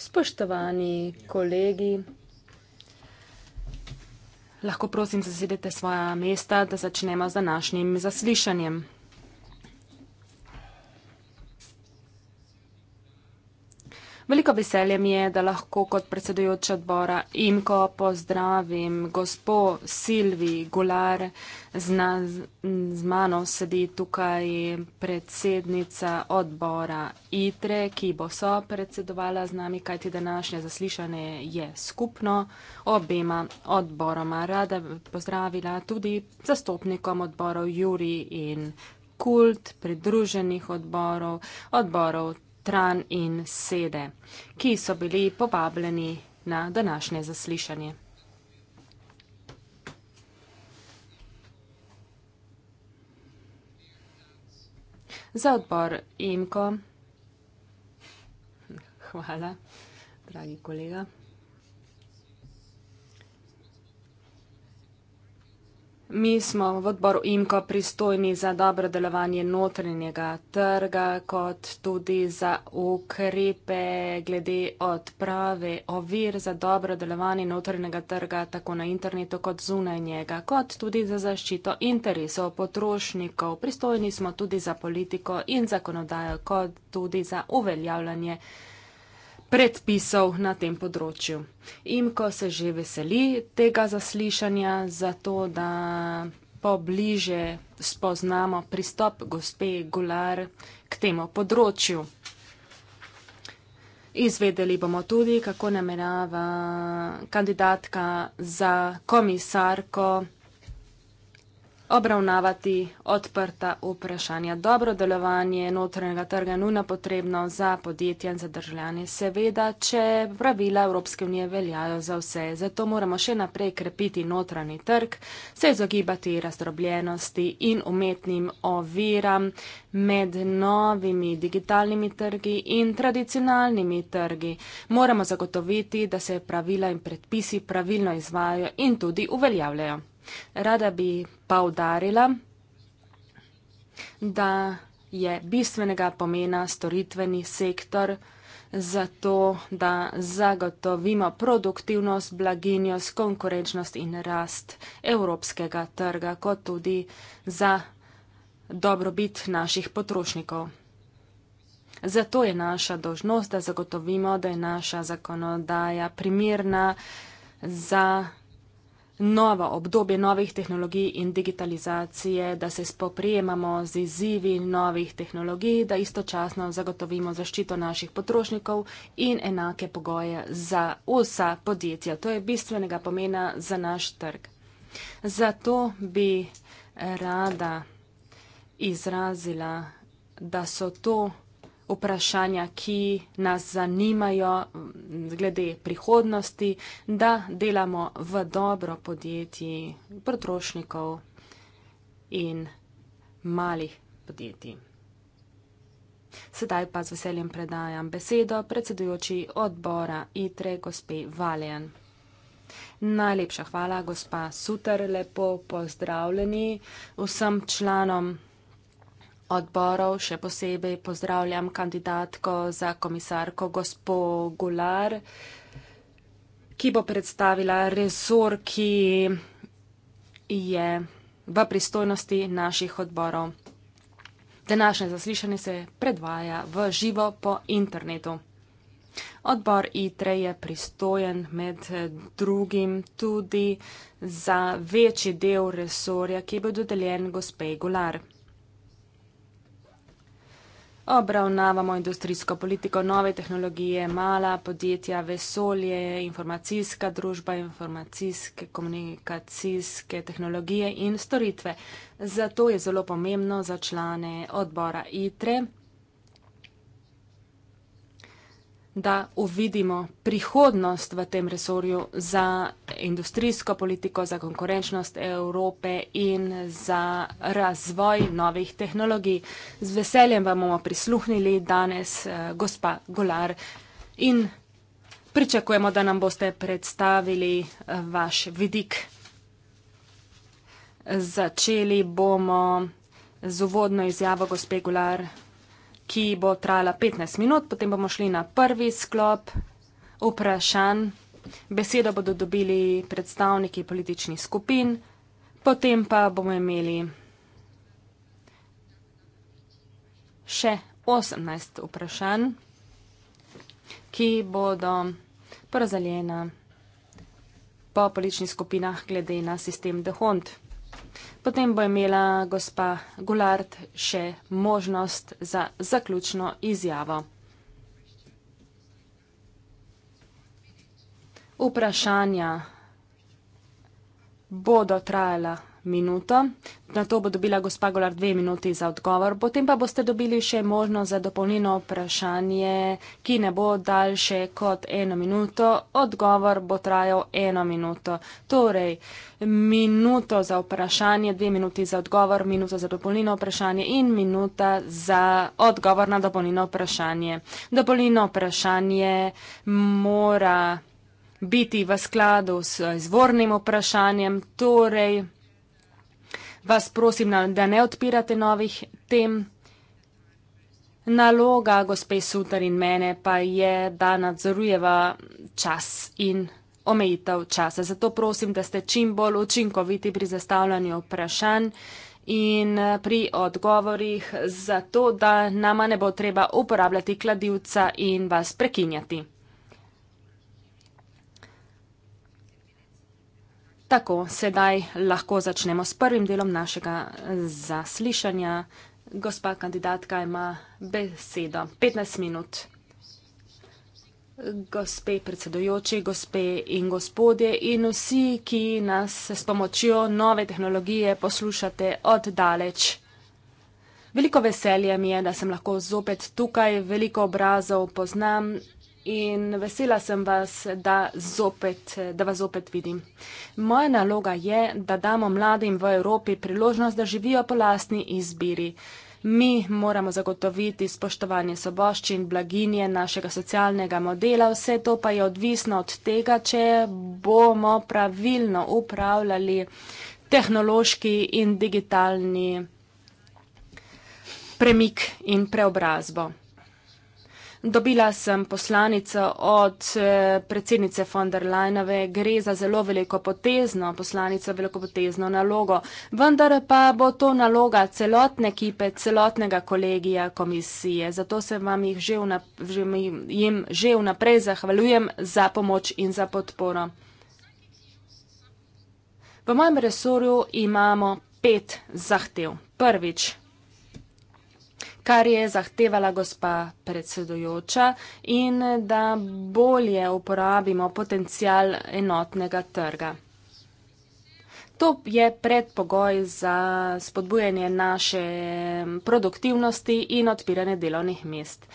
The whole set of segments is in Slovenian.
Spoštovani kolegi, lahko prosim zasedete svoja mesta, da začnemo z današnjim zaslišanjem. Veliko veselje mi je, da lahko kot predsedujoča odbora IMKO pozdravim gospo Silvi Gular, z, naz, z mano sedi tukaj predsednica odbora ITRE, ki bo so predsedovala z nami, kajti današnje zaslišanje je skupno obema odboroma. Rada pozdravila tudi zastopnikom odborov Juri in Kult, pridruženih odborov, odborov stran in sede, ki so bili povabljeni na današnje zaslišanje. Za odbor Imko. Hvala, dragi kolega. Mi smo v odboru IMKO pristojni za dobro delovanje notrenjega trga, kot tudi za ukrepe glede odprave ovir za dobro delovanje notrenjega trga, tako na internetu kot zunaj njega, kot tudi za zaščito interesov potrošnikov. Pristojni smo tudi za politiko in zakonodajo, kot tudi za uveljavljanje predpisov na tem področju. Imko se že veseli tega zaslišanja, zato da pobliže spoznamo pristop gospe Gular k temu področju. Izvedeli bomo tudi, kako namerava kandidatka za komisarko obravnavati odprta vprašanja. Dobro delovanje notranjega trga je nujno potrebno za podjetja in za državljane. Seveda, če pravila Evropske unije veljajo za vse, zato moramo še naprej krepiti notranji trg, se izogibati razdrobljenosti in umetnim oviram med novimi digitalnimi trgi in tradicionalnimi trgi. Moramo zagotoviti, da se pravila in predpisi pravilno izvajo in tudi uveljavljajo. Rada bi pa udarila, da je bistvenega pomena storitveni sektor za to, da zagotovimo produktivnost, blaginjo, konkurenčnost in rast evropskega trga, kot tudi za dobrobit naših potrošnikov. Zato je naša dožnost, da zagotovimo, da je naša zakonodaja primirna za novo obdobje novih tehnologij in digitalizacije, da se spoprijemamo z izzivi novih tehnologij, da istočasno zagotovimo zaščito naših potrošnikov in enake pogoje za vsa podjetja. To je bistvenega pomena za naš trg. Zato bi rada izrazila, da so to vprašanja, ki nas zanimajo mm, glede prihodnosti, da delamo v dobro podjetji, potrošnikov in malih podjetij. Sedaj pa z veseljem predajam besedo predsedujoči odbora ITRE, gospe Valjan. Najlepša hvala, gospa Suter, lepo pozdravljeni vsem članom odborov, še posebej pozdravljam kandidatko za komisarko gospo Gular, ki bo predstavila resor, ki je v pristojnosti naših odborov. Današnje zaslišanje se predvaja v živo po internetu. Odbor ITRE je pristojen med drugim tudi za večji del resorja, ki bo dodeljen gospej Gular. Obravnavamo industrijsko politiko, nove tehnologije, mala podjetja, vesolje, informacijska družba, informacijske komunikacijske tehnologije in storitve. Zato je zelo pomembno za člane odbora ITRE. da uvidimo prihodnost v tem resorju za industrijsko politiko, za konkurenčnost Evrope in za razvoj novih tehnologij. Z veseljem vam bomo prisluhnili danes, eh, gospa Golar, in pričakujemo, da nam boste predstavili eh, vaš vidik. Začeli bomo z uvodno izjavo gospe Golar ki bo trajala 15 minut, potem bomo šli na prvi sklop vprašanj. Besedo bodo dobili predstavniki političnih skupin, potem pa bomo imeli še 18 vprašanj, ki bodo porazdeljena po političnih skupinah glede na sistem Dehont. Potem bo imela gospa Gulard še možnost za zaključno izjavo. Vprašanja bodo trajala minuto, na to bo dobila gospa Golar dve minuti za odgovor, potem pa boste dobili še možnost za dopolnjeno vprašanje, ki ne bo daljše kot eno minuto, odgovor bo trajal eno minuto. Torej, minuto za vprašanje, dve minuti za odgovor, minuto za dopolnjeno vprašanje in minuta za odgovor na dopolnjeno vprašanje. Dopolnjeno vprašanje mora biti v skladu s izvornim vprašanjem, torej, vas prosim, da ne odpirate novih tem. Naloga gospe Sutar in mene pa je, da nadzorujeva čas in omejitev časa. Zato prosim, da ste čim bolj učinkoviti pri zastavljanju vprašanj in pri odgovorih, zato da nama ne bo treba uporabljati kladivca in vas prekinjati. Tako, sedaj lahko začnemo s prvim delom našega eh, zaslišanja. Gospa kandidatka ima besedo. 15 minut. Gospe predsedojoči, gospe in gospodje in vsi, ki nas s pomočjo nove tehnologije poslušate od daleč. Veliko veselje mi je, da sem lahko zopet tukaj, veliko obrazov poznam in vesela sem vas, da, zopet, da vas zopet vidim. Moja naloga je, da damo mladim v Evropi priložnost, da živijo po lastni izbiri. Mi moramo zagotoviti spoštovanje soboščin, blaginje našega socialnega modela, vse to pa je odvisno od tega, če bomo pravilno upravljali tehnološki in digitalni premik in preobrazbo. Dobila sem poslanico od eh, predsednice von der Leinove, gre za zelo veliko potezno poslanico, veliko potezno nalogo, vendar pa bo to naloga celotne ekipe, celotnega kolegija komisije. Zato se vam jih že vna, že, jim že vnaprej zahvaljujem za pomoč in za podporo. V mojem resorju imamo pet zahtev. Prvič, kar je zahtevala gospa predsedujoča in da bolje uporabimo potencial enotnega trga. To je predpogoj za spodbujanje naše produktivnosti in odpiranje delovnih mest.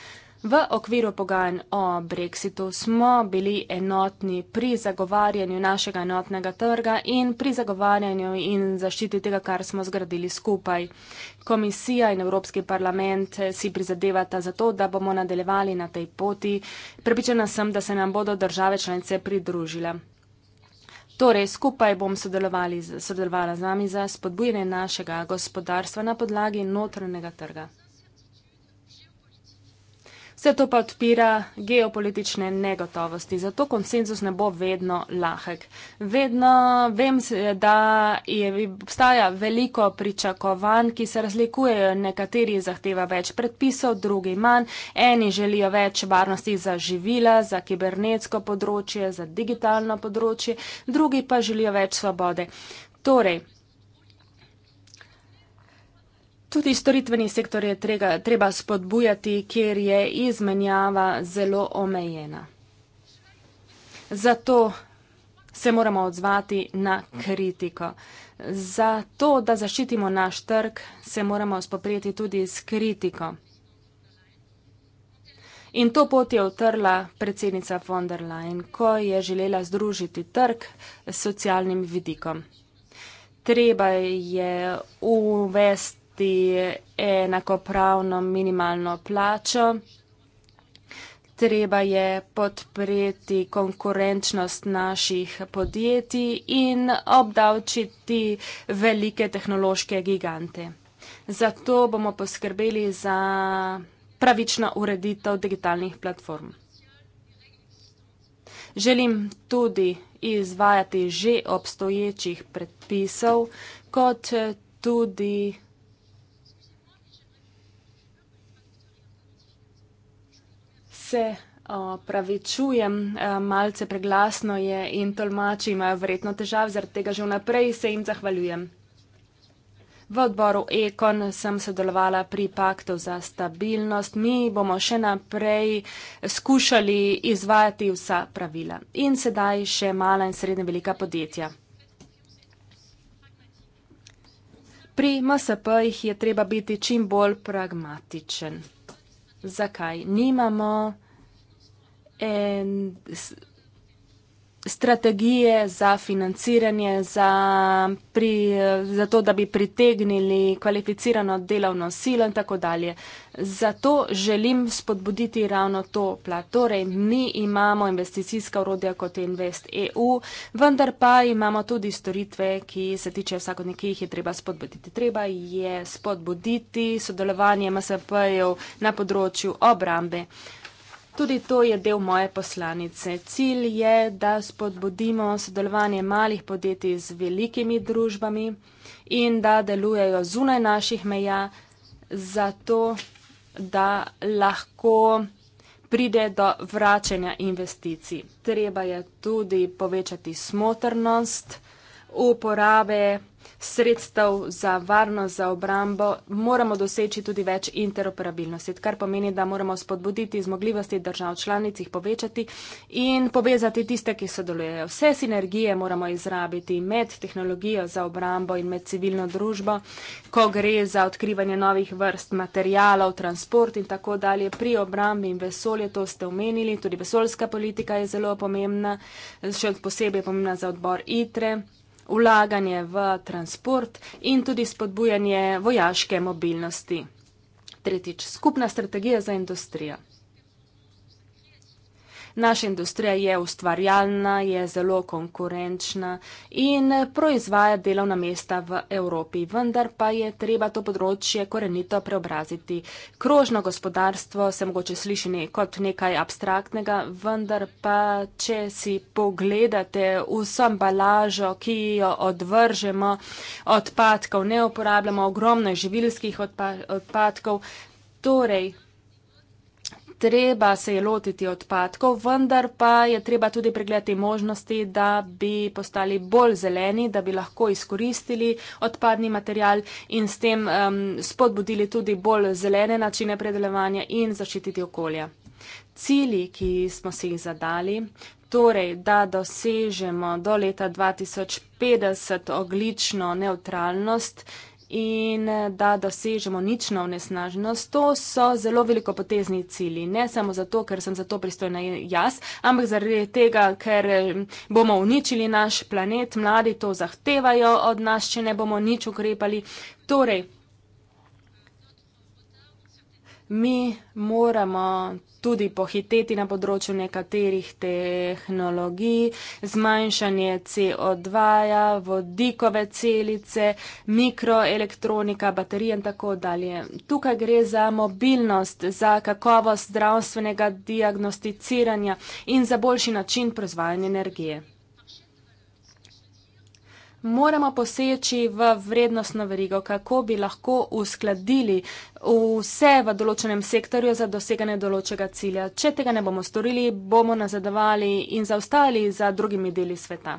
V okviru pogajanj o brexitu smo bili enotni pri zagovarjanju našega enotnega trga in pri zagovarjanju in zaščiti tega, kar smo zgradili skupaj. Komisija in Evropski parlament si prizadevata za to, da bomo nadaljevali na tej poti. Prepričana sem, da se nam bodo države članice pridružile. Torej, skupaj bom sodelovala z nami za spodbujanje našega gospodarstva na podlagi notranjega trga. Vse to pa odpira geopolitične negotovosti, zato konsenzus ne bo vedno lahek. Vedno vem, da je, obstaja veliko pričakovanj, ki se razlikujejo. Nekateri zahteva več predpisov, drugi manj. Eni želijo več varnosti za živila, za kibernetsko področje, za digitalno področje, drugi pa želijo več svobode. Torej, Tudi storitveni sektor je trega, treba spodbujati, kjer je izmenjava zelo omejena. Zato se moramo odzvati na kritiko. Zato, da zaščitimo naš trg, se moramo spoprijeti tudi s kritiko. In to pot je utrla predsednica von der Leyen, ko je želela združiti trg s socialnim vidikom. Treba je uvesti imeti enakopravno minimalno plačo. Treba je podpreti konkurenčnost naših podjetij in obdavčiti velike tehnološke gigante. Zato bomo poskrbeli za pravično ureditev digitalnih platform. Želim tudi izvajati že obstoječih predpisov, kot tudi. se opravičujem, e, malce preglasno je in tolmači imajo verjetno težav, zaradi tega že vnaprej se jim zahvaljujem. V odboru Ekon sem sodelovala pri paktu za stabilnost. Mi bomo še naprej skušali izvajati vsa pravila. In sedaj še mala in srednje velika podjetja. Pri MSP-jih je treba biti čim bolj pragmatičen zakaj nimamo en, strategije za financiranje, za, pri, za to, da bi pritegnili kvalificirano delovno silo in tako dalje. Zato želim spodbuditi ravno to plat. Torej, mi imamo investicijska urodja kot Invest EU, vendar pa imamo tudi storitve, ki se tiče vsakodnevnih, ki jih je treba spodbuditi. Treba je spodbuditi sodelovanje MSP-jev na področju obrambe. Tudi to je del moje poslanice. Cilj je, da spodbudimo sodelovanje malih podjetij z velikimi družbami in da delujejo zunaj naših meja, zato da lahko pride do vračanja investicij. Treba je tudi povečati smotrnost uporabe sredstev za varnost, za obrambo, moramo doseči tudi več interoperabilnosti, kar pomeni, da moramo spodbuditi zmogljivosti držav članic, jih povečati in povezati tiste, ki sodelujejo. Vse sinergije moramo izrabiti med tehnologijo za obrambo in med civilno družbo, ko gre za odkrivanje novih vrst materijalov, transport in tako dalje. Pri obrambi in vesolje to ste omenili, tudi vesoljska politika je zelo pomembna, še posebej pomembna za odbor ITRE vlaganje v transport in tudi spodbujanje vojaške mobilnosti. Tretjič, skupna strategija za industrijo naša industrija je ustvarjalna, je zelo konkurenčna in proizvaja delovna mesta v Evropi. Vendar pa je treba to področje korenito preobraziti. Krožno gospodarstvo se mogoče sliši ne, kot nekaj abstraktnega, vendar pa, če si pogledate vso embalažo, ki jo odvržemo, odpadkov ne uporabljamo, ogromno je živilskih odpadkov. Torej, treba se je lotiti odpadkov, vendar pa je treba tudi pregledati možnosti, da bi postali bolj zeleni, da bi lahko izkoristili odpadni material in s tem um, spodbudili tudi bolj zelene načine predelovanja in zaščititi okolja. Cili, ki smo si jih zadali, torej, da dosežemo do leta 2050 oglično neutralnost, in eh, da dosežemo nično onesnaženost. To so zelo velikopotezni cilji. Ne samo zato, ker sem za to pristojna jaz, ampak zaradi tega, ker eh, bomo uničili naš planet, mladi to zahtevajo od nas, če ne bomo nič ukrepali. Torej, mi moramo tudi pohiteti na področju nekaterih tehnologij, zmanjšanje CO2, -ja, vodikove celice, mikroelektronika, baterije in tako dalje. Tukaj gre za mobilnost, za kakovost zdravstvenega diagnosticiranja in za boljši način proizvajanja energije moramo poseči v vrednostno verigo, kako bi lahko uskladili vse v določenem sektorju za doseganje določega cilja. Če tega ne bomo storili, bomo nazadovali in zaostali za drugimi deli sveta.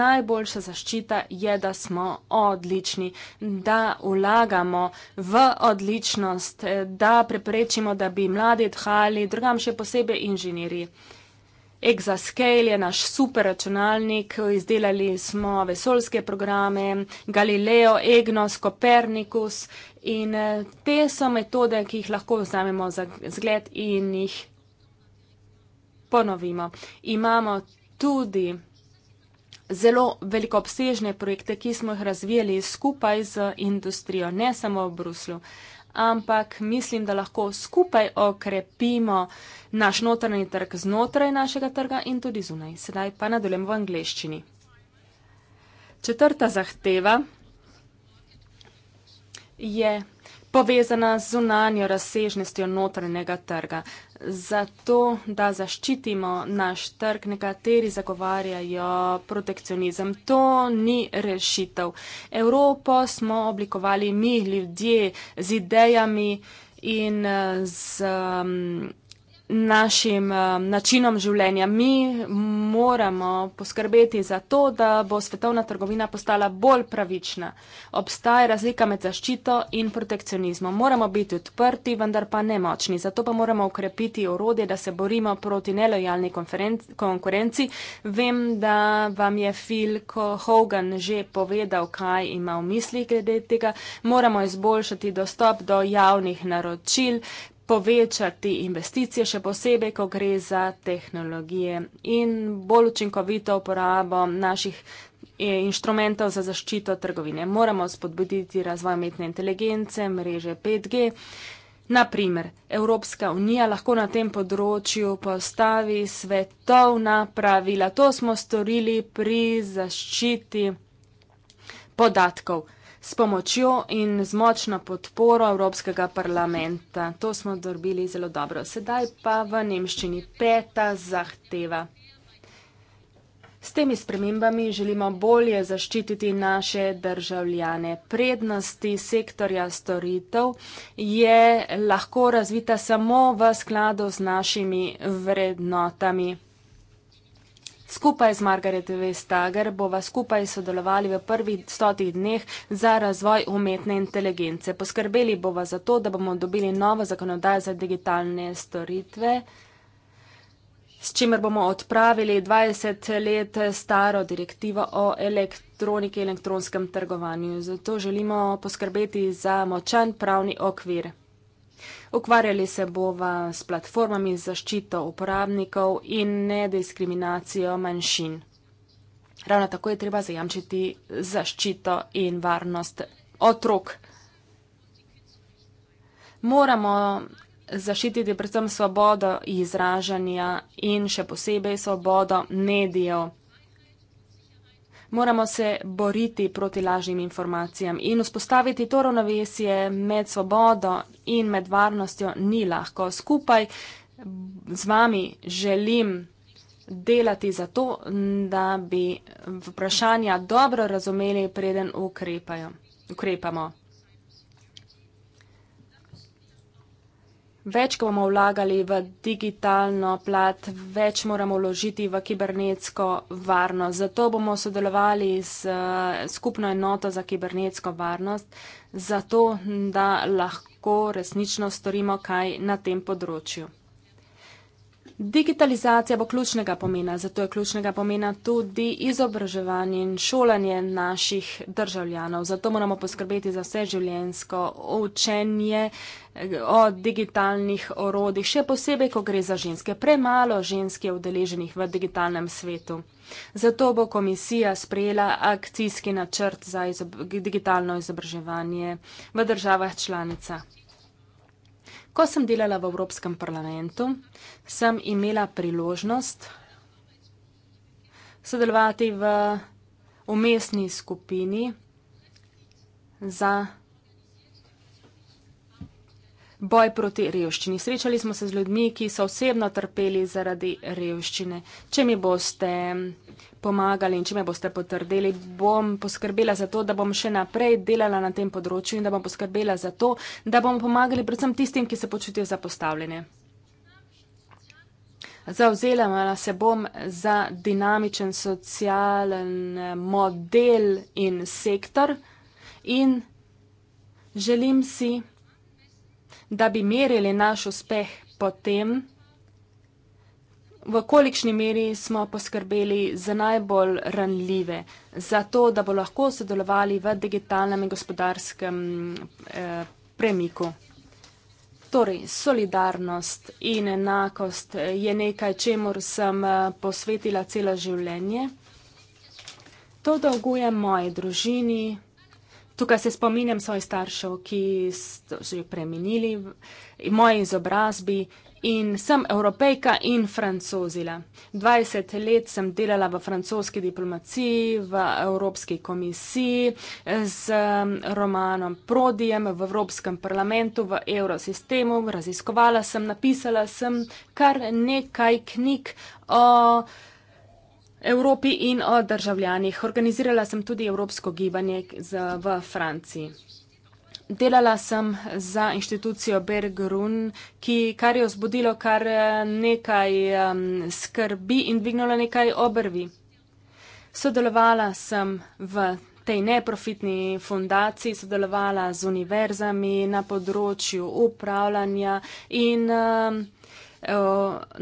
Najboljša zaščita je, da smo odlični, da vlagamo v odličnost, da preprečimo, da bi mladi odhajali, drugam še posebej inženirji. Exascale je naš super računalnik, izdelali smo vesoljske programe, Galileo, Egnos, Kopernikus in eh, te so metode, ki jih lahko vzamemo za zgled in jih ponovimo. Imamo tudi zelo veliko obsežne projekte, ki smo jih razvijali skupaj z industrijo, ne samo v Bruslju, ampak mislim, da lahko skupaj okrepimo naš notranji trg znotraj našega trga in tudi zunaj. Sedaj pa nadaljem v angleščini. Četrta zahteva je povezana z zunanjo razsežnostjo notranjega trga. Zato, da zaščitimo naš trg, nekateri zagovarjajo protekcionizem. To ni rešitev. Evropo smo oblikovali mi ljudje z idejami in eh, z. Um, našim uh, načinom življenja. Mi moramo poskrbeti za to, da bo svetovna trgovina postala bolj pravična. Obstaja razlika med zaščito in protekcionizmom. Moramo biti odprti, vendar pa nemočni. Zato pa moramo ukrepiti urode, da se borimo proti nelojalni konkurenci. Vem, da vam je Phil Hogan že povedal, kaj ima v mislih glede tega. Moramo izboljšati dostop do javnih naročil, povečati investicije, še posebej, ko gre za tehnologije in bolj učinkovito uporabo naših eh, inštrumentov za zaščito trgovine. Moramo spodbuditi razvoj umetne inteligence, mreže 5G. Naprimer, Evropska unija lahko na tem področju postavi svetovna pravila. To smo storili pri zaščiti podatkov s pomočjo in z močno podporo Evropskega parlamenta. To smo dobili zelo dobro. Sedaj pa v Nemščini peta zahteva. S temi spremembami želimo bolje zaščititi naše državljane. Prednosti sektorja storitev je lahko razvita samo v skladu z našimi vrednotami. Skupaj z Margaret Vestager bova skupaj sodelovali v prvih stotih dneh za razvoj umetne inteligence. Poskrbeli bova za to, da bomo dobili novo zakonodajo za digitalne storitve, s čimer bomo odpravili 20 let staro direktivo o elektroniki in elektronskem trgovanju. Zato želimo poskrbeti za močan pravni okvir. Ukvarjali se bova s platformami zaščito uporabnikov in nediskriminacijo manjšin. Ravno tako je treba zajamčiti zaščito in varnost otrok. Moramo zaščititi predvsem svobodo izražanja in še posebej svobodo medijev moramo se boriti proti lažnim informacijam in vzpostaviti to ravnovesje med svobodo in med varnostjo ni lahko. Skupaj z vami želim delati za to, da bi vprašanja dobro razumeli, preden ukrepajo. ukrepamo. več, ko bomo vlagali v digitalno plat, več moramo vložiti v kibernetsko varnost. Zato bomo sodelovali s eh, skupno enoto za kibernetsko varnost, zato da lahko resnično storimo kaj na tem področju. Digitalizacija bo ključnega pomena, zato je ključnega pomena tudi izobraževanje in šolanje naših državljanov. Zato moramo poskrbeti za vse življensko učenje eh, o digitalnih orodjih, še posebej, ko gre za ženske. Premalo žensk je udeleženih v digitalnem svetu. Zato bo komisija sprejela akcijski načrt za izob digitalno izobraževanje v državah članica. Ko sem delala v Evropskem parlamentu, sem imela priložnost sodelovati v umestni skupini za boj proti revščini. Srečali smo se z ljudmi, ki so osebno trpeli zaradi revščine. Če mi boste pomagali in če me boste potrdili, bom poskrbela za to, da bom še naprej delala na tem področju in da bom poskrbela za to, da bom pomagali predvsem tistim, ki se počutijo zapostavljene. Zauzela se bom za dinamičen socialen eh, model in sektor in želim si, da bi merili naš uspeh potem, v kolikšni meri smo poskrbeli za najbolj ranljive, za to, da bo lahko sodelovali v digitalnem in gospodarskem eh, premiku. Torej, solidarnost in enakost je nekaj, čemur sem eh, posvetila celo življenje. To dolgujem moji družini. Tukaj se spominjam svojih staršev, ki so že preminili, moji izobrazbi in sem evropejka in francozila. 20 let sem delala v francoski diplomaciji, v Evropski komisiji z um, romanom Prodijem v Evropskem parlamentu, v evrosistemu. Raziskovala sem, napisala sem kar nekaj knjig o. Evropi in o državljanih. Organizirala sem tudi Evropsko gibanje v Franciji delala sem za inštitucijo Bergrun, ki, kar je vzbudilo kar eh, nekaj um, skrbi in dvignilo nekaj obrvi. Sodelovala sem v tej neprofitni fundaciji, sodelovala z univerzami na področju upravljanja in um,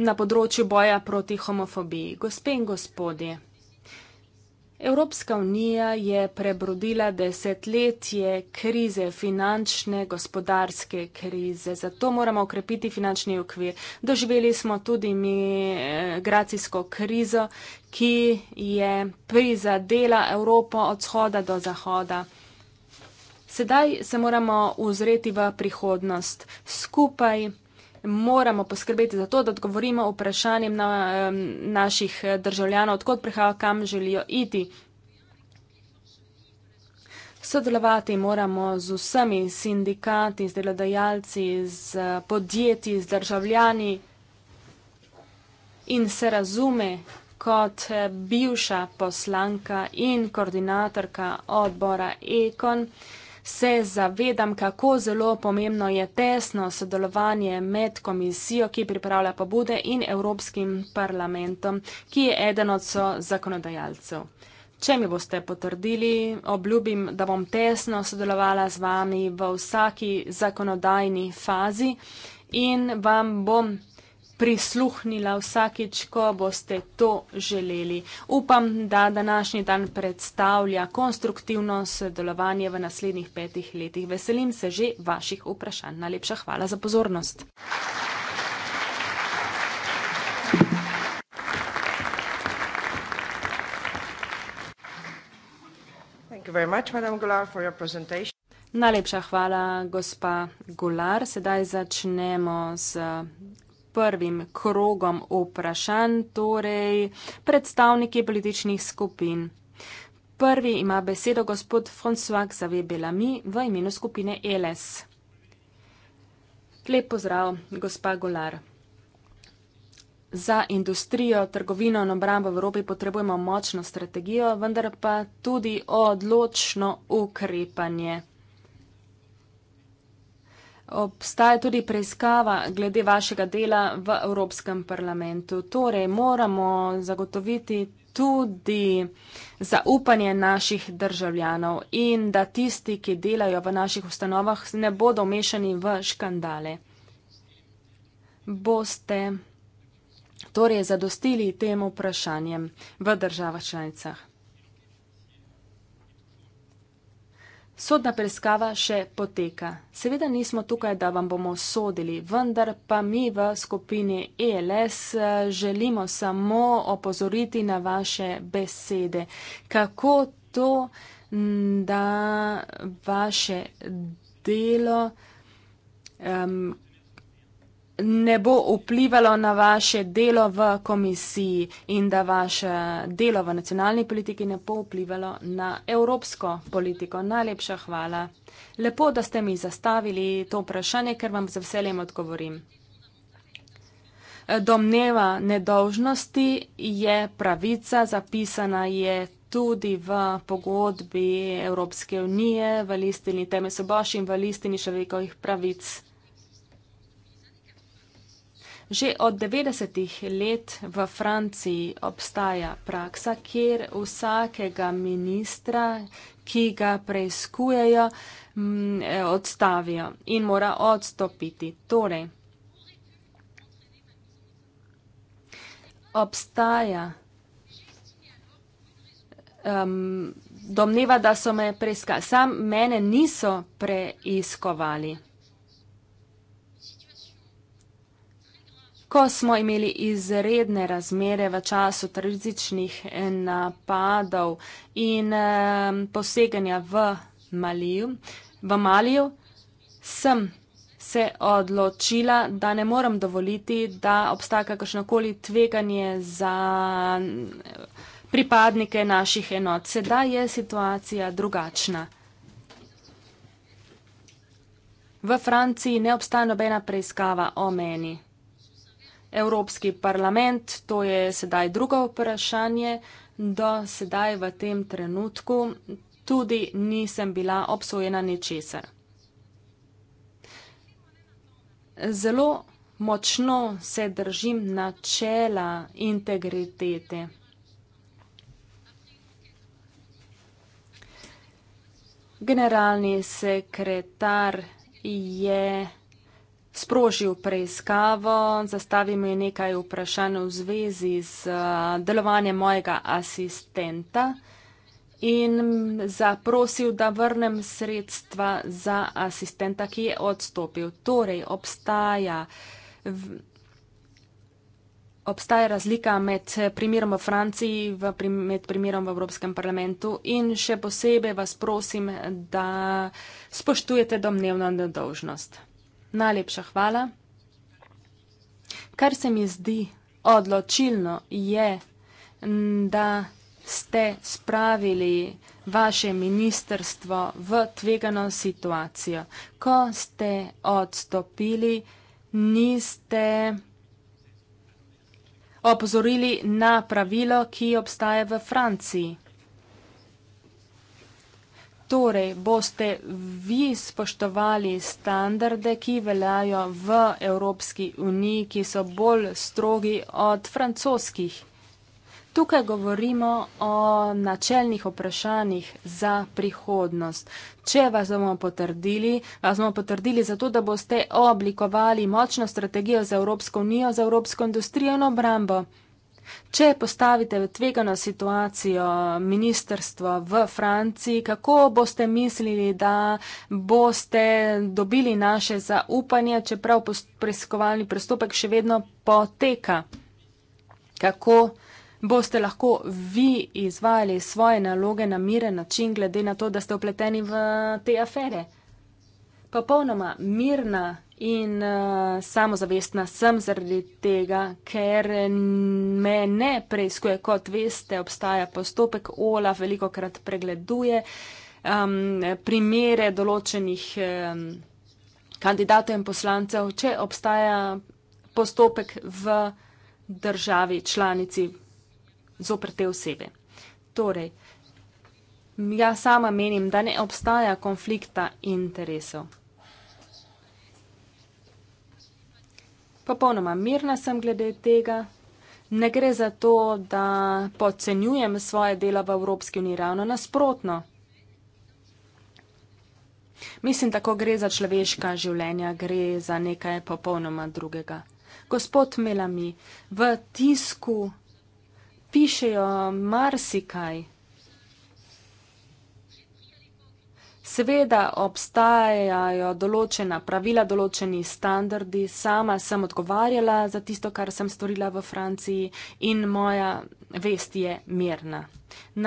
na področju boja proti homofobiji. Gospe in gospodje. Evropska unija je prebrodila desetletje krize, finančne, gospodarske krize. Zato moramo okrepiti finančni okvir. Doživeli smo tudi mi migracijsko krizo, ki je prizadela Evropo od shoda do zahoda. Sedaj se moramo uzreti v prihodnost skupaj moramo poskrbeti za to, da odgovorimo vprašanjem na, um, naših eh, državljanov, odkot prihajajo, kam želijo iti. Sodelovati moramo z vsemi sindikati, z delodajalci, z eh, podjetji, z državljani in se razume kot eh, bivša poslanka in koordinatorka odbora Ekon se zavedam, kako zelo pomembno je tesno sodelovanje med komisijo, ki pripravlja pobude, in Evropskim parlamentom, ki je eden od so zakonodajalcev. Če mi boste potrdili, obljubim, da bom tesno sodelovala z vami v vsaki zakonodajni fazi in vam bom prisluhnila vsakič, ko boste to želeli. Upam, da današnji dan predstavlja konstruktivno sodelovanje v naslednjih petih letih. Veselim se že vaših vprašanj. Najlepša hvala za pozornost. Najlepša hvala, gospa Gular. Sedaj začnemo z prvim krogom vprašanj, torej predstavniki političnih skupin. Prvi ima besedo gospod François Xavier Bellamy v imenu skupine ELS. Lep pozdrav, gospa Golar. Za industrijo, trgovino in obrambo v Evropi potrebujemo močno strategijo, vendar pa tudi odločno ukrepanje obstaja tudi preiskava glede vašega dela v Evropskem parlamentu. Torej, moramo zagotoviti tudi zaupanje naših državljanov in da tisti, ki delajo v naših ustanovah, ne bodo mešani v škandale. Boste torej zadostili tem vprašanjem v državah članicah? Sodna preiskava še poteka. Seveda nismo tukaj, da vam bomo sodili, vendar pa mi v skupini ELS eh, želimo samo opozoriti na vaše besede. Kako to, da vaše delo, um, ne bo vplivalo na vaše delo v komisiji in da vaše delo v nacionalni politiki ne bo vplivalo na evropsko politiko. Najlepša hvala. Lepo, da ste mi zastavili to vprašanje, ker vam z veseljem odgovorim. Domneva nedolžnosti je pravica, zapisana je tudi v pogodbi Evropske unije, v listini temesoboši in v listini človekovih pravic. Že od 90-ih let v Franciji obstaja praksa, kjer vsakega ministra, ki ga preizkujejo, mm, eh, odstavijo in mora odstopiti. Torej, obstaja um, domneva, da so me preiskali. Sam mene niso preiskovali. ko smo imeli izredne razmere v času terorističnih napadov in poseganja v Maliju, v Maliju sem se odločila, da ne moram dovoliti, da obstaja kakršnokoli tveganje za pripadnike naših enot. Sedaj je situacija drugačna. V Franciji ne obstaja nobena preiskava o meni. Evropski parlament, to je sedaj drugo vprašanje, do sedaj v tem trenutku tudi nisem bila obsojena ničesar. Zelo močno se držim načela integritete. Generalni sekretar je sprožil preiskavo, zastavil mi je nekaj vprašanj v zvezi z eh, delovanjem mojega asistenta in zaprosil, da vrnem sredstva za asistenta, ki je odstopil. Torej, obstaja, v, obstaja razlika med primerom v Franciji, v, med primerom v Evropskem parlamentu in še posebej vas prosim, da spoštujete domnevno nedolžnost. Najlepša hvala. Kar se mi zdi odločilno je, da ste spravili vaše ministrstvo v tvegano situacijo. Ko ste odstopili, niste opozorili na pravilo, ki obstaja v Franciji. Torej, boste vi spoštovali standarde, ki veljajo v Evropski uniji, ki so bolj strogi od francoskih? Tukaj govorimo o načelnih vprašanjih za prihodnost. Če vas bomo potrdili, vas bomo potrdili zato, da boste oblikovali močno strategijo za Evropsko unijo, za Evropsko industrijo in obrambo. Če postavite v tvegano situacijo ministerstvo v Franciji, kako boste mislili, da boste dobili naše zaupanje, čeprav preiskovalni prestopek še vedno poteka? Kako boste lahko vi izvajali svoje naloge na miren način, glede na to, da ste upleteni v te afere? Popolnoma mirna in uh, samozavestna sem zaradi tega, ker me ne preizkuje, kot veste, obstaja postopek OLA, veliko krat pregleduje um, primere določenih um, kandidatov in poslancev, če obstaja postopek v državi članici zoper te osebe. Torej, ja sama menim, da ne obstaja konflikta interesov. Popolnoma mirna sem glede tega. Ne gre za to, da podcenjujem svoje delo v Evropski uniji, ravno nasprotno. Mislim, tako gre za človeška življenja, gre za nekaj popolnoma drugega. Gospod Melami, v tisku pišejo marsikaj. Seveda obstajajo določena pravila, določeni standardi. Sama sem odgovarjala za tisto, kar sem storila v Franciji in moja vest je mirna.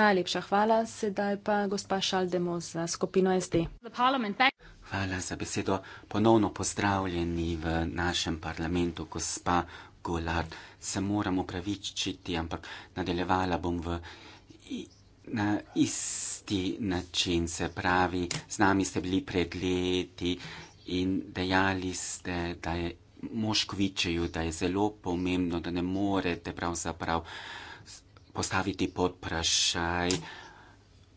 Najlepša hvala, sedaj pa gospa Šaldemo za skupino SD. Hvala za besedo. Ponovno pozdravljeni v našem parlamentu, gospa Golard. Se moram upravičiti, ampak nadaljevala bom v, na, iz isti način, se pravi, z nami ste bili pred leti in dejali ste, da je moškvičejo, da je zelo pomembno, da ne morete pravzaprav postaviti pod vprašaj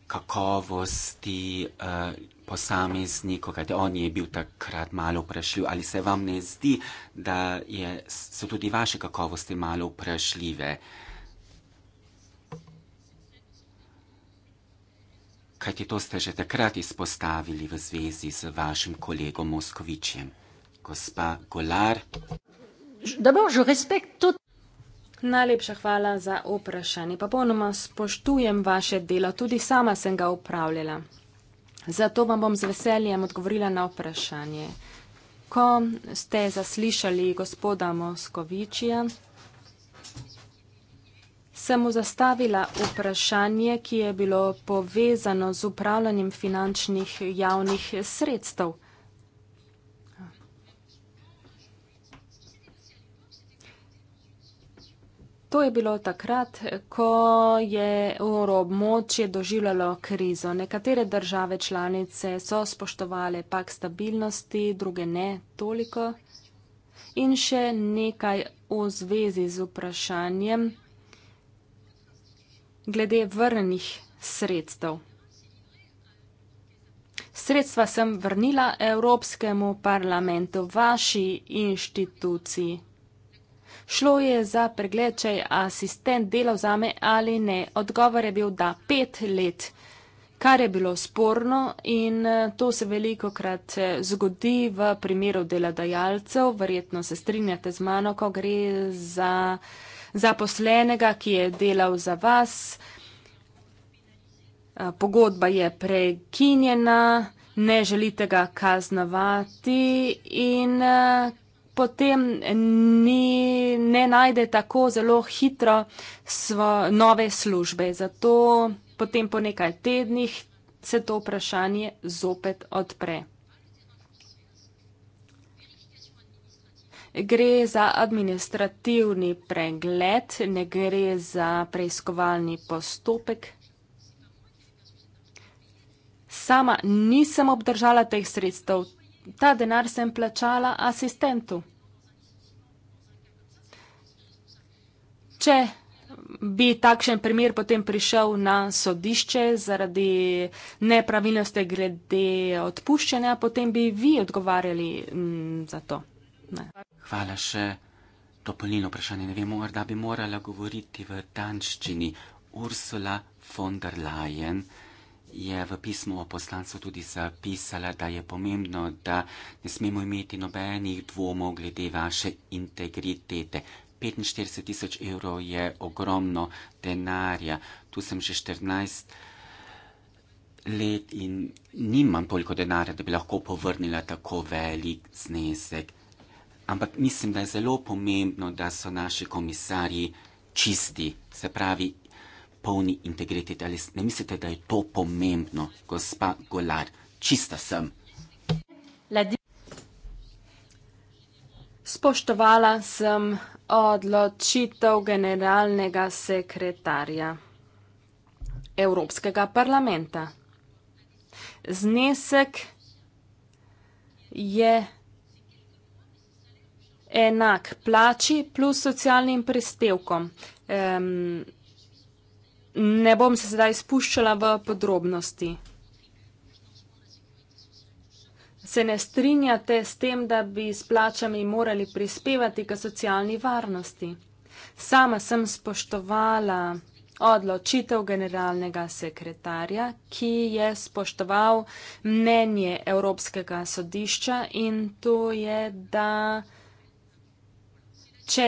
kakovosti uh, eh, posameznika, kajte on je bil takrat malo vprašljiv. Ali se vam ne zdi, da je, so tudi vaše kakovosti malo vprašljive? Uh, kajti to ste že takrat izpostavili v zvezi z vašim kolegom Moskovičem. Gospa Golar. Najlepša hvala za vprašanje. Popolnoma spoštujem vaše delo, tudi sama sem ga upravljala. Zato vam bom z veseljem odgovorila na vprašanje. Ko ste zaslišali gospoda Moskovičija, sem mu zastavila vprašanje, ki je bilo povezano z upravljanjem finančnih javnih sredstev. To je bilo takrat, ko je euroobmočje doživljalo krizo. Nekatere države članice so spoštovale pak stabilnosti, druge ne toliko. In še nekaj v zvezi z vprašanjem glede vrnenih sredstev. Sredstva sem vrnila Evropskemu parlamentu, vaši inštituciji. Šlo je za pregled, če je asistent delal za me ali ne. Odgovor je bil, da pet let, kar je bilo sporno in eh, to se veliko krat eh, zgodi v primeru delodajalcev. Verjetno se strinjate z mano, ko gre za zaposlenega, ki je delal za vas. Pogodba je prekinjena, ne želite ga kaznovati in potem ni, ne najde tako zelo hitro svo, nove službe. Zato potem po nekaj tednih se to vprašanje zopet odpre. Gre za administrativni pregled, ne gre za preiskovalni postopek. Sama nisem obdržala teh sredstev. Ta denar sem plačala asistentu. Če bi takšen primer potem prišel na sodišče zaradi nepravilnosti glede odpuščanja, potem bi vi odgovarjali mm, za to prisotne. Hvala še dopolnilno vprašanje. Ne vem, morda bi morala govoriti v danščini. Ursula von der Leyen je v pismu o poslancu tudi zapisala, da je pomembno, da ne smemo imeti nobenih dvomov glede vaše integritete. 45 tisoč evrov je ogromno denarja. Tu sem že 14 let in nimam toliko denarja, da bi lahko povrnila tako velik znesek. Ampak mislim, da je zelo pomembno, da so naši komisarji čisti, se pravi, polni integritete. Ali ne mislite, da je to pomembno, gospa Golar? Čista sem. Spoštovala sem odločitev generalnega sekretarja Evropskega parlamenta. Znesek je enak plači plus socialnim prispevkom. Um, ne bom se sedaj spuščala v podrobnosti. Se ne strinjate s tem, da bi s plačami morali prispevati k socialni varnosti? Sama sem spoštovala odločitev generalnega sekretarja, ki je spoštoval mnenje Evropskega sodišča in to je, da če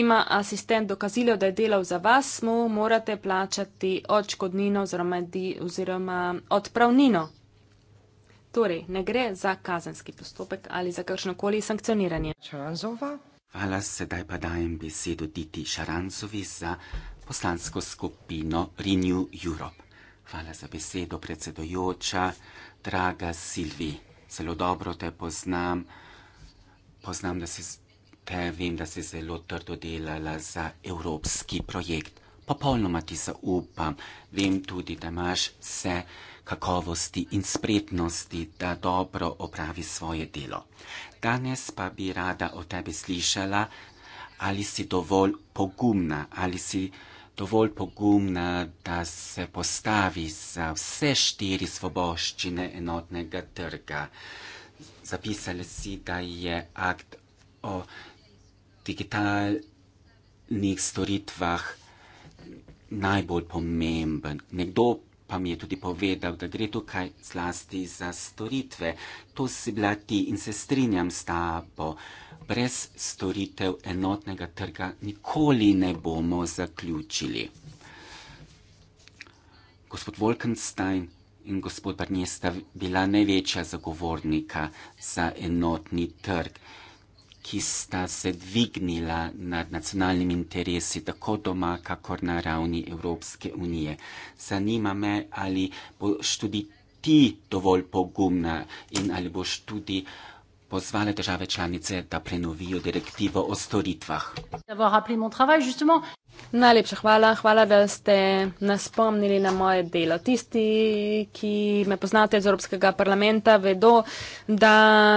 ima asistent dokazilo, da je delal za vas, mu morate plačati odškodnino oziroma, di, oziroma odpravnino. Torej, ne gre za kazenski postopek ali za kakršnokoli sankcioniranje. Šaranzova. Hvala, sedaj pa dajem besedo Diti Šaranzovi za poslansko skupino Renew Europe. Hvala za besedo, predsedojoča, draga Silvi. Zelo dobro te poznam. Poznam, da si te vem, da si zelo trdo delala za evropski projekt. Popolnoma ti zaupam. Vem tudi, da imaš vse kakovosti in spretnosti, da dobro opravi svoje delo. Danes pa bi rada o tebi slišala, ali si dovolj pogumna, ali si dovolj pogumna, da se postavi za vse štiri svoboščine enotnega trga. Zapisali si, da je akt o digitalnih storitvah najbolj pomemben. Nekdo pa mi je tudi povedal, da gre tukaj zlasti za storitve. To si bila ti in se strinjam s tabo. Brez storitev enotnega trga nikoli ne bomo zaključili. Gospod Wolkenstein in gospod Barnier sta bila največja zagovornika za enotni trg ki sta se dvignila nad nacionalnimi interesi, tako doma, kakor na ravni Evropske unije. Zanima me, ali boš tudi ti dovolj pogumna in ali boš tudi pozvale države članice, da prenovijo direktivo o storitvah. Najlepša hvala, hvala, da ste nas spomnili na moje delo. Tisti, ki me poznate iz Evropskega parlamenta, vedo, da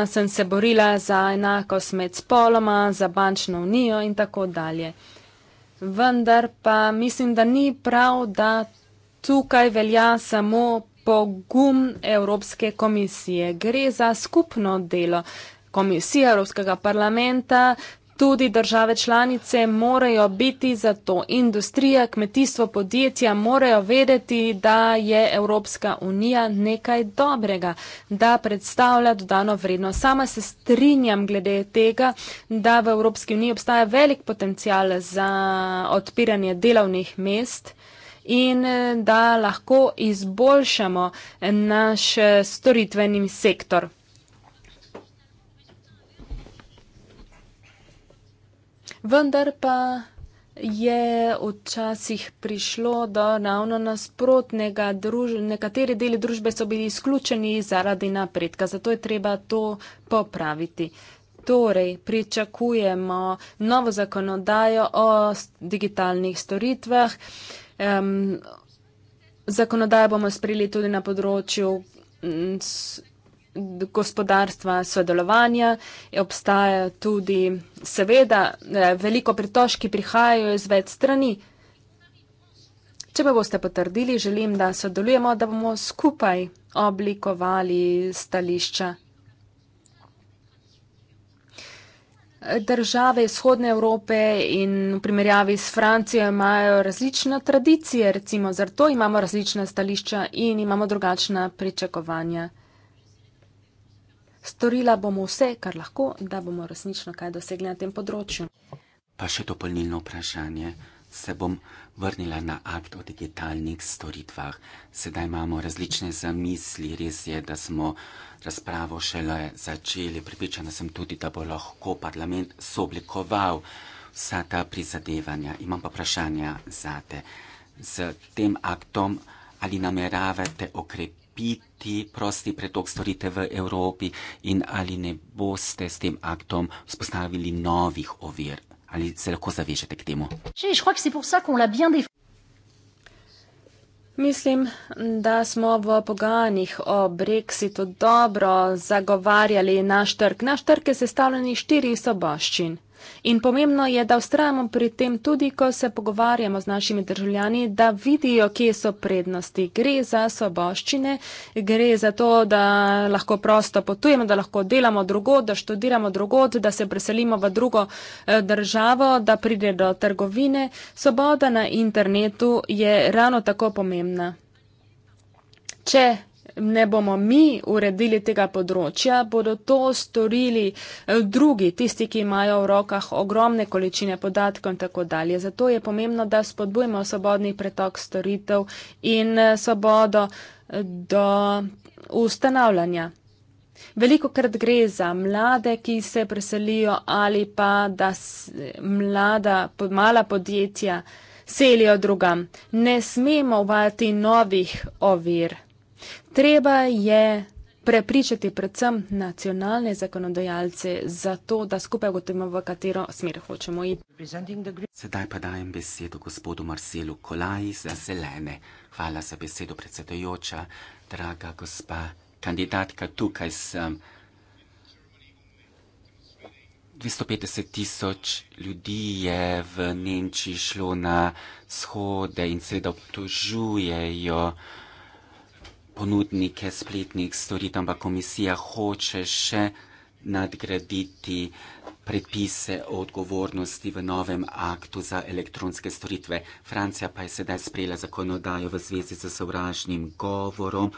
sem se borila za enakost med spoloma, za bančno unijo in tako dalje. Vendar pa mislim, da ni prav, da tukaj velja samo pogum Evropske komisije. Gre za skupno delo komisije Evropskega parlamenta. Tudi države članice morajo biti za to. Industrija, kmetijstvo, podjetja morajo vedeti, da je Evropska unija nekaj dobrega, da predstavlja dodano vredno. Sama se strinjam glede tega, da v Evropski uniji obstaja velik potencial za odpiranje delovnih mest in eh, da lahko izboljšamo naš eh, storitveni sektor. Vendar pa je včasih prišlo do ravno nasprotnega, druž nekateri deli družbe so bili izključeni zaradi napredka, zato je treba to popraviti. Torej, pričakujemo novo zakonodajo o digitalnih storitvah. Uh, Um, zakonodajo bomo sprejeli tudi na področju mm, gospodarstva sodelovanja. Obstaja tudi, seveda, e, veliko pritožki prihajajo iz več strani. Če pa boste potrdili, želim, da sodelujemo, da bomo skupaj oblikovali stališča. Države vzhodne Evrope in v primerjavi s Francijo imajo različne tradicije, recimo zato imamo različne stališča in imamo drugačna pričakovanja. Storila bomo vse, kar lahko, da bomo resnično kaj dosegli na tem področju. Pa še dopolnilno vprašanje se bom vrnila na akt o digitalnih storitvah. Sedaj imamo različne zamisli, res je, da smo razpravo šele začeli. Pripričana sem tudi, da bo lahko parlament soblikoval vsa ta prizadevanja. Imam pa vprašanja za te. Z tem aktom ali nameravate okrepiti prosti pretok storite v Evropi in ali ne boste s tem aktom vzpostavili novih ovir ali se lahko zavežete k temu? Mislim, da smo v pogajanjih o Brexitu dobro zagovarjali naš trg. Naš trg je sestavljen iz štirih soboščin. In pomembno je, da ustrajamo pri tem tudi, ko se pogovarjamo z našimi državljani, da vidijo, kje so prednosti. Gre za svoboščine, gre za to, da lahko prosto potujemo, da lahko delamo drugod, da študiramo drugod, da se preselimo v drugo eh, državo, da pride do trgovine. Svoboda na internetu je ravno tako pomembna. Če ne bomo mi uredili tega področja, bodo to storili eh, drugi, tisti, ki imajo v rokah ogromne količine podatkov in tako dalje. Zato je pomembno, da spodbujemo svobodni pretok storitev in eh, svobodo eh, do ustanavljanja. Veliko krat gre za mlade, ki se preselijo ali pa da mlada, mala podjetja selijo drugam. Ne smemo uvajati novih ovir. Treba je prepričati predvsem nacionalne zakonodajalce za to, da skupaj ugotovimo, v katero smer hočemo iti. Sedaj pa dajem besedo gospodu Marcelu Kolaji za zelene. Hvala za besedo, predsedojoča. Draga gospa kandidatka, tukaj sem. 250 tisoč ljudi je v Nemčiji šlo na shode in seveda obtožujejo ponudnike spletnih storitev, ampak komisija hoče še nadgraditi predpise o odgovornosti v novem aktu za elektronske storitve. Francija pa je sedaj sprejela zakonodajo v zvezi z sovražnim govorom.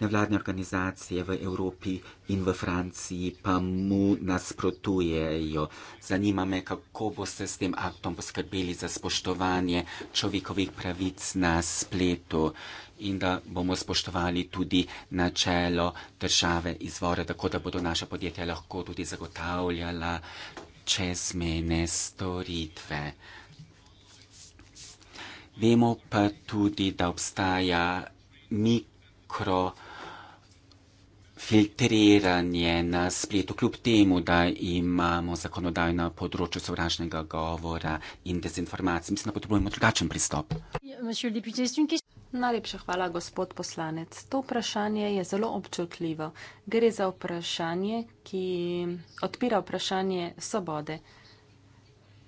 Nevladne organizacije v Evropi in v Franciji pa mu nasprotujejo. Zanima me, kako boste s tem aktom poskrbeli za spoštovanje človekovih pravic na spletu in da bomo spoštovali tudi načelo države izvore, tako da bodo naše podjetje lahko tudi zagotavljala čezmene storitve. Vemo pa tudi, da obstaja mikro filtriranje na spletu, kljub temu, da imamo zakonodajo na področju sovražnega govora in dezinformacij. Mislim, da potrebujemo drugačen pristop. Najlepša hvala, gospod poslanec. To vprašanje je zelo občutljivo. Gre za vprašanje, ki odpira vprašanje svobode.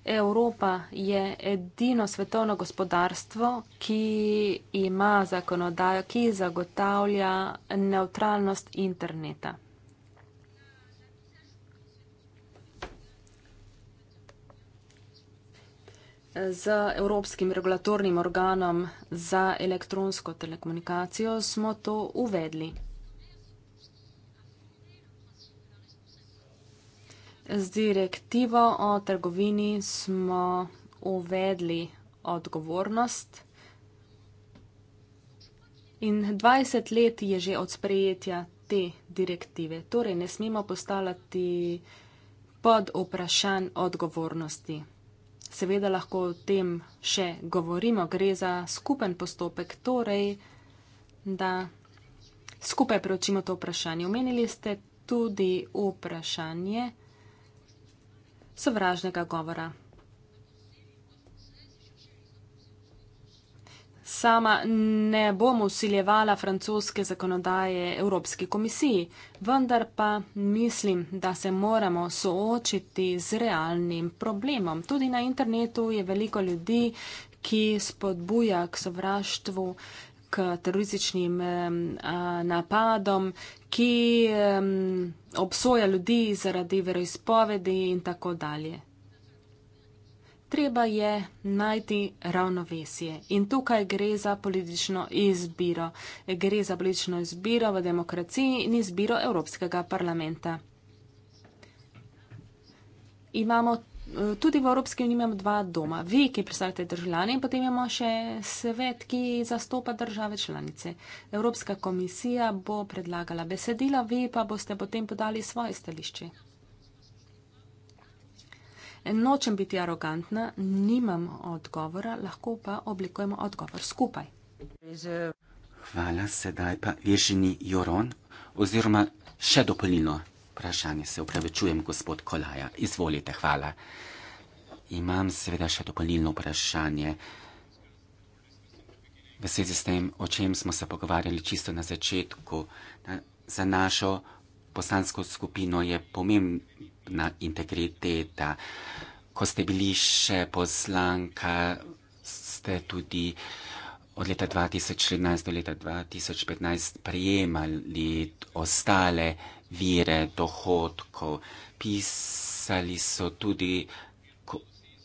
Evropa je edino svetovno gospodarstvo, ki ima zakonodajo, ki zagotavlja neutralnost interneta. z Evropskim regulatornim organom za elektronsko telekomunikacijo smo to uvedli. Z direktivo o trgovini smo uvedli odgovornost in 20 let je že od sprejetja te direktive. Torej, ne smemo postavljati pod vprašanj odgovornosti seveda lahko o tem še govorimo, gre za skupen postopek, torej, da skupaj preučimo to vprašanje. Omenili ste tudi vprašanje sovražnega govora. Sama ne bom usiljevala francoske zakonodaje Evropski komisiji, vendar pa mislim, da se moramo soočiti z realnim problemom. Tudi na internetu je veliko ljudi, ki spodbuja k sovraštvu, k terorističnim napadom, ki obsoja ljudi zaradi veroizpovedi in tako dalje treba je najti ravnovesje. In tukaj gre za politično izbiro. Gre za politično izbiro v demokraciji in izbiro Evropskega parlamenta. Imamo tudi v Evropski uniji imamo dva doma. Vi, ki predstavljate državljane in potem imamo še svet, ki zastopa države članice. Evropska komisija bo predlagala besedila, vi pa boste potem podali svoje stališče. Nočem biti arogantna, nimam odgovora, lahko pa oblikujemo odgovor skupaj. Hvala, sedaj pa je že ni Joron, oziroma še dopolnilno vprašanje, se upravičujem, gospod Kolaja. Izvolite, hvala. Imam seveda še dopolnilno vprašanje. V svezi s tem, o čem smo se pogovarjali čisto na začetku, za našo poslansko skupino je pomembna integriteta. Ko ste bili še poslanka, ste tudi od leta 2014 do leta 2015 prejemali ostale vire dohodkov. Pisali so tudi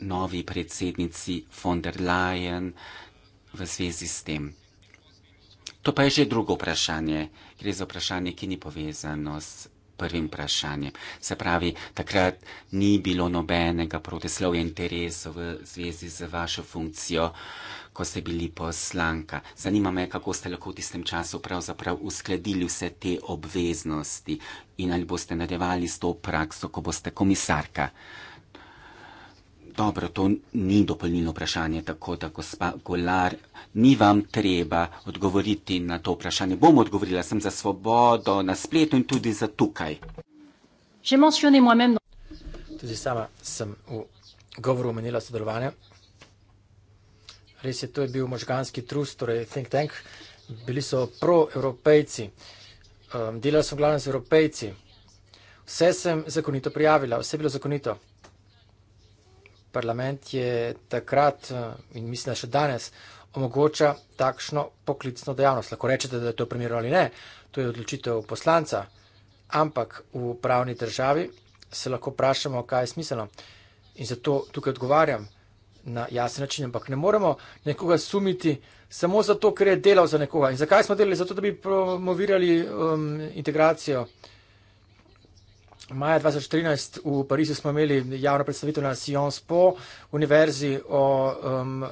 novi predsednici von der Leyen v zvezi s tem. To pa je že drugo vprašanje. Gre za vprašanje, ki ni povezano s prvim vprašanjem. Se pravi, takrat ni bilo nobenega protislovja interesov v zvezi z vašo funkcijo, ko ste bili poslanka. Zanima me, kako ste lahko v tistem času pravzaprav uskladili vse te obveznosti in ali boste nadaljevali s to prakso, ko boste komisarka. Dobro, to ni dopolnilno vprašanje, tako da, gospa Golar, ni vam treba odgovoriti na to vprašanje. Bom odgovorila, sem za svobodo na spletu in tudi za tukaj. Tudi sama sem v govoru omenila sodelovanje. Res je, to je bil možganski trust, torej think tank. Bili so pro-evropejci. Delala sem glavno z evropejci. Vse sem zakonito prijavila, vse je bilo zakonito parlament je takrat eh, in mislim, da še danes omogoča takšno poklicno dejavnost. Lahko rečete, da je to primerno ali ne, to je odločitev poslanca, ampak v pravni državi se lahko vprašamo, kaj je smiselno. In zato tukaj odgovarjam na jasen način, ampak ne moremo nekoga sumiti samo zato, ker je delal za nekoga. In zakaj smo delali? Zato, da bi promovirali um, integracijo. Maja 2013 v Parizu smo imeli javno predstavitev na Sions Po univerzi o um,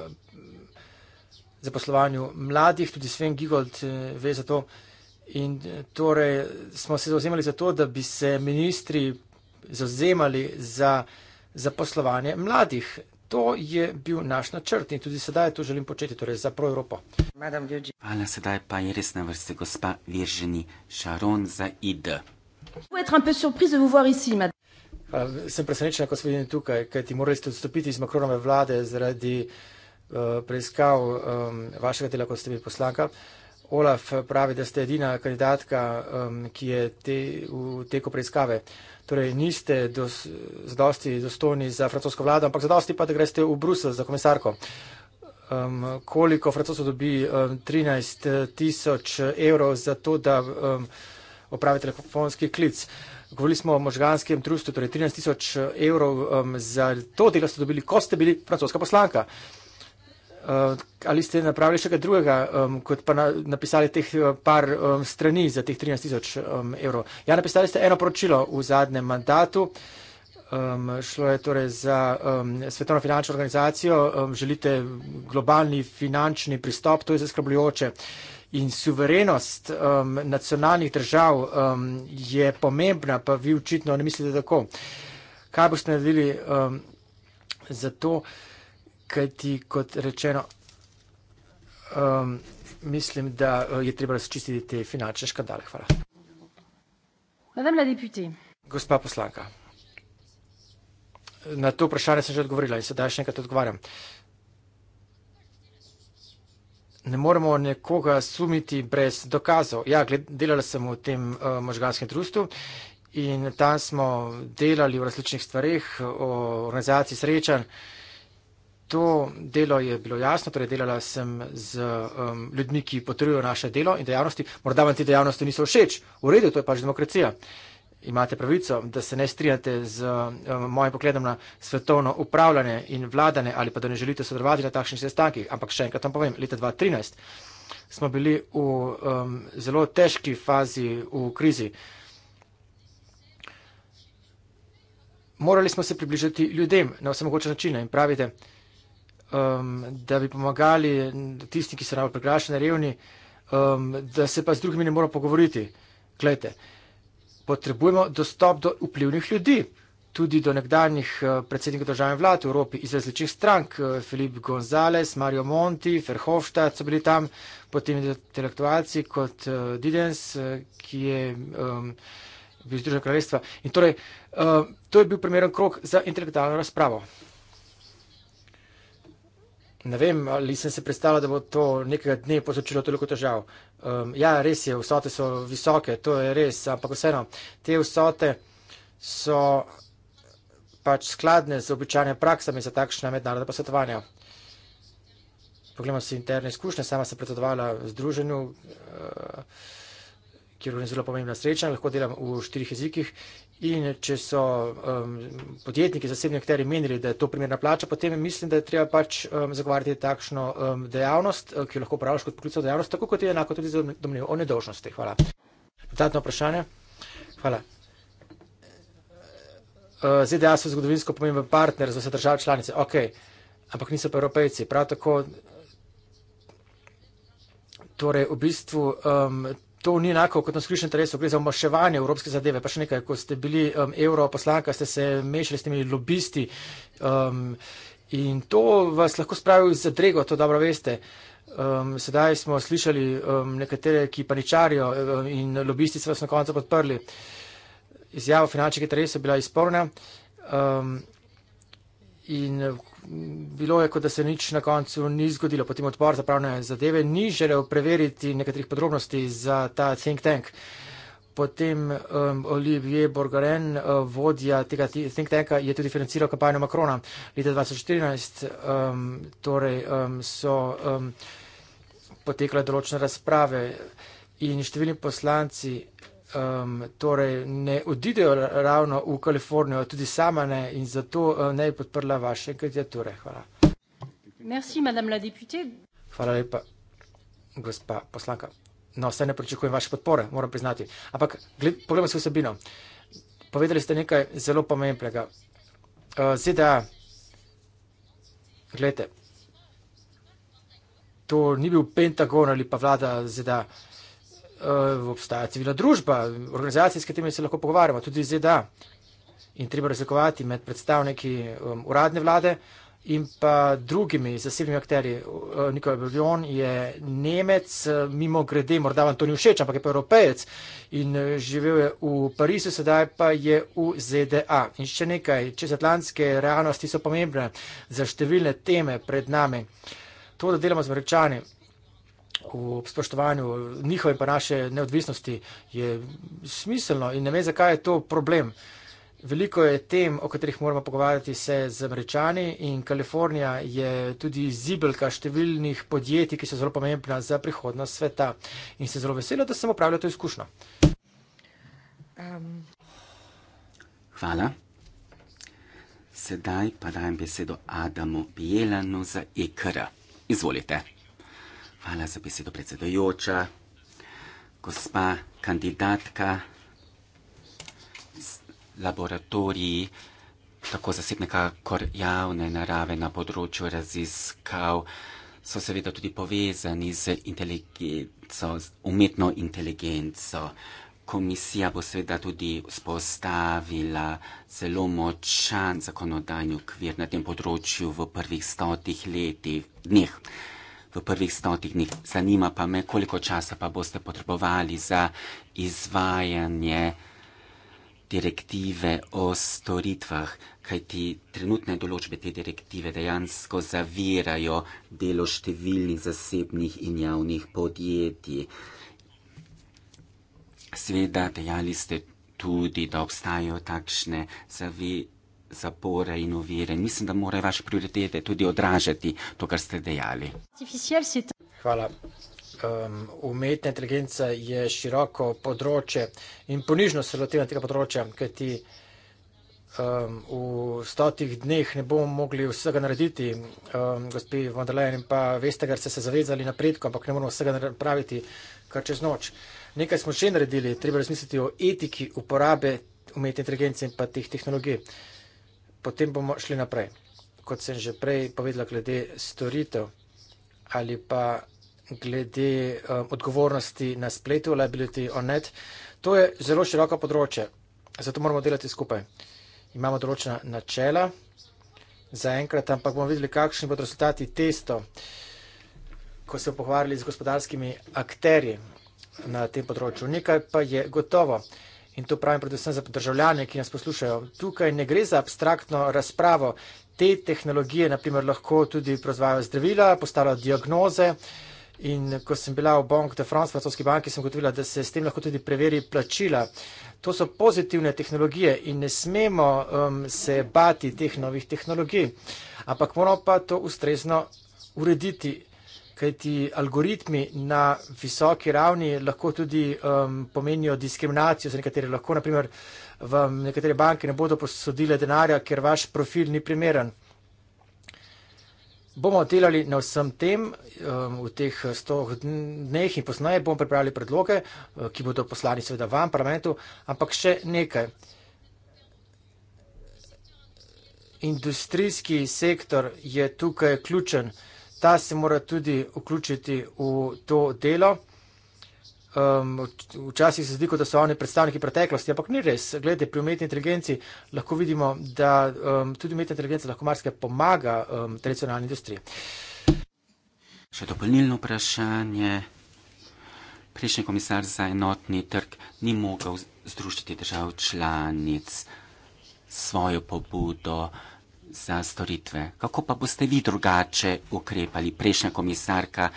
zaposlovanju mladih, tudi Sven Gigold eh, ve za to. In eh, torej smo se zauzemali za to, da bi se ministri zauzemali za zaposlovanje mladih. To je bil naš načrt in tudi sedaj to želim početi, torej za pro-Evropo. Hvala, sedaj pa je res na vrste gospa Virženi Šaron za IDE. Vous être un peu surprise de vous voir ici, madame. Sem presenečena, ko smo videli tukaj, kaj ti morali ste odstopiti iz Makronove vlade zaradi uh, preiskav um, vašega dela, ko ste bili poslanka. Olaf pravi, da ste edina kandidatka, um, ki je te, v teku preiskave. Torej, niste dos, zadosti dostojni za francosko vlado, ampak zadosti pa, da greste v Bruselj za komisarko. Um, koliko francosko dobi um, 13 eh, tisoč evrov za to, da. Um, opravi telefonski klic. Govorili smo o možganskem trustu, torej 13 tisoč eh, evrov um, za to delo ste dobili, ko ste bili francoska poslanka. Uh, ali ste napravili še kaj drugega, um, kot pa na, napisali teh eh, par um, strani za teh 13 tisoč um, evrov? Ja, napisali ste eno poročilo v zadnjem mandatu. Um, šlo je torej za um, svetovno finančno organizacijo, um, želite globalni finančni pristop, to je zaskrbljujoče in suverenost um, nacionalnih držav um, je pomembna, pa vi očitno ne mislite tako. Kaj boste naredili um, za to, kaj ti kot rečeno. Um, mislim, da uh, je treba razčistiti te finančne škandale. Hvala. Gospa poslanka, na to vprašanje sem že odgovorila in sedaj še enkrat odgovarjam ne moremo nekoga sumiti brez dokazov. Ja, gled, delala sem v tem uh, možganskem društvu in tam smo delali v različnih stvarih, o organizaciji srečanj. To delo je bilo jasno, torej delala sem z um, ljudmi, ki potrjujo naše delo in dejavnosti. Morda vam te dejavnosti niso všeč, v redu, to je pač demokracija. Uh, imate pravico, da se ne strinjate z uh, mojim pogledom na svetovno upravljanje in vladanje ali pa da ne želite sodelovati na takšnih sestankih. Ampak še enkrat vam povem, leta 2013 smo bili v um, zelo težki fazi v krizi. Morali smo se približati ljudem na vse mogoče načine in pravite, um, da bi pomagali tisti, ki so ravno preglašeni, revni, um, da se pa z drugimi ne moramo pogovoriti. Glejte, potrebujemo dostop do vplivnih ljudi, tudi do nekdanjih eh, predsednikov državne vlade v Evropi iz različnih strank. Eh, Filip Gonzales, Mario Monti, Verhofstadt so bili tam, potem intelektualci kot eh, Didens, ki je um, bil iz Združenega kraljestva. In torej, uh, to je bil primeren krok za intelektualno razpravo. Ne vem, ali sem se predstavljal, da bo to nekega dne posočilo toliko težav. Um, ja, res je, vsote so visoke, to je res, ampak vseeno, te vsote so pač skladne z običajnimi praksami za takšna mednarodna posvetovanja. Poglejmo si interne izkušnje, sama sem predsedovala združenju. Uh, kjer je zelo pomembna sreča, lahko delam v štirih jezikih. In če so um, podjetniki, zasebni akteri menili, da je to primerna plača, potem mislim, da je treba pač um, zagovarjati takšno um, dejavnost, uh, ki jo lahko upravljaš kot poklicno dejavnost, tako kot je enako tudi za domnevo o nedožnosti. Hvala. Dodatno vprašanje. Hvala. Uh, ZDA so zgodovinsko pomemben partner za vse države članice. Ok, ampak niso pa evropejci. Prav tako, torej v bistvu. Um, to ni enako kot nas ključni interes, gre za omaševanje evropske zadeve. Pa še nekaj, ko ste bili um, europoslanka, ste se mešali s temi lobisti um, in to vas lahko spravi za drego, to dobro veste. Um, sedaj smo slišali um, nekatere, ki paničarijo um, in lobisti so vas na koncu podprli. Izjava finančnih interesov je bila izporna. Um, in bilo je, kot da se nič na koncu ni zgodilo. Potem odbor za pravne zadeve ni želel preveriti nekaterih podrobnosti za ta think tank. Potem um, Olivier Borgaren, uh, vodja tega think tanka, je tudi financiral kampanjo Makrona leta 2014. Um, torej um, so um, potekle določene razprave in številni poslanci um, torej ne odidejo ravno v Kalifornijo, tudi sama ne in zato uh, ne bi podprla vaše kandidature. Hvala. Merci, Hvala lepa, gospa poslanka. No, vse ne pričakujem vaše podpore, moram priznati. Ampak gled, poglejmo se vsebino. Povedali ste nekaj zelo pomembnega. Uh, ZDA, gledajte, to ni bil Pentagon ali pa vlada ZDA obstaja civilna družba, organizacije, s katerimi se lahko pogovarjamo, tudi ZDA. In treba razlikovati med predstavniki um, uradne vlade in pa drugimi zasebnimi akteri. Uh, Nikolaj Brion je Nemec, uh, mimo grede, morda vam to ni všeč, ampak je pa Evropejec in uh, živel je v Parizu, sedaj pa je v ZDA. In še nekaj, čezatlantske realnosti so pomembne za številne teme pred nami. To, da delamo z vrečani, v spoštovanju njihove pa naše neodvisnosti je smiselno in ne ve, zakaj je to problem. Veliko je tem, o katerih moramo pogovarjati se z američani in Kalifornija je tudi zibelka številnih podjetij, ki so zelo pomembna za prihodnost sveta in se zelo veselo, da sem opravljal to izkušnjo. Um. Hvala. Sedaj pa dajem besedo Adamu Bielanu za IKR. E Izvolite. Hvala za besedo, predsedojoča. Gospa kandidatka, laboratoriji, tako zasebne kakor javne narave na področju raziskav, so seveda tudi povezani z inteligenco, z umetno inteligenco. Komisija bo seveda tudi vzpostavila zelo močan zakonodajni okvir na tem področju v prvih stotih letih, dneh v prvih stotih dneh. Zanima pa me, koliko časa pa boste potrebovali za izvajanje direktive o storitvah, kajti trenutne določbe te direktive dejansko zavirajo delo številnih zasebnih in javnih podjetij. Sveda, dejali ste tudi, da obstajajo takšne zavirajo zapore in ovire. Mislim, da morajo vaše prioritete tudi odražati to, kar ste dejali. Hvala. Um, umetna inteligenca je široko področje in ponižno se lotevam tega področja, ker ti um, v stotih dneh ne bomo mogli vsega narediti, um, gospi von der Leyen, pa veste, ker ste se zavezali napredko, ampak ne moramo vsega napraviti kar čez noč. Nekaj smo še naredili, treba razmisliti o etiki uporabe umetne inteligence in pa teh tehnologij. Uh, potem bomo šli naprej. Kot sem že prej povedala, glede storitev ali pa glede um, odgovornosti na spletu, liability on net, to je zelo široko področje, zato moramo delati skupaj. Imamo določena načela zaenkrat, ampak bomo videli, kakšni bodo rezultati testo, ko se bomo pogovarjali z gospodarskimi akterji na tem področju. Nekaj pa je gotovo. In to pravim predvsem za državljane, ki nas poslušajo. Tukaj ne gre za abstraktno razpravo. Te tehnologije naprimer, lahko tudi proizvajajo zdravila, postavljajo diagnoze. In ko sem bila v Bank de France, v francoski banki, sem gotovila, da se s tem lahko tudi preveri plačila. To so pozitivne tehnologije in ne smemo um, se bati teh novih tehnologij. Ampak moramo pa to ustrezno urediti kajti algoritmi na visoki ravni lahko tudi um, pomenijo diskriminacijo za nekatere. Lahko, naprimer, vam nekatere banke ne bodo posodile denarja, ker vaš profil ni primeren. Bomo delali na vsem tem um, v teh 100 dneh in posneje bomo pripravili predloge, uh, ki bodo poslani seveda vam, parlamentu, ampak še nekaj. Industrijski sektor je tukaj ključen ta se mora tudi vključiti v to delo. Um, včasih se zdi, da so oni predstavniki preteklosti, ampak ni res. Glede pri umetni inteligenci lahko vidimo, da um, tudi umetna inteligenca lahko marsikaj pomaga um, tradicionalni industriji. Še dopolnilno vprašanje. Prejšnji komisar za enotni trg ni mogel združiti držav članic svojo pobudo za storitve. Kako pa boste vi drugače ukrepali? Prejšnja komisarka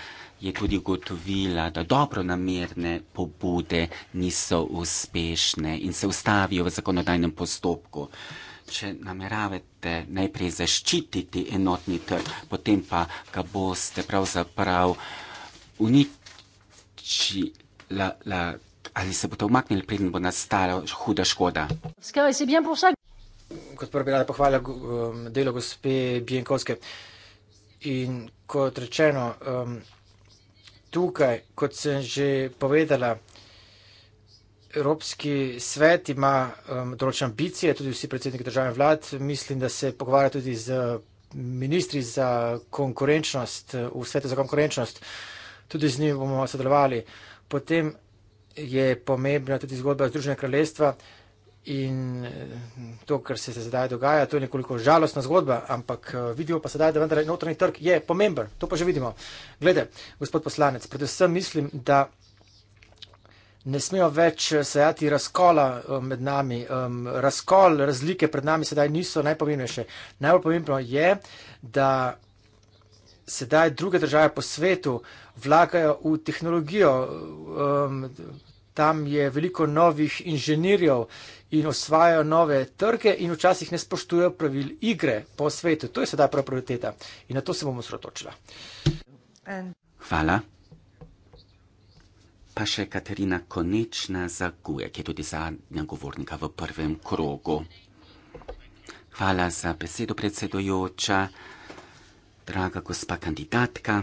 je tudi ugotovila, da dobro namerne pobude niso uspešne in se ustavijo v zakonodajnem postopku. Če nameravate najprej zaščititi enotni trg, potem pa ga boste pravzaprav uničili, ali se boste umaknili, preden bo nastala huda škoda. Skaj, kot prvo bi rada pohvala um, delo gospe Bijenkovske. In kot rečeno, um, tukaj, kot sem že povedala, Evropski svet ima um, določene ambicije, tudi vsi predsedniki držav in vlad. Mislim, da se pogovarja tudi z ministri za konkurenčnost, v svetu za konkurenčnost. Tudi z njimi bomo sodelovali. Potem je pomembna tudi zgodba Združenega kraljestva. In eh, to, kar se zdaj dogaja, to je nekoliko žalostna zgodba, ampak eh, vidimo pa sedaj, da vendar notranji trg je pomemben. To pa že vidimo. Glede, gospod poslanec, predvsem mislim, da ne smejo več eh, sejati razkola med nami. Razkol, razlike pred nami sedaj niso najpomembnejše. Najbolj pomembno je, da sedaj druge države po svetu vlagajo v tehnologijo tam je veliko novih inženirjev in osvajajo nove trge in včasih ne spoštujejo pravil igre po svetu. To je sedaj prav prioriteta in na to se bomo osredotočila. Hvala. Pa še Katarina Konečna za Guje, ki je tudi zadnja govornika v prvem krogu. Hvala za besedo, predsedojoča. Draga gospa kandidatka,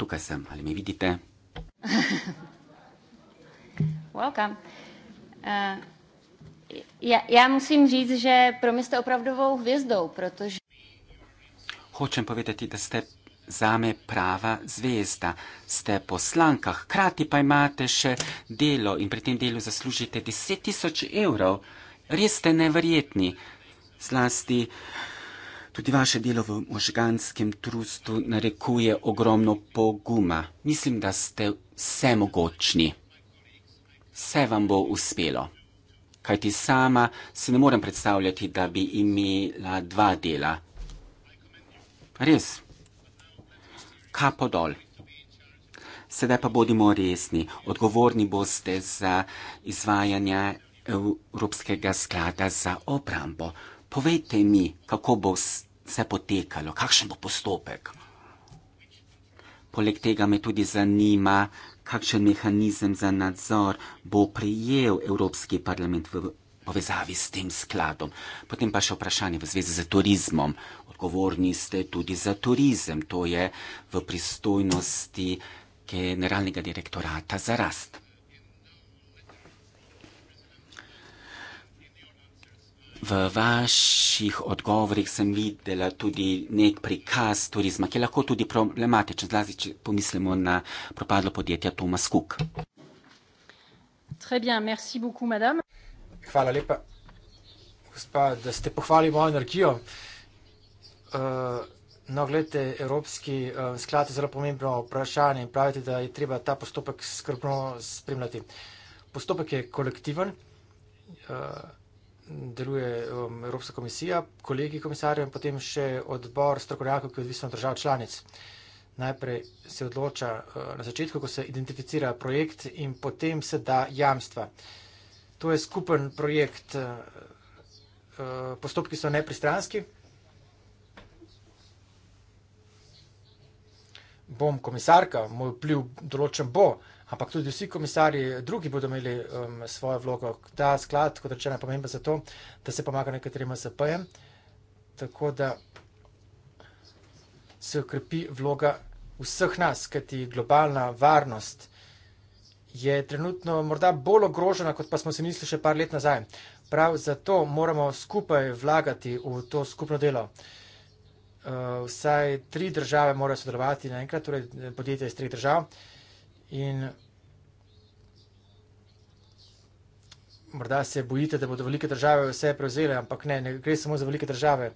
tukaj sem, ali me vidite? Welcome. Uh, já, já musím říct, že pro mě jste opravdovou hvězdou, protože... Hočem povedati, da ste zame prava zvezda. Ste poslanka, hkrati pa imate še delo in pri tem delu zaslužite 10 tisoč evrov. Res ste neverjetni. Zlasti tudi vaše delo v možganskem trustu narekuje ogromno poguma. Mislim, da ste vsemogočni vse vam bo uspelo. Kaj ti sama se ne morem predstavljati, da bi imela dva dela. Res. Kapo dol. Sedaj pa bodimo resni. Odgovorni boste za izvajanje Evropskega sklada za obrambo. Povejte mi, kako bo vse potekalo, kakšen bo postopek. Poleg tega me tudi zanima, kakšen mehanizem za nadzor bo prijel Evropski parlament v povezavi s tem skladom. Potem pa še vprašanje v zvezi z turizmom. Odgovorni ste tudi za turizem, to je v pristojnosti generalnega direktorata za rast. V vaših odgovorih sem videla tudi nek prikaz turizma, ki je lahko tudi problematičen, zlasti če pomislimo na propadlo podjetja Thomas Cook. Bien, merci beaucoup, Hvala lepa, gospa, da ste pohvalili mojo energijo. Uh, no, gledajte, Evropski uh, sklad je zelo pomembno vprašanje in pravite, da je treba ta postopek skrbno spremljati. Postopek je kolektiven. Uh, deluje um, Evropska komisija, kolegi komisarjev in potem še odbor strokovnjakov, ki je odvisen od držav članic. Najprej se odloča uh, na začetku, ko se identificira projekt in potem se da jamstva. To je skupen projekt. Uh, uh, postopki so nepristranski. Bom komisarka, moj vpliv določen bo. Uh, ampak tudi vsi komisari drugi bodo imeli um, svojo vlogo. Ta sklad, kot rečeno, je pomemben zato, da se pomaga nekaterim SP-jem, tako da se ukrepi vloga vseh nas, kajti globalna varnost je trenutno morda bolj ogrožena, kot pa smo si mislili še par let nazaj. Prav zato moramo skupaj vlagati v to skupno delo. Uh, vsaj tri države morajo sodelovati naenkrat, torej eh, podjetja iz treh držav. Uh, In morda se bojite, da bodo velike države vse prevzele, ampak ne, ne gre samo za velike države.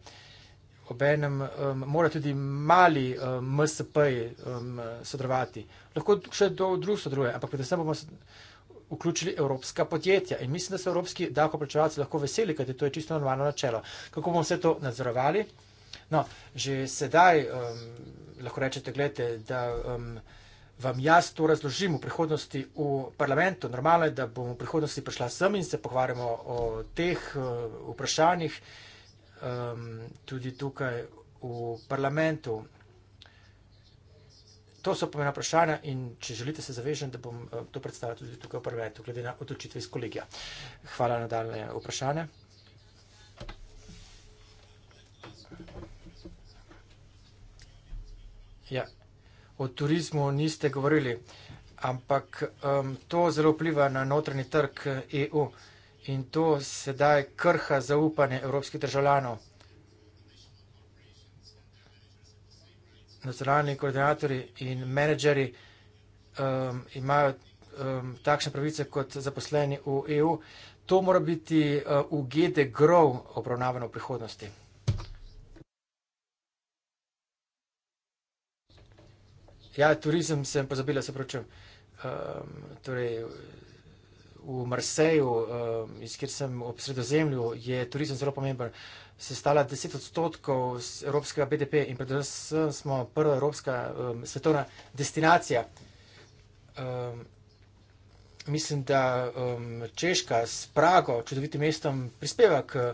Obenem um, mora tudi mali um, MSP-ji um, sodelovati. Lahko še do drug sodeluje, ampak predvsem bomo vključili evropska podjetja. In mislim, da so evropski davkoplačevalci lahko veseli, kajti to je čisto normalno načelo. Kako bomo vse to nadzorovali? No, že sedaj um, lahko rečete, gledajte, da. Um, vam jaz to razložim v prihodnosti v parlamentu. Normalno je, da bom v prihodnosti prišla sem in se pogovarjamo o teh eh, vprašanjih um, tudi tukaj v parlamentu. To so pomena vprašanja in če želite se zavežem, da bom eh, to predstavila tudi tukaj v parlamentu, glede na odločitve iz kolegija. Hvala na daljne vprašanje. Ja, o turizmu niste govorili, ampak um, to zelo vpliva na notranji trg EU in to sedaj krha zaupanje evropskih državljanov. Nacionalni koordinatori in menedžeri um, imajo um, takšne pravice kot zaposleni v EU. To mora biti uh, v GD grov obravnavano v prihodnosti. Ja, turizem sem pozabil, se pravi. Um, torej, v Marseju, um, iz kjer sem ob sredozemlju, je turizem zelo pomemben. Se stala 10 odstotkov evropskega BDP in predvsem smo prva evropska um, svetovna destinacija. Um, mislim, da um, Češka s Prago, čudovitim mestom, prispeva k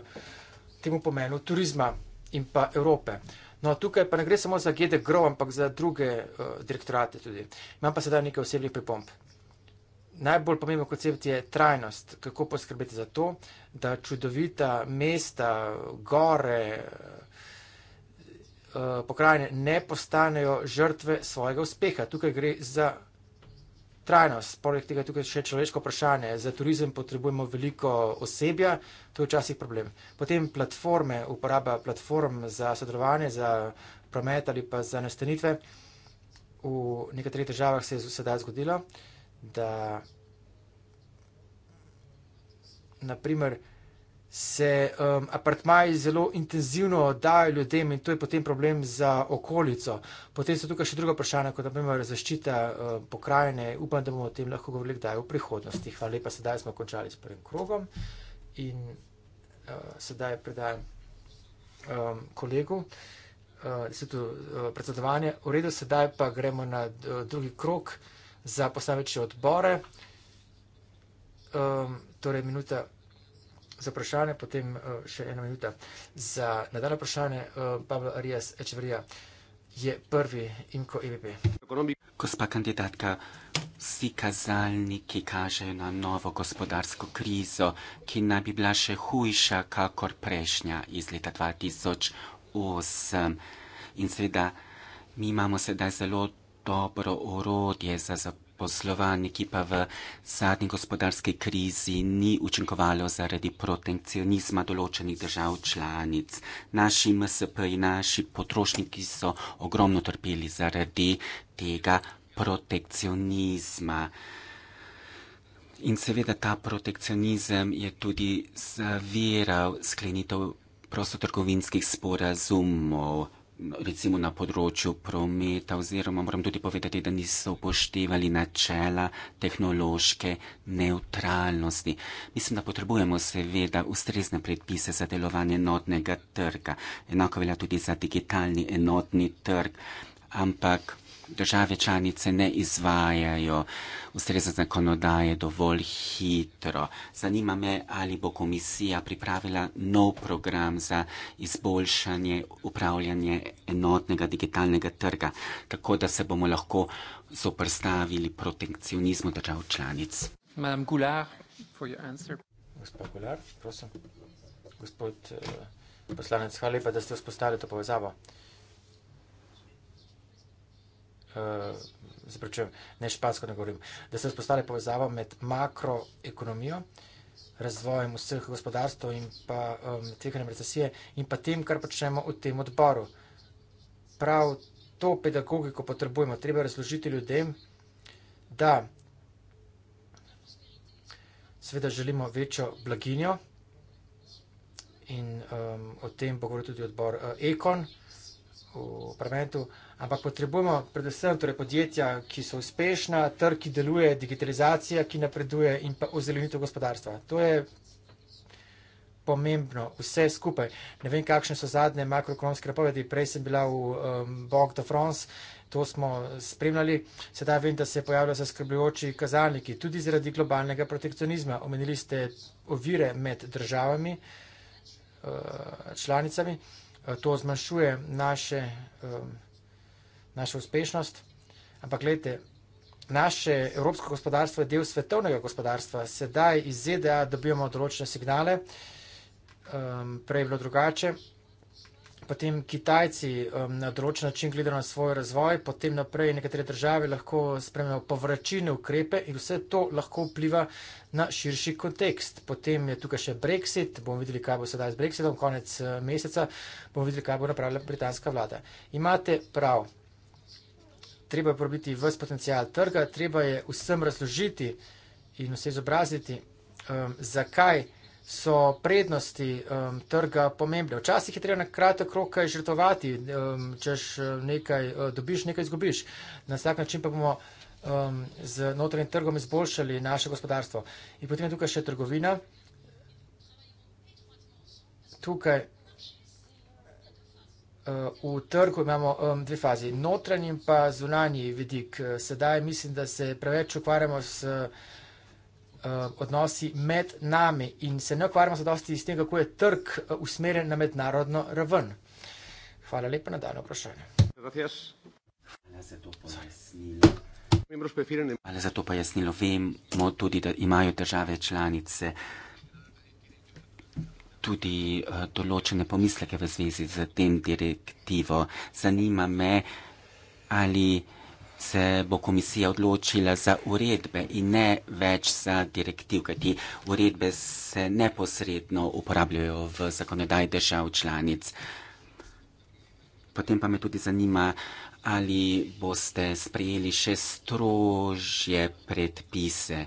temu pomenu turizma in pa Evrope. Uh, No, tukaj pa ne gre samo za GD Grow, ampak za druge uh, direktorate tudi. Imam pa sedaj nekaj osebnih pripomp. Najbolj pomemben koncept je trajnost, kako poskrbeti za to, da čudovita mesta, gore, uh, pokrajine ne postanejo žrtve svojega uspeha. Tukaj gre za trajnost. Poleg tega tukaj še človeško vprašanje. Za turizem potrebujemo veliko osebja, to je včasih problem. Potem platforme, uporaba platform za sodelovanje, za promet ali pa za nastanitve. V nekaterih državah se je sedaj zgodilo, da naprimer, se um, apartmaji zelo intenzivno dajo ljudem in to je potem problem za okolico. Potem so tukaj še druga vprašanja, kot naprimer zaščita uh, pokrajine. Upam, da bomo o tem lahko govorili kdaj v prihodnosti. Hvala lepa, sedaj smo končali s prvim krogom in uh, sedaj predajam um, kolegu uh, uh, predsedovanje. V redu, sedaj pa gremo na drugi krok za posamečne odbore. Um, torej, minuta za vprašanje, potem eh, še ena minuta. Za nadaljno vprašanje, eh, Pablo Arias Echeverija je prvi imko EVP. Gospa kandidatka, vsi kazalniki kažejo na novo gospodarsko krizo, ki naj bi bila še hujša kakor prejšnja iz leta 2008. In seveda, mi imamo sedaj zelo dobro orodje za zaposlitev poslovanje, ki pa v zadnji gospodarski krizi ni učinkovalo zaradi protekcionizma določenih držav članic. Naši MSP in naši potrošniki so ogromno trpeli zaradi tega protekcionizma. In seveda ta protekcionizem je tudi zaviral sklenitev prostotrgovinskih sporazumov recimo na področju prometa oziroma moram tudi povedati, da niso upoštevali načela tehnološke neutralnosti. Mislim, da potrebujemo seveda ustrezne predpise za delovanje enotnega trga, enako velja tudi za digitalni enotni trg, ampak države članice ne izvajajo ustrezne zakonodaje dovolj hitro. Zanima me, ali bo komisija pripravila nov program za izboljšanje upravljanje enotnega digitalnega trga, tako da se bomo lahko zoprstavili protekcionizmu držav članic. Madame Goulard, for your answer. Gospod Goulard, prosim. Gospod uh, poslanec, hvala lepa, da ste vzpostavili to povezavo. Uh, uh, eh, zaprečujem, ne špansko ne govorim, da se vzpostavlja povezava med makroekonomijo, razvojem vseh gospodarstv in pa um, tveganjem recesije in pa tem, kar počnemo v tem odboru. Prav to pedagogiko potrebujemo, treba razložiti ljudem, da seveda želimo večjo blaginjo in um, o tem bo govoril tudi odbor uh, Ekon v parlamentu, ampak potrebujemo predvsem torej, podjetja, ki so uspešna, trg, ki deluje, digitalizacija, ki napreduje in pa ozelenitev gospodarstva. To je pomembno, vse skupaj. Ne vem, kakšne so zadnje makroekonomske napovedi. Prej sem bila v um, Bog de France, to smo spremljali. Sedaj vem, da se pojavljajo zaskrbljujoči kazalniki, tudi zaradi globalnega protekcionizma. Omenili ste ovire med državami, uh, članicami. Eh, to zmanjšuje naše, našo uspešnost. Ampak gledajte, naše evropsko gospodarstvo je del svetovnega gospodarstva. Sedaj iz ZDA dobivamo določene signale, prej je bilo drugače potem Kitajci um, na določen način gledajo na svoj razvoj, potem naprej nekatere države lahko spremljajo povračilne ukrepe in vse to lahko vpliva na širši kontekst. Potem je tukaj še Brexit, bomo videli, kaj bo sedaj z Brexitom, konec eh, meseca bomo videli, kaj bo napravila britanska vlada. Imate prav, treba je probiti vs potencial trga, treba je vsem razložiti in vse izobraziti, um, zakaj so prednosti um, trga pomembne. Včasih je treba na kratek rok kaj žrtovati, um, češ uh, nekaj uh, dobiš, nekaj izgubiš. Na vsak način pa bomo um, z notranjim trgom izboljšali naše gospodarstvo. In potem je tukaj še trgovina. Tukaj. Uh, v trgu imamo um, dve fazi, notranji in pa zunanji vidik. Sedaj mislim, da se preveč ukvarjamo s uh, Eh, odnosi med nami in se ne ukvarjamo z dosti s tem, kako je trg eh, usmerjen na mednarodno raven. Hvala lepa na dano vprašanje. Hvala za to pojasnilo. Vemo tudi, da imajo države članice tudi eh, določene pomisleke v zvezi z tem direktivo. Zanima me, ali se bo komisija odločila za uredbe in ne več za direktiv, kajti uredbe se neposredno uporabljajo v zakonodaj držav članic. Potem pa me tudi zanima, ali boste sprejeli še strožje predpise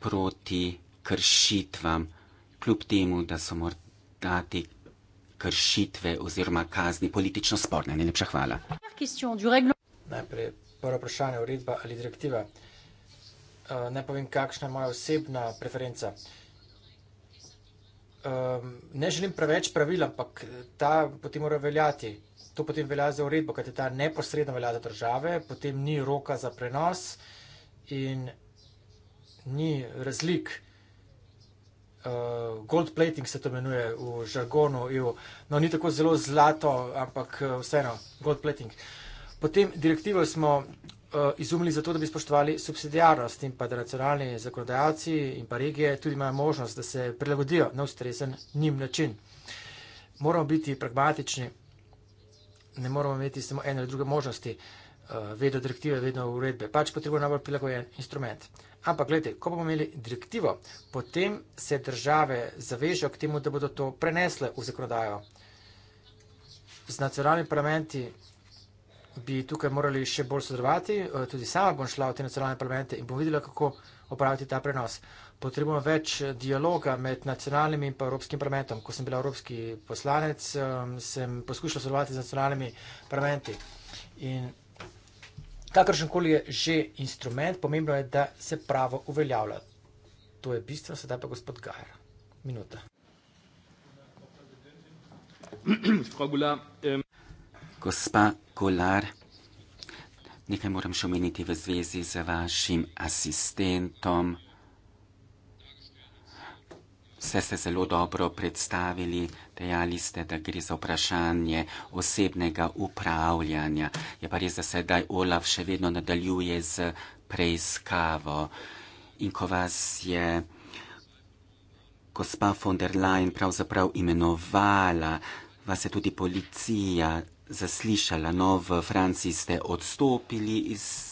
proti kršitvam, kljub temu, da so morda ti kršitve oziroma kazni politično sporne. Najlepša hvala najprej prvo vprašanje, uredba ali direktiva. Eh, ne povem, kakšna je moja osebna preferenca. Ne želim preveč pravil, ampak ta potem mora veljati. To potem velja za uredbo, kajte ta neposredno velja za države, potem ni roka za prenos in ni razlik. Eh, gold plating se to imenuje v žargonu. E no, ni tako zelo zlato, ampak eh, vseeno, gold plating. Potem direktivo smo eh, izumili zato, da bi spoštovali subsidijarnost in pa da nacionalni zakonodajalci in pa regije tudi imajo možnost, da se prilagodijo na ustrezen njim način. Moramo biti pragmatični, ne moramo imeti samo ene ali druge možnosti, eh, vedno direktive, vedno uredbe, pač potrebujemo najbolj prilagojen instrument. Ampak gledajte, ko bomo imeli direktivo, potem se države zavežejo k temu, da bodo to prenesle v zakonodajo. Z nacionalnimi parlamenti bi tukaj morali še bolj sodelovati. Eh, tudi sama bom šla v te nacionalne parlamente in bom videla, kako opraviti ta prenos. Potrebujemo več eh, dialoga med nacionalnimi in pa evropskim parlamentom. Ko sem bila evropski poslanec, ehm, sem poskušala sodelovati z nacionalnimi parlamenti. In kakršenkoli je že instrument, pomembno je, da se pravo uveljavlja. To je bistvo, sedaj pa gospod Gajer. Minuta. Frau Gula, ähm Gospa Kolar, nekaj moram še omeniti v zvezi z vašim asistentom. Vse ste zelo dobro predstavili, dejali ste, da gre za vprašanje osebnega upravljanja. Je pa res, da sedaj Olaf še vedno nadaljuje z preiskavo. In ko vas je gospa von der Leyen pravzaprav imenovala, vas je tudi policija zaslišala. No, v Franciji ste odstopili iz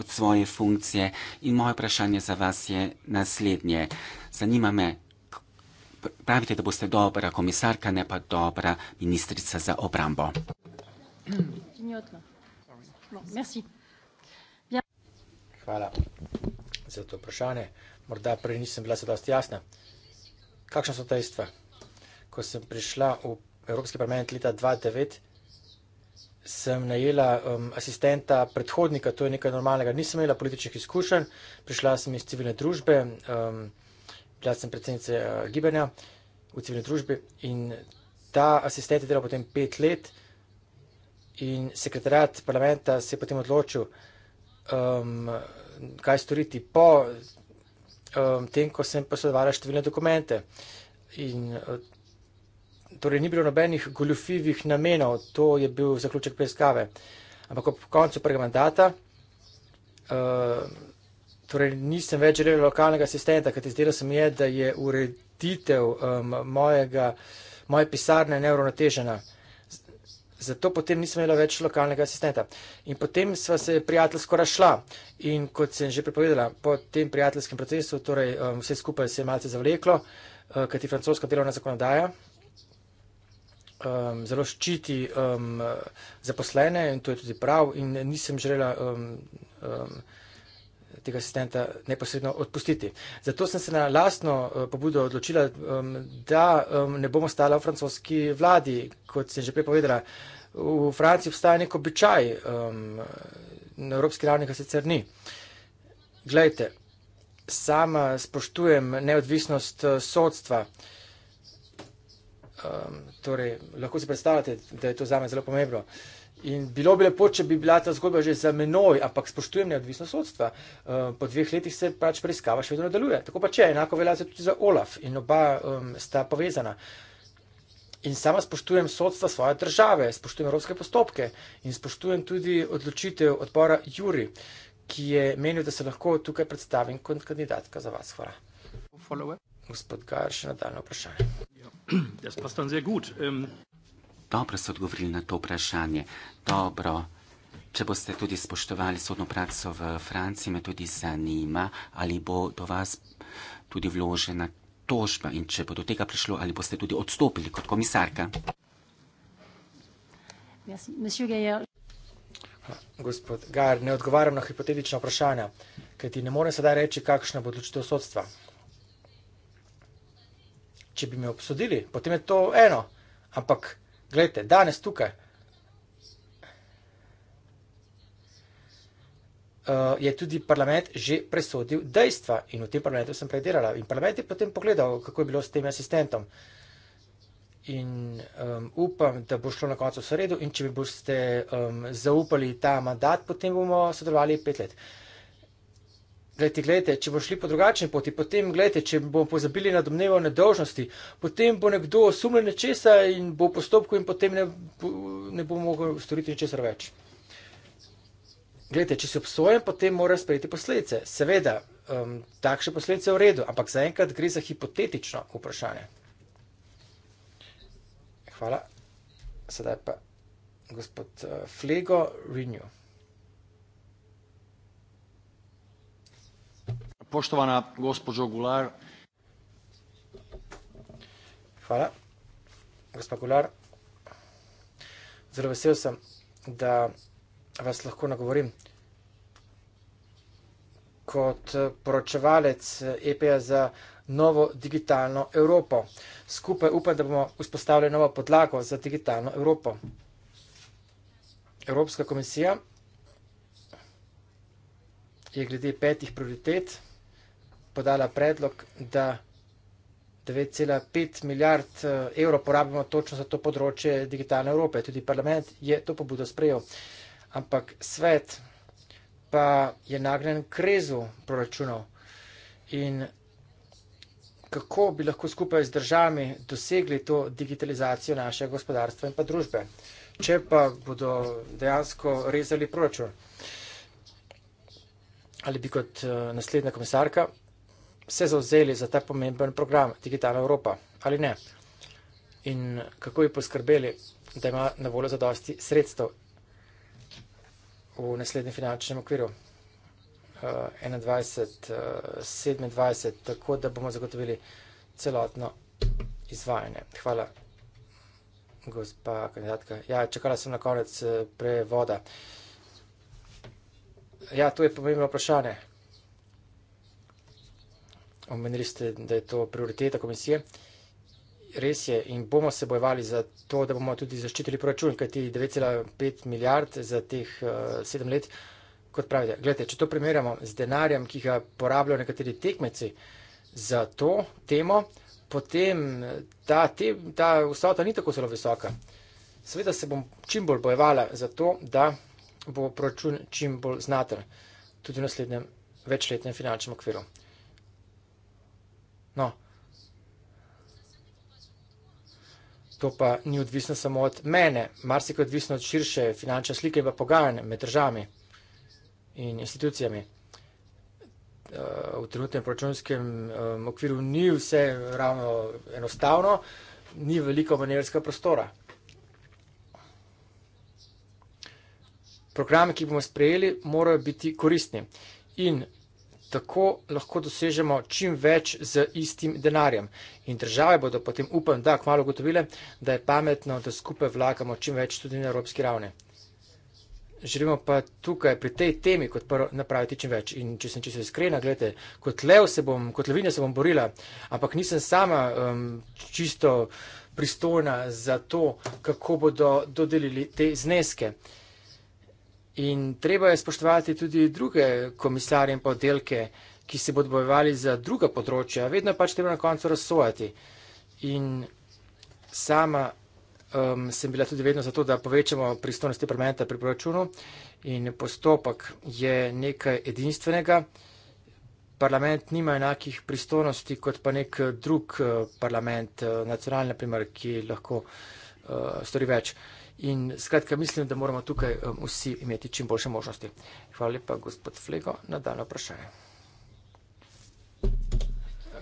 od svoje funkcije in moje vprašanje za vas je naslednje. Zanima me, pravite, da boste dobra komisarka, ne pa dobra ministrica za obrambo. Hvala za to vprašanje. Morda prej nisem bila se dosti jasna. Kakšna so dejstva? Ko sem prišla v Evropski parlament leta 2009, sem najela um, asistenta predhodnika, to je nekaj normalnega. Nisem imela političnih izkušenj, prišla sem iz civilne družbe, um, bila sem predsednica uh, gibanja v civilni družbi in ta asistent je delal potem pet let in sekretarjat parlamenta se je potem odločil, um, kaj storiti po um, tem, ko sem posredovala številne dokumente. In uh, torej ni bilo nobenih goljufivih namenov, to je bil zaključek preiskave. Ampak ob koncu prvega mandata, uh, torej nisem več želel lokalnega asistenta, kajti zdelo se mi je, da je ureditev um, mojega, moje pisarne neuronatežena. Zato potem nisem imela več lokalnega asistenta. In potem sva se prijateljsko rašla. In kot sem že prepovedala, po tem prijateljskem procesu, torej um, vse skupaj se je malce zavleklo, uh, kajti francoska delovna zakonodaja um, zelo ščiti um, zaposlene in to je tudi prav. In nisem želela um, um, tega asistenta neposredno odpustiti. Zato sem se na lastno uh, pobudo odločila, um, da um, ne bom ostala v francoski vladi, kot sem že prepovedala. V Franciji obstaja nek običaj, um, na evropski ravni ga sicer ni. Glejte, sama spoštujem neodvisnost uh, sodstva. Um, torej, lahko si predstavljate, da je to zame zelo pomembno. In bilo bi lepo, če bi bila ta zgodba že za menoj, ampak spoštujem neodvisnost sodstva. Um, po dveh letih se pač preiskava še vedno nadaljuje. Tako pa če, enako velja se tudi za Olaf in oba um, sta povezana. In sama spoštujem sodstva svoje države, spoštujem evropske postopke in spoštujem tudi odločitev odbora Juri, ki je menil, da se lahko tukaj predstavim kot kandidatka za vas. Hvala. Follower gospod Garš, nadaljno vprašanje. Ja, Dobro ste odgovorili na to vprašanje. Dobro. Če boste tudi spoštovali sodno prakso v Franciji, me tudi zanima, ali bo do vas tudi vložena tožba in če bo do tega prišlo, ali boste tudi odstopili kot komisarka. Gospod Gar, ne odgovarjam na hipotetična vprašanja, kajti ne morem sedaj reči, kakšna bo odločitev sodstva če bi me obsodili, potem je to eno. Ampak, gledajte, danes tukaj uh, je tudi parlament že presodil dejstva in v tem parlamentu sem prej delala. In parlament je potem pogledal, kako je bilo s tem asistentom. In um, upam, da bo šlo na koncu v sredo in če mi boste um, zaupali ta mandat, potem bomo sodelovali pet let. Uh, Glejte, glejte, če bomo šli po drugačni poti, potem glejte, če bomo pozabili na domnevo nedolžnosti, potem bo nekdo osumljen nečesa in bo v postopku in potem ne, ne bo mogel storiti ničesar več. Glejte, če si obsojen, potem mora sprejeti posledice. Seveda, um, takšne posledice je v redu, ampak zaenkrat gre za hipotetično vprašanje. Hvala. Sedaj pa gospod uh, Flego Renew. Poštovana gospođo Gular. Hvala. Gospod Gular, zelo vesel sem, da vas lahko nagovorim. Kot eh, poročevalec EPA eh, e za novo digitalno Evropo. Skupaj upam, da bomo vzpostavili novo podlago za digitalno Evropo. Evropska komisija je glede petih prioritet podala predlog, da 9,5 milijard eh, evrov porabimo točno za to področje digitalne Evrope. Tudi parlament je to pobudo sprejel. Ampak svet pa je nagnen k rezu proračunov. In kako bi lahko skupaj z državami dosegli to digitalizacijo našega gospodarstva in pa družbe, če pa bodo dejansko rezali proračun? Ali bi kot eh, naslednja komisarka se zauzeli za ta pomemben program Digitalna Evropa ali ne in kako bi poskrbeli, da ima na voljo zadosti sredstev v naslednjem finančnem okviru uh, eh, 21-27, eh, tako da bomo zagotovili celotno izvajanje. Hvala, gospa kandidatka. Ja, čakala sem na konec eh, prevoda. Ja, to je pomembno vprašanje omenili ste, da je to prioriteta komisije. Res je in bomo se bojevali za to, da bomo tudi zaščitili proračun, kajti 9,5 milijard za teh uh, sedem let, kot pravite. Gledajte, če to primerjamo z denarjem, ki ga porabljajo nekateri tekmeci za to temo, potem eh, ta, te, ta vsota ni tako zelo visoka. Seveda se bom čim bolj bojevala za to, da bo proračun čim bolj znaten tudi v naslednjem večletnem finančnem okviru. No. To pa ni odvisno samo od mene, marsikaj odvisno od širše finančne slike in pogajanj med državami in institucijami. Eh, v trenutnem proračunskem eh, okviru ni vse ravno enostavno, ni veliko manevrskega prostora. Programe, ki bomo sprejeli, morajo biti koristni. In tako lahko dosežemo čim več z istim denarjem. In države bodo potem, upam, da kmalo gotovile, da je pametno, da skupaj vlagamo čim več tudi na evropski ravni. Želimo pa tukaj pri tej temi kot prvo napraviti čim več. In če sem čisto iskrena, gledajte, kot lev se bom, kot levinja se bom borila, ampak nisem sama um, čisto pristojna za to, kako bodo dodelili te zneske. In treba je spoštovati tudi druge komisarje in podelke, ki se bodo bojevali za druga področja. Vedno pač treba na koncu razsojati. In sama um, sem bila tudi vedno za to, da povečamo pristojnosti parlamenta pri proračunu. In postopek je nekaj edinstvenega. Parlament nima enakih pristojnosti kot pa nek uh, drug uh, parlament, uh, nacionalni, ki lahko uh, stori več. Uh, In skratka, mislim, da moramo tukaj um, vsi imeti čim boljše možnosti. Hvala lepa, gospod Flego, na dano vprašanje.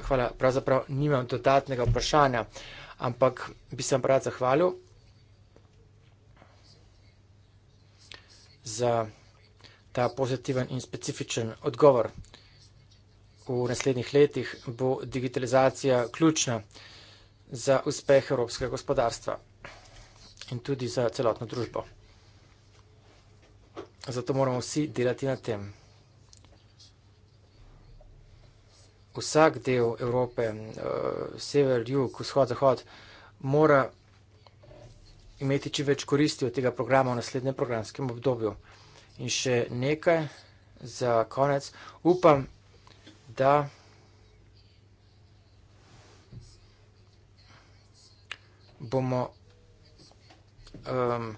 Hvala, pravzaprav nimam dodatnega vprašanja, ampak bi se vam rad zahvalil za ta pozitiven in specifičen odgovor. V naslednjih letih bo digitalizacija ključna za uspeh evropskega gospodarstva in tudi za celotno družbo. Zato moramo vsi delati na tem. Vsak del Evrope, eh, sever, jug, vzhod, zahod, mora imeti čim več koristi od tega programa v naslednjem programskem obdobju. In še nekaj za konec. Upam, da bomo um,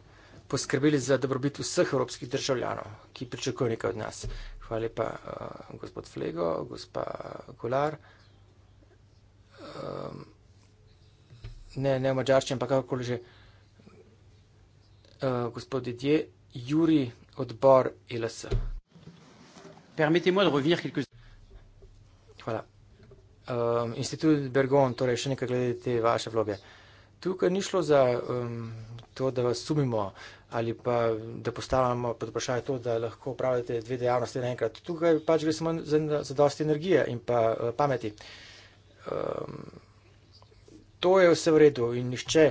poskrbeli za dobrobit vseh evropskih državljanov, ki pričakujejo nekaj od nas. Hvala lepa, uh, gospod Flego, gospa Gular. Um, ne, ne v mačarščini, ampak kakorkoli že. Uh, gospod Didje, Juri, odbor ILS. E Hvala. Um, Institut Bergon, torej še nekaj glede te vaše vloge. Uh, Tukaj ni šlo za um, to, da vas sumimo ali pa da postavljamo pod vprašanje to, da lahko upravljate dve dejavnosti naenkrat. Tukaj pač gre samo za, za dosti energije in pa uh, pameti. Um, to je vse v redu in nišče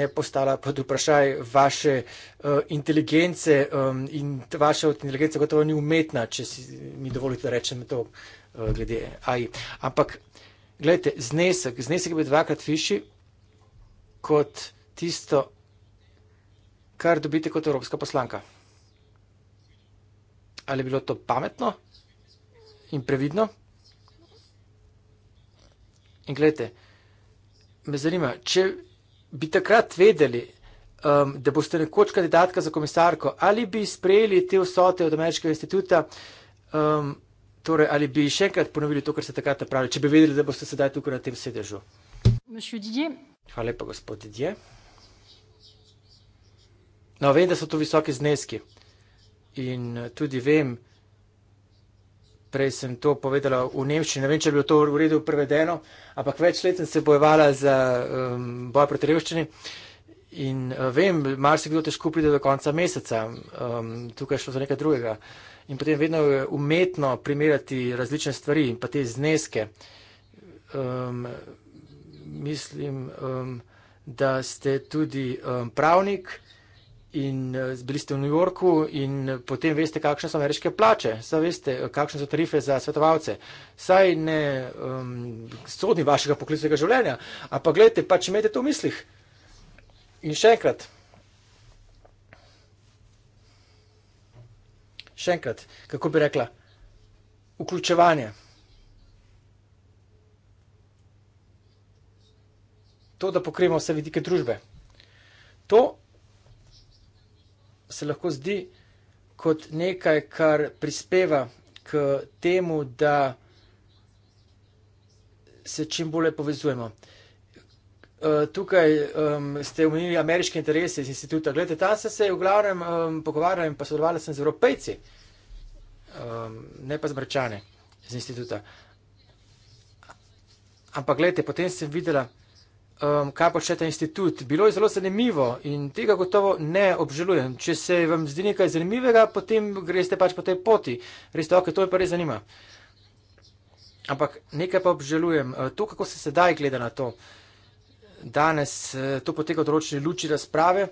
ne postala pod vprašaj vaše uh, inteligence um, in vaša inteligenca gotovo ni umetna, če si mi dovolite, da rečem to uh, glede AI. Ampak, gledajte, znesek, znesek je bil dvakrat višji, kot tisto, kar dobite kot evropska poslanka. Ali je bilo to pametno in previdno? In gledajte, me zanima, če bi takrat vedeli, um, da boste nekoč kandidatka za komisarko, ali bi sprejeli te vsote od Ameriškega instituta, um, torej ali bi še enkrat ponovili to, kar ste takrat napravili, če bi vedeli, da boste sedaj tukaj na tem sedežu. Monsieur Didier, Hvala lepa, gospod Didje. No, vem, da so to visoki zneski. In eh, tudi vem, prej sem to povedala v Nemščini, ne vem, če je bilo to v redu prevedeno, ampak več let sem se bojevala za um, boj proti revščini. In uh, vem, mar se kdo težko pride do konca meseca, um, tukaj šlo za nekaj drugega. In potem vedno je umetno primerjati različne stvari in pa te zneske. Um, mislim, um, da ste tudi um, pravnik in uh, bili ste v New Yorku in potem veste, kakšne so ameriške plače, saj veste, kakšne so tarife za svetovalce. Saj ne um, sodni vašega poklicnega življenja, ampak gledajte, pač imejte to v mislih. In še enkrat. Še enkrat, kako bi rekla, vključevanje. to, da pokrijemo vse vidike družbe. To se lahko zdi kot nekaj, kar prispeva k temu, da se čim bolje povezujemo. Eh, tukaj um, ste omenili ameriške interese iz instituta. Glede, ta se je v glavnem um, pogovarjal in pa sodeloval sem z evropejci, um, ne pa z brečani iz instituta. Ampak, gledajte, potem sem videla, um, kaj počne ta institut. Bilo je zelo zanimivo in tega gotovo ne obžalujem. Če se vam zdi nekaj zanimivega, potem greste pač po tej poti. Res to, kaj to je pa res zanima. Ampak nekaj pa obžalujem. Uh, to, kako se sedaj gleda na to. Danes uh, to poteka od ročne luči razprave.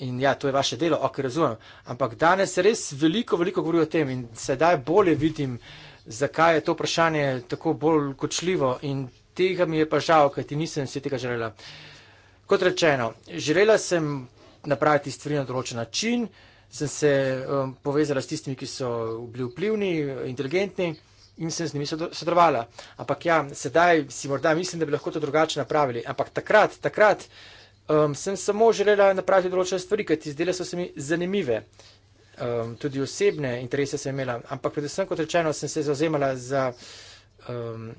In ja, to je vaše delo, ok, razumem. Ampak danes res veliko, veliko govori o tem in sedaj bolje vidim, zakaj je to vprašanje tako bolj kočljivo in tega mi je pa žal, ker ti nisem si tega želela. Kot rečeno, želela sem napraviti stvari na določen način, sem se um, povezala s tistimi, ki so bili vplivni, inteligentni in sem z njimi sodelovala. Ampak ja, sedaj si morda mislim, da bi lahko to drugače napravili. Ampak takrat, takrat um, sem samo želela napraviti določene stvari, ker ti zdele so se mi zanimive. Um, tudi osebne interese sem imela. Ampak predvsem, kot rečeno, sem se zauzemala za. Um,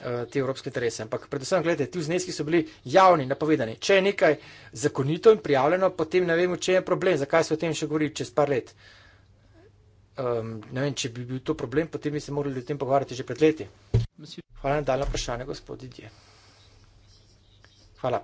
Eh, te evropske interese. Ampak predvsem, gledajte, ti zneski so bili javni, napovedani. Če je nekaj zakonito in prijavljeno, potem ne vemo, če je problem, zakaj se o tem še govori čez par let. Um, ne vem, če bi bil to problem, potem bi se morali o tem pogovarjati že pred leti. Hvala na daljno vprašanje, gospod Didje. Hvala.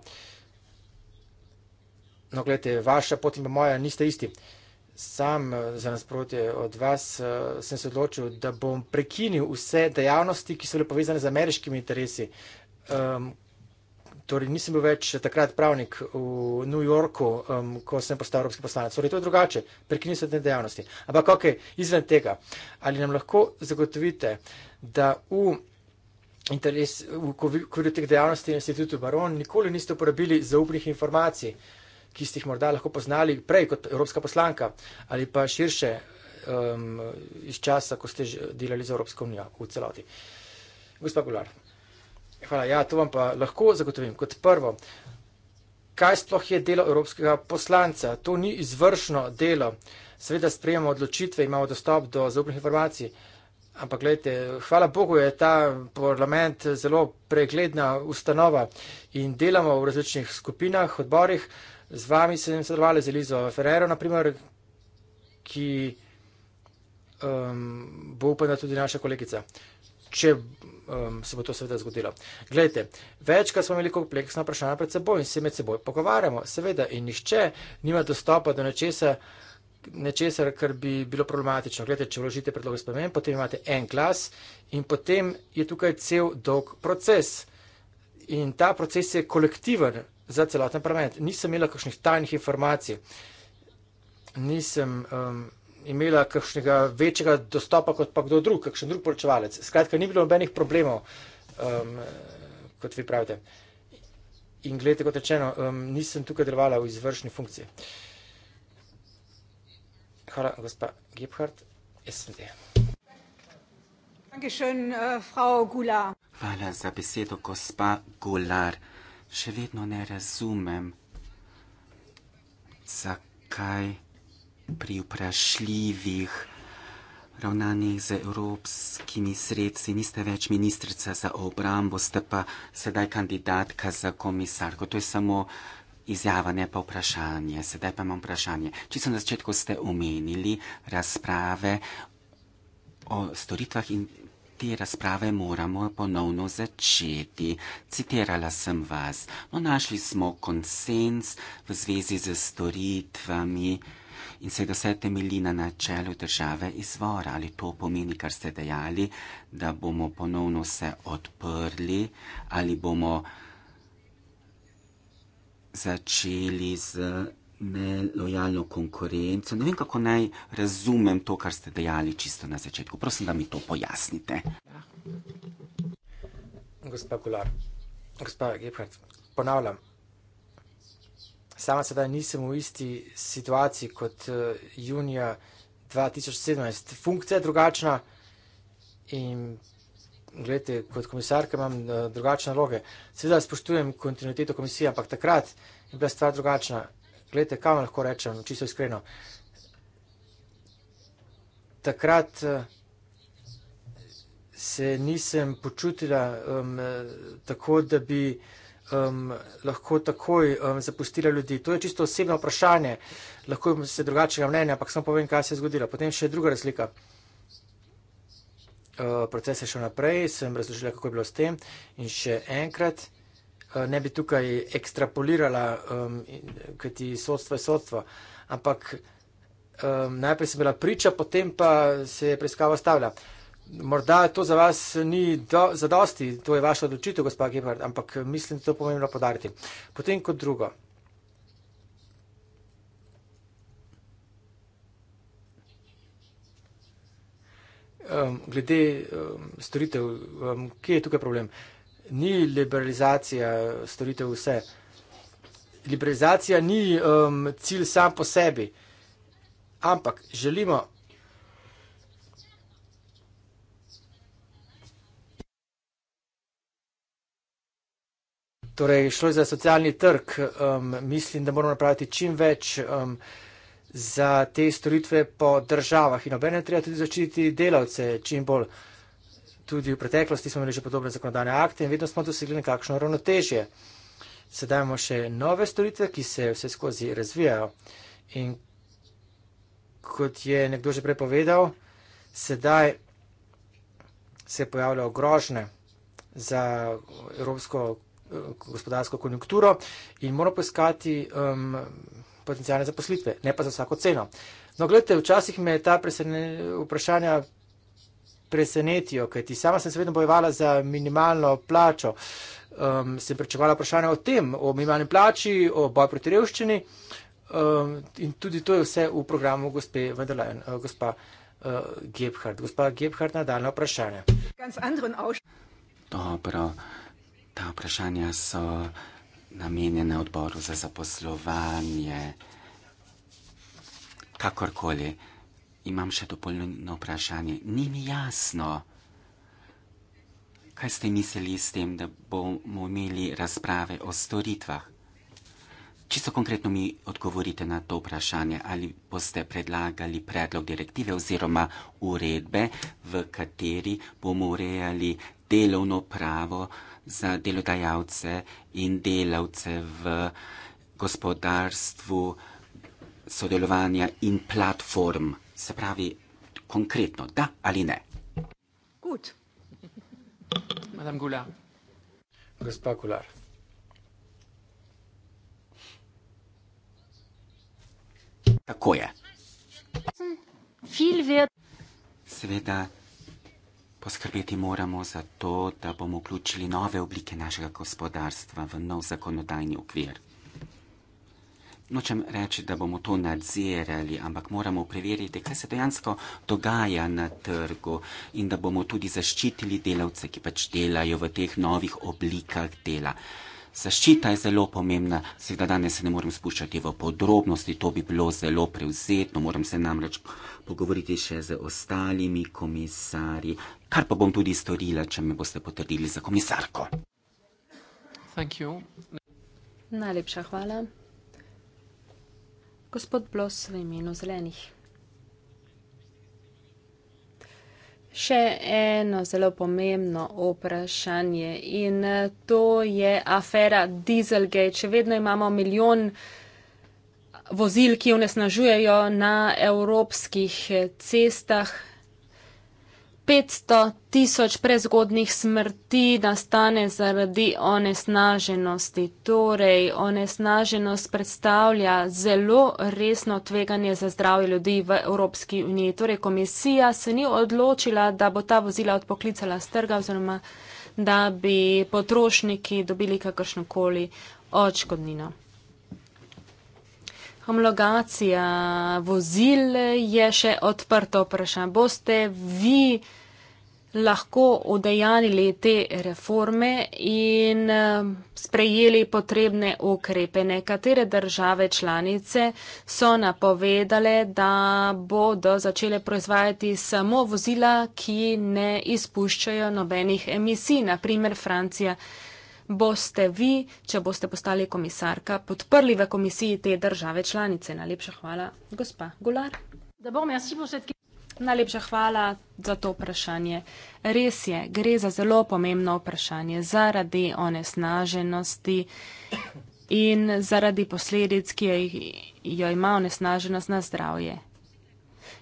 No, gledajte, vaša pot in moja nista isti. Uh, sam eh, za nasprotje od vas eh, sem se odločil, da bom prekinil vse dejavnosti, ki so bile povezane z ameriškimi interesi. Um, torej, nisem bil več takrat pravnik v New Yorku, um, ko sem postal evropski poslanec. Torej, to je drugače, prekinil sem te dejavnosti. Ampak, ok, izven tega, ali nam lahko zagotovite, da v interesu, v okviru teh dejavnosti na institutu Baron nikoli niste uporabili zaupnih informacij? ki ste jih morda lahko poznali prej kot evropska poslanka ali pa širše um, iz časa, ko ste delali za Evropsko unijo v celoti. Gospa Gular. Hvala. Ja, to vam pa lahko zagotovim. Kot prvo, kaj sploh je delo evropskega poslanca? To ni izvršno delo. Seveda sprejemamo odločitve, imamo dostop do zaupnih informacij. Ampak gledajte, hvala Bogu je ta parlament zelo pregledna ustanova in delamo v različnih skupinah, odborih. Z vami sem sodelovala z Elizo Ferrero, naprimer, ki um, bo upala tudi naša kolegica, če um, se bo to seveda zgodilo. Glejte, večkrat smo imeli kompleksna vprašanja pred seboj in se med seboj pogovarjamo, seveda, in nihče nima dostopa do nečesa. Nečesar, kar bi bilo problematično. Glede, če vložite predloge spremen, potem imate en glas in potem je tukaj cel dolg proces. In ta proces je kolektiven, za celoten parlament. Nisem imela kakšnih tajnih informacij, nisem um, imela kakšnega večjega dostopa kot pa kdo drug, kakšen drug poročevalec. Skratka, ni bilo nobenih problemov, um, kot vi pravite. In gledajte, kot rečeno, um, nisem tukaj delovala v izvršni funkciji. Hvala, gospa Gebhardt, SVD. Uh, Hvala za besedo, gospa Gular še vedno ne razumem, zakaj pri vprašljivih ravnanjih z evropskimi sredstvi niste več ministrica za obrambo, ste pa sedaj kandidatka za komisarko. To je samo izjava, ne pa vprašanje. Sedaj pa imam vprašanje. Čisto na začetku ste omenili razprave o storitvah in te razprave moramo ponovno začeti. Citirala sem vas. No, našli smo konsens v zvezi z storitvami in se da vse temelji na načelu države izvora. Ali to pomeni, kar ste dejali, da bomo ponovno se odprli ali bomo začeli z nelojalno konkurenco. Ne vem, kako naj razumem to, kar ste dejali čisto na začetku. Prosim, da mi to pojasnite. Gospa Kular, gospa Gepard, ponavljam. Sama sedaj nisem v isti situaciji kot eh, junija 2017. Funkcija je drugačna in gledajte, kot komisarka imam eh, drugačne naloge. Seveda spoštujem kontinuiteto komisije, ampak takrat je bila stvar drugačna Glede, kaj lahko rečem, čisto iskreno. Takrat eh, se nisem počutila um, tako, da bi um, lahko takoj um, zapustila ljudi. To je čisto osebno vprašanje. Lahko se drugačnega mnenja, ampak samo povem, kaj se je zgodilo. Potem še druga razlika. Uh, proces je šel naprej, sem razložila, kako je bilo s tem. In še enkrat. Eh, ne bi tukaj ekstrapolirala, um, kaj ti sodstvo je sodstvo. Ampak um, najprej sem bila priča, potem pa se je preiskava stavila. Morda to za vas ni do, zadosti, to je vaša odločitev, gospod Gebhardt, ampak mislim, da je to pomembno podariti. Potem kot drugo. Um, glede um, storitev, um, kje je tukaj problem? Uh, ni liberalizacija storitev vse. Liberalizacija ni um, cilj sam po sebi, ampak želimo. Torej, šlo je za socialni trg. Um, mislim, da moramo napraviti čim več um, za te storitve po državah in obene treba tudi začititi delavce čim bolj tudi v preteklosti smo imeli že podobne zakonodajne akte in vedno smo dosegli nekakšno ravnotežje. Sedaj imamo še nove storitve, ki se vse skozi razvijajo. In kot je nekdo že prepovedal, sedaj se pojavljajo grožne za evropsko eh, gospodarsko konjunkturo in moramo poiskati um, potencijalne zaposlitve, ne pa za vsako ceno. No, gledajte, včasih me ta vprašanja presenetijo, kajti sama sem se vedno bojevala za minimalno plačo. Um, sem pričakovala vprašanje o tem, o minimalni plači, o boju proti revščini um, in tudi to je vse v programu gospe Vendelajn, uh, gospa uh, Gebhardt. Gospa Gebhardt, nadaljno vprašanje. Dobro, ta vprašanja so namenjene odboru za zaposlovanje. Kakorkoli. Imam še dopolnjeno vprašanje. Ni mi jasno, kaj ste mislili s tem, da bomo imeli razprave o storitvah. Čisto konkretno mi odgovorite na to vprašanje, ali boste predlagali predlog direktive oziroma uredbe, v kateri bomo urejali delovno pravo za delodajalce in delavce v gospodarstvu sodelovanja in platform. Se pravi, konkretno, da ali ne. Gut. Madame Goulart. Gospa Goulart. Tako je. Seveda, poskrbeti moramo za to, da bomo vključili nove oblike našega gospodarstva v nov zakonodajni okvir. Nočem reči, da bomo to nadzirali, ampak moramo preveriti, kaj se dejansko dogaja na trgu in da bomo tudi zaščitili delavce, ki pač delajo v teh novih oblikah dela. Zaščita je zelo pomembna, seveda danes se ne morem spuščati v podrobnosti, to bi bilo zelo prevzetno, moram se namreč pogovoriti še z ostalimi komisarji, kar pa bom tudi storila, če me boste potrdili za komisarko. Najlepša hvala gospod Blos v imenu zelenih. Še eno zelo pomembno vprašanje in to je afera Dieselgate. Še vedno imamo milijon vozil, ki onesnažujejo na evropskih cestah. 500 tisoč prezgodnih smrti nastane zaradi onesnaženosti. Torej, onesnaženost predstavlja zelo resno tveganje za zdravje ljudi v Evropski uniji. Torej, komisija se ni odločila, da bo ta vozila odpoklicala strga oziroma da bi potrošniki dobili kakršnokoli odškodnino homologacija vozil je še odprto vprašanje. Boste vi lahko udejanili te reforme in eh, sprejeli potrebne ukrepe. Nekatere države članice so napovedale, da bodo začele proizvajati samo vozila, ki ne izpuščajo nobenih emisij, naprimer Francija boste vi, če boste postali komisarka, podprli v komisiji te države članice. Najlepša hvala, gospa Gular. Najlepša hvala za to vprašanje. Res je, gre za zelo pomembno vprašanje zaradi onesnaženosti in zaradi posledic, ki jo, jo ima onesnaženost na zdravje.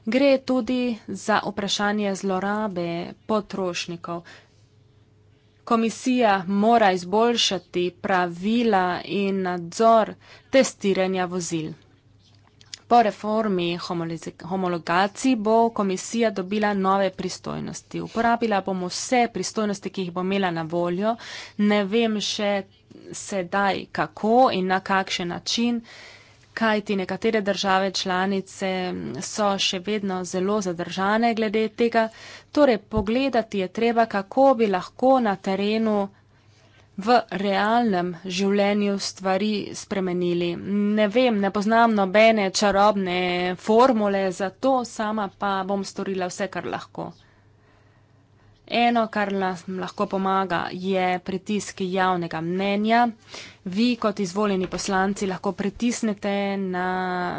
Gre tudi za vprašanje zlorabe potrošnikov komisija mora izboljšati pravila in nadzor testiranja vozil. Po reformi homologacij bo komisija dobila nove pristojnosti. Uporabila bomo vse pristojnosti, ki jih bo imela na voljo. Ne vem še sedaj, kako in na kakšen način. Uh, kajti nekatere države članice so še vedno zelo zadržane glede tega. Torej, pogledati je treba, kako bi lahko na terenu v realnem življenju stvari spremenili. Ne vem, ne poznam nobene čarobne formule, zato sama pa bom storila vse, kar lahko. Eno, kar nas lahko pomaga, je pritisk javnega mnenja. Vi, kot izvoljeni poslanci, lahko pritisnete na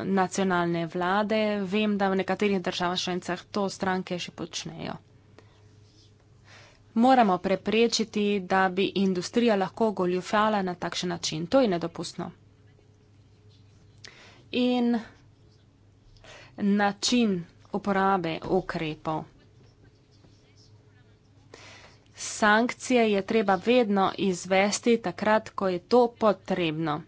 nacionalne vlade. Vem, da v nekaterih državah šencah to stranke še počnejo. Moramo preprečiti, da bi industrija lahko goljufala na takšen način. To je nedopustno. In način uporabe ukrepov sankcije je treba vedno izvesti takrat, ko je to potrebno.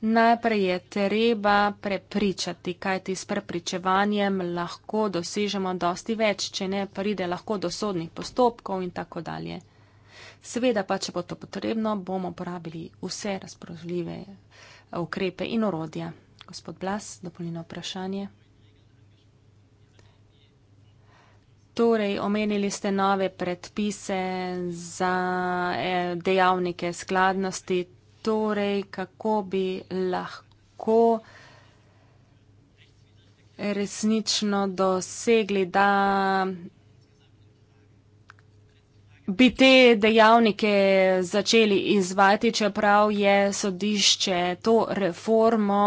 Najprej je treba prepričati, kajti s prepričevanjem lahko dosežemo dosti več, če ne pride lahko do sodnih postopkov in tako dalje. Seveda pa, če bo to potrebno, bomo uporabili vse razprožljive ukrepe in orodja. Gospod Blas, dopolnilno vprašanje. Torej, omenili ste nove predpise za eh, dejavnike skladnosti. Torej, kako bi lahko resnično dosegli, da bi te dejavnike začeli izvajati, čeprav je sodišče to reformo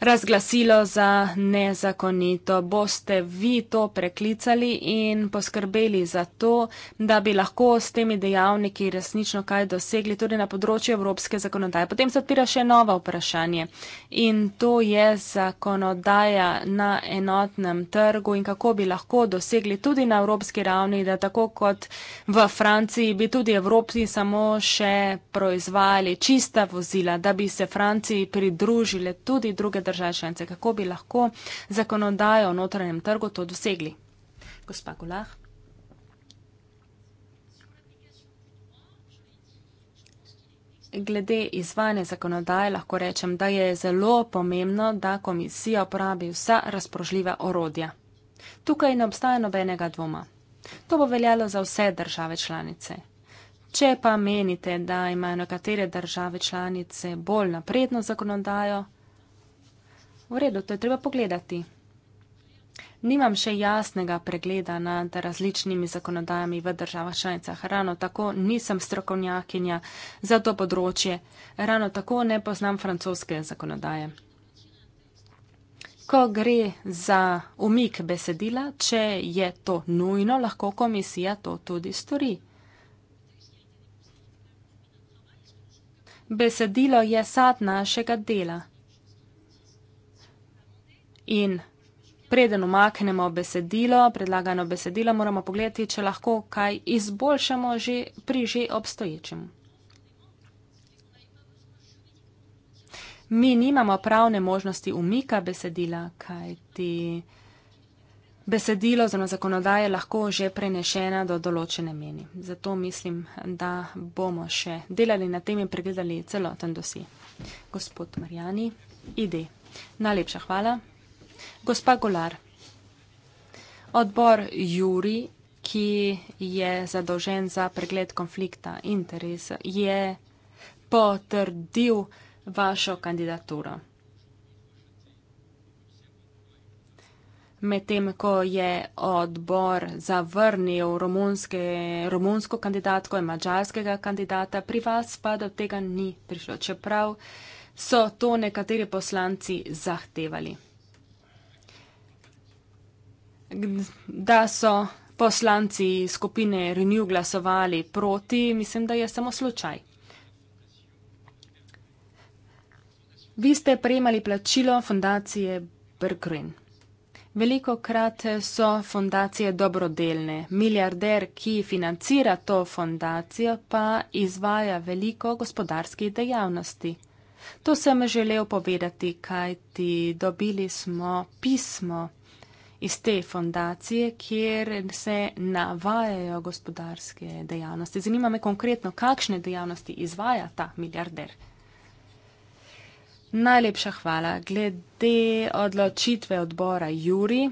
razglasilo za nezakonito. Boste vi to preklicali in poskrbeli za to, da bi lahko s temi dejavniki resnično kaj dosegli tudi na področju evropske zakonodaje. Potem se odpira še novo vprašanje in to je zakonodaja na enotnem trgu in kako bi lahko dosegli tudi na evropski ravni, da tako kot v Franciji bi tudi Evropi samo še proizvajali čista vozila, da bi se Franciji pridružile tudi druge države članice, kako bi lahko zakonodajo o notranjem trgu to dosegli. Gospa Gulah. Glede izvajanja zakonodaje lahko rečem, da je zelo pomembno, da komisija uporabi vsa razpoložljiva orodja. Tukaj ne obstaja nobenega dvoma. To bo veljalo za vse države članice. Če pa menite, da imajo nekatere države članice bolj napredno zakonodajo, V redu, to je treba pogledati. Nimam še jasnega pregleda nad različnimi zakonodajami v državah članicah. Ravno tako nisem strokovnjakinja za to področje. Ravno tako ne poznam francoske zakonodaje. Ko gre za umik besedila, če je to nujno, lahko komisija to tudi stori. Besedilo je sad našega dela. In preden umaknemo besedilo, predlagano besedilo, moramo pogledati, če lahko kaj izboljšamo že pri že obstoječem. Mi nimamo pravne možnosti umika besedila, kajti besedilo oziroma zakonodaja je lahko že prenešena do določene meni. Zato mislim, da bomo še delali na tem in pregledali celoten dosi. Gospod Marjani, ide. Najlepša hvala. Gospa Golar, odbor Juri, ki je zadolžen za pregled konflikta interes, je potrdil vašo kandidaturo. Medtem, ko je odbor zavrnil romunske, romunsko kandidatko in mačarskega kandidata, pri vas pa do tega ni prišlo, čeprav so to nekateri poslanci zahtevali da so poslanci skupine Renew glasovali proti, mislim, da je samo slučaj. Vi ste prejemali plačilo fundacije Berggren. Veliko krat so fundacije dobrodelne. Miliarder, ki financira to fundacijo, pa izvaja veliko gospodarskih dejavnosti. To sem želel povedati, kajti dobili smo pismo iz te fondacije, kjer se navajajo gospodarske dejavnosti. Zanima me konkretno, kakšne dejavnosti izvaja ta milijarder. Najlepša hvala. Glede odločitve odbora Juri,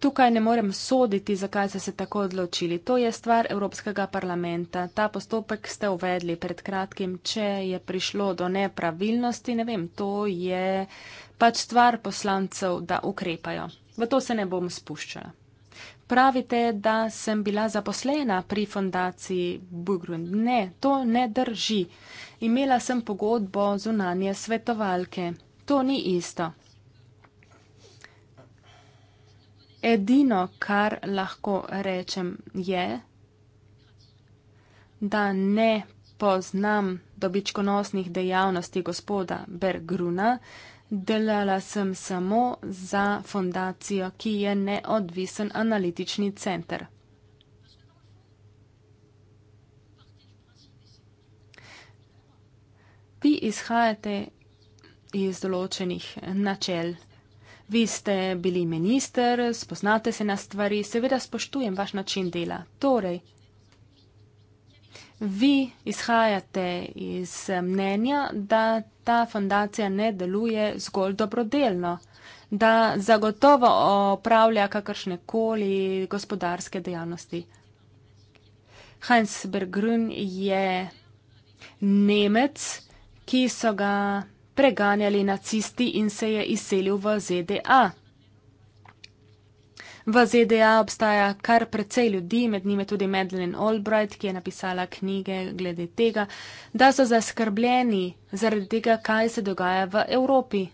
tukaj ne morem soditi, zakaj ste se tako odločili. To je stvar Evropskega parlamenta. Ta postopek ste uvedli pred kratkim. Če je prišlo do nepravilnosti, ne vem, to je pač stvar poslancev, da ukrepajo. V to se ne bom spuščala. Pravite, da sem bila zaposlena pri fondaciji Bugrund. Ne, to ne drži. Imela sem pogodbo zunanje svetovalke. To ni isto. Edino, kar lahko rečem, je, da ne poznam dobičkonosnih dejavnosti gospoda Bergruna, Delala sem samo za fondacijo, ki je neodvisen analitični center. Vi izhajate iz določenih načel. Vi ste bili minister, spoznate se na stvari, seveda spoštujem vaš način dela. Torej, vi izhajate iz mnenja, da ta fondacija ne deluje zgolj dobrodelno, da zagotovo opravlja kakršne koli gospodarske dejavnosti. Heinz Bergrün je Nemec, ki so ga preganjali nacisti in se je izselil v ZDA. V ZDA obstaja kar precej ljudi, med njimi tudi Madeleine Albright, ki je napisala knjige glede tega, da so zaskrbljeni zaradi tega, kaj se dogaja v Evropi.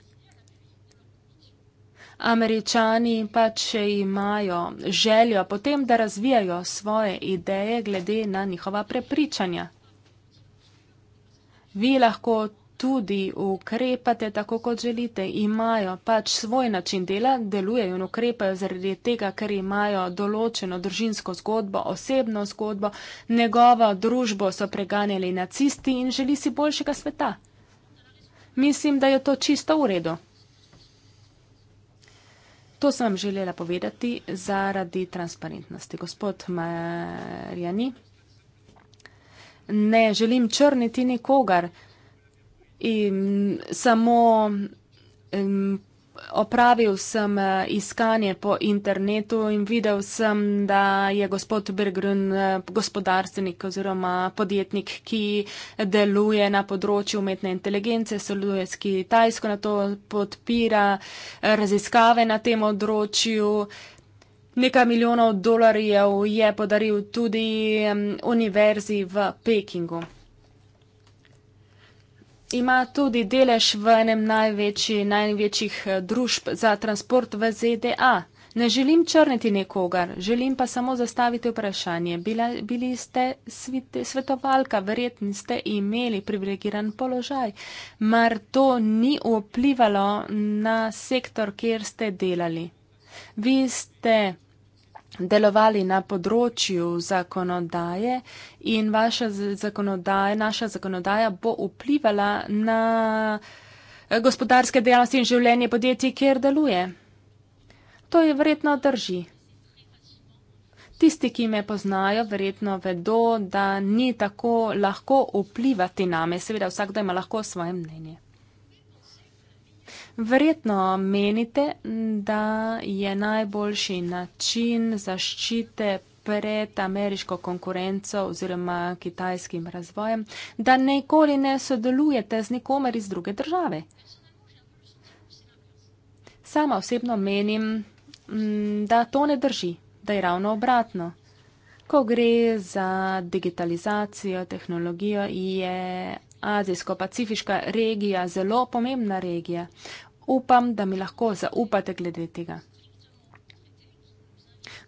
Američani pa če imajo željo potem, da razvijajo svoje ideje glede na njihova prepričanja. Vi lahko tudi ukrepate tako, kot želite. Imajo pač svoj način dela, delujejo in ukrepajo zaradi tega, ker imajo določeno družinsko zgodbo, osebno zgodbo. Njegovo družbo so preganjali nacisti in želi si boljšega sveta. Mislim, da je to čisto v redu. To sem vam želela povedati zaradi transparentnosti. Gospod Marjani, ne želim črniti nikogar. In samo um, opravil sem eh, iskanje po internetu in videl sem, da je gospod Bergrun eh, gospodarstvenik oziroma podjetnik, ki deluje na področju umetne inteligence, soluje s Kitajsko, na to podpira eh, raziskave na tem področju. Nekaj milijonov dolarjev je podaril tudi um, univerzi v Pekingu ima tudi delež v enem največji, največjih eh, družb za transport v ZDA. Ne želim črniti nekogar, želim pa samo zastaviti vprašanje. Bila, bili ste svite, svetovalka, verjetno ste imeli privilegiran položaj. Mar to ni vplivalo na sektor, kjer ste delali? Vi ste delovali na področju zakonodaje in vaša zakonodaja, naša zakonodaja bo vplivala na eh, gospodarske dejavnosti in življenje podjetij, kjer deluje. To je verjetno drži. Tisti, ki me poznajo, verjetno vedo, da ni tako lahko vplivati name. Seveda, vsakdo ima lahko svoje mnenje. Verjetno menite, da je najboljši način zaščite pred ameriško konkurenco oziroma kitajskim razvojem, da nikoli ne sodelujete z nikomer iz druge države. Sama osebno menim, mm, da to ne drži, da je ravno obratno. Ko gre za digitalizacijo, tehnologijo, je Azijsko-Pacifiška regija zelo pomembna regija. Upam, da mi lahko zaupate glede tega.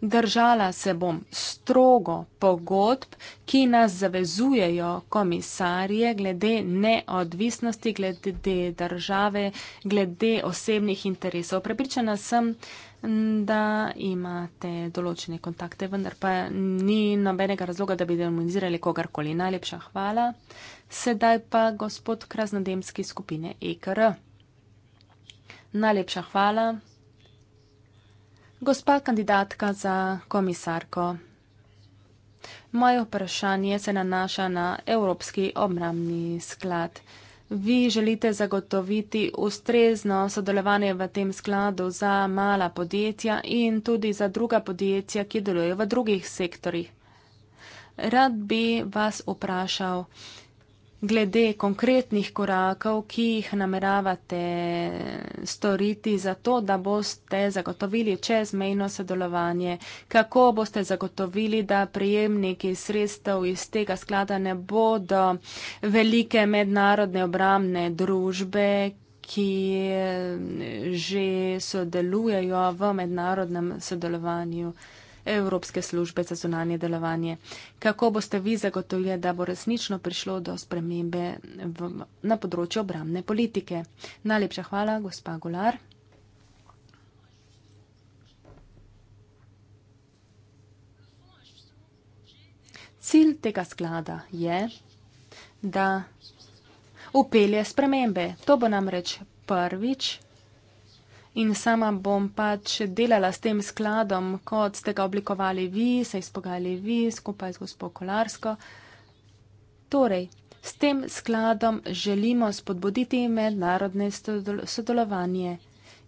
Držala se bom strogo pogodb, ki nas zavezujejo komisarje glede neodvisnosti, glede države, glede osebnih interesov. Prepričana sem, da imate določene kontakte, vendar pa ni nobenega razloga, da bi demonizirali kogarkoli. Najlepša hvala. Sedaj pa gospod Krasnodemski skupine EKR. Najlepša hvala. Gospa kandidatka za komisarko. Moje vprašanje se nanaša na Evropski obramni sklad. Vi želite zagotoviti ustrezno sodelovanje v tem skladu za mala podjetja in tudi za druga podjetja, ki delujejo v drugih sektorjih. Rad bi vas vprašal, glede konkretnih korakov, ki jih nameravate storiti za to, da boste zagotovili čezmejno sodelovanje? Kako boste zagotovili, da prijemniki sredstev iz tega sklada ne bodo velike mednarodne obramne družbe, ki že sodelujejo v mednarodnem sodelovanju? Evropske službe za zunanje delovanje. Kako boste vi zagotovili, da bo resnično prišlo do spremembe v, na področju obramne politike? Najlepša hvala, gospa Gular. Cilj tega sklada je, da upelje spremembe. To bo namreč prvič in sama bom pač delala s tem skladom, kot ste ga oblikovali vi, se izpogajali vi skupaj z gospod Kolarsko. Torej, s tem skladom želimo spodbuditi mednarodne sodelovanje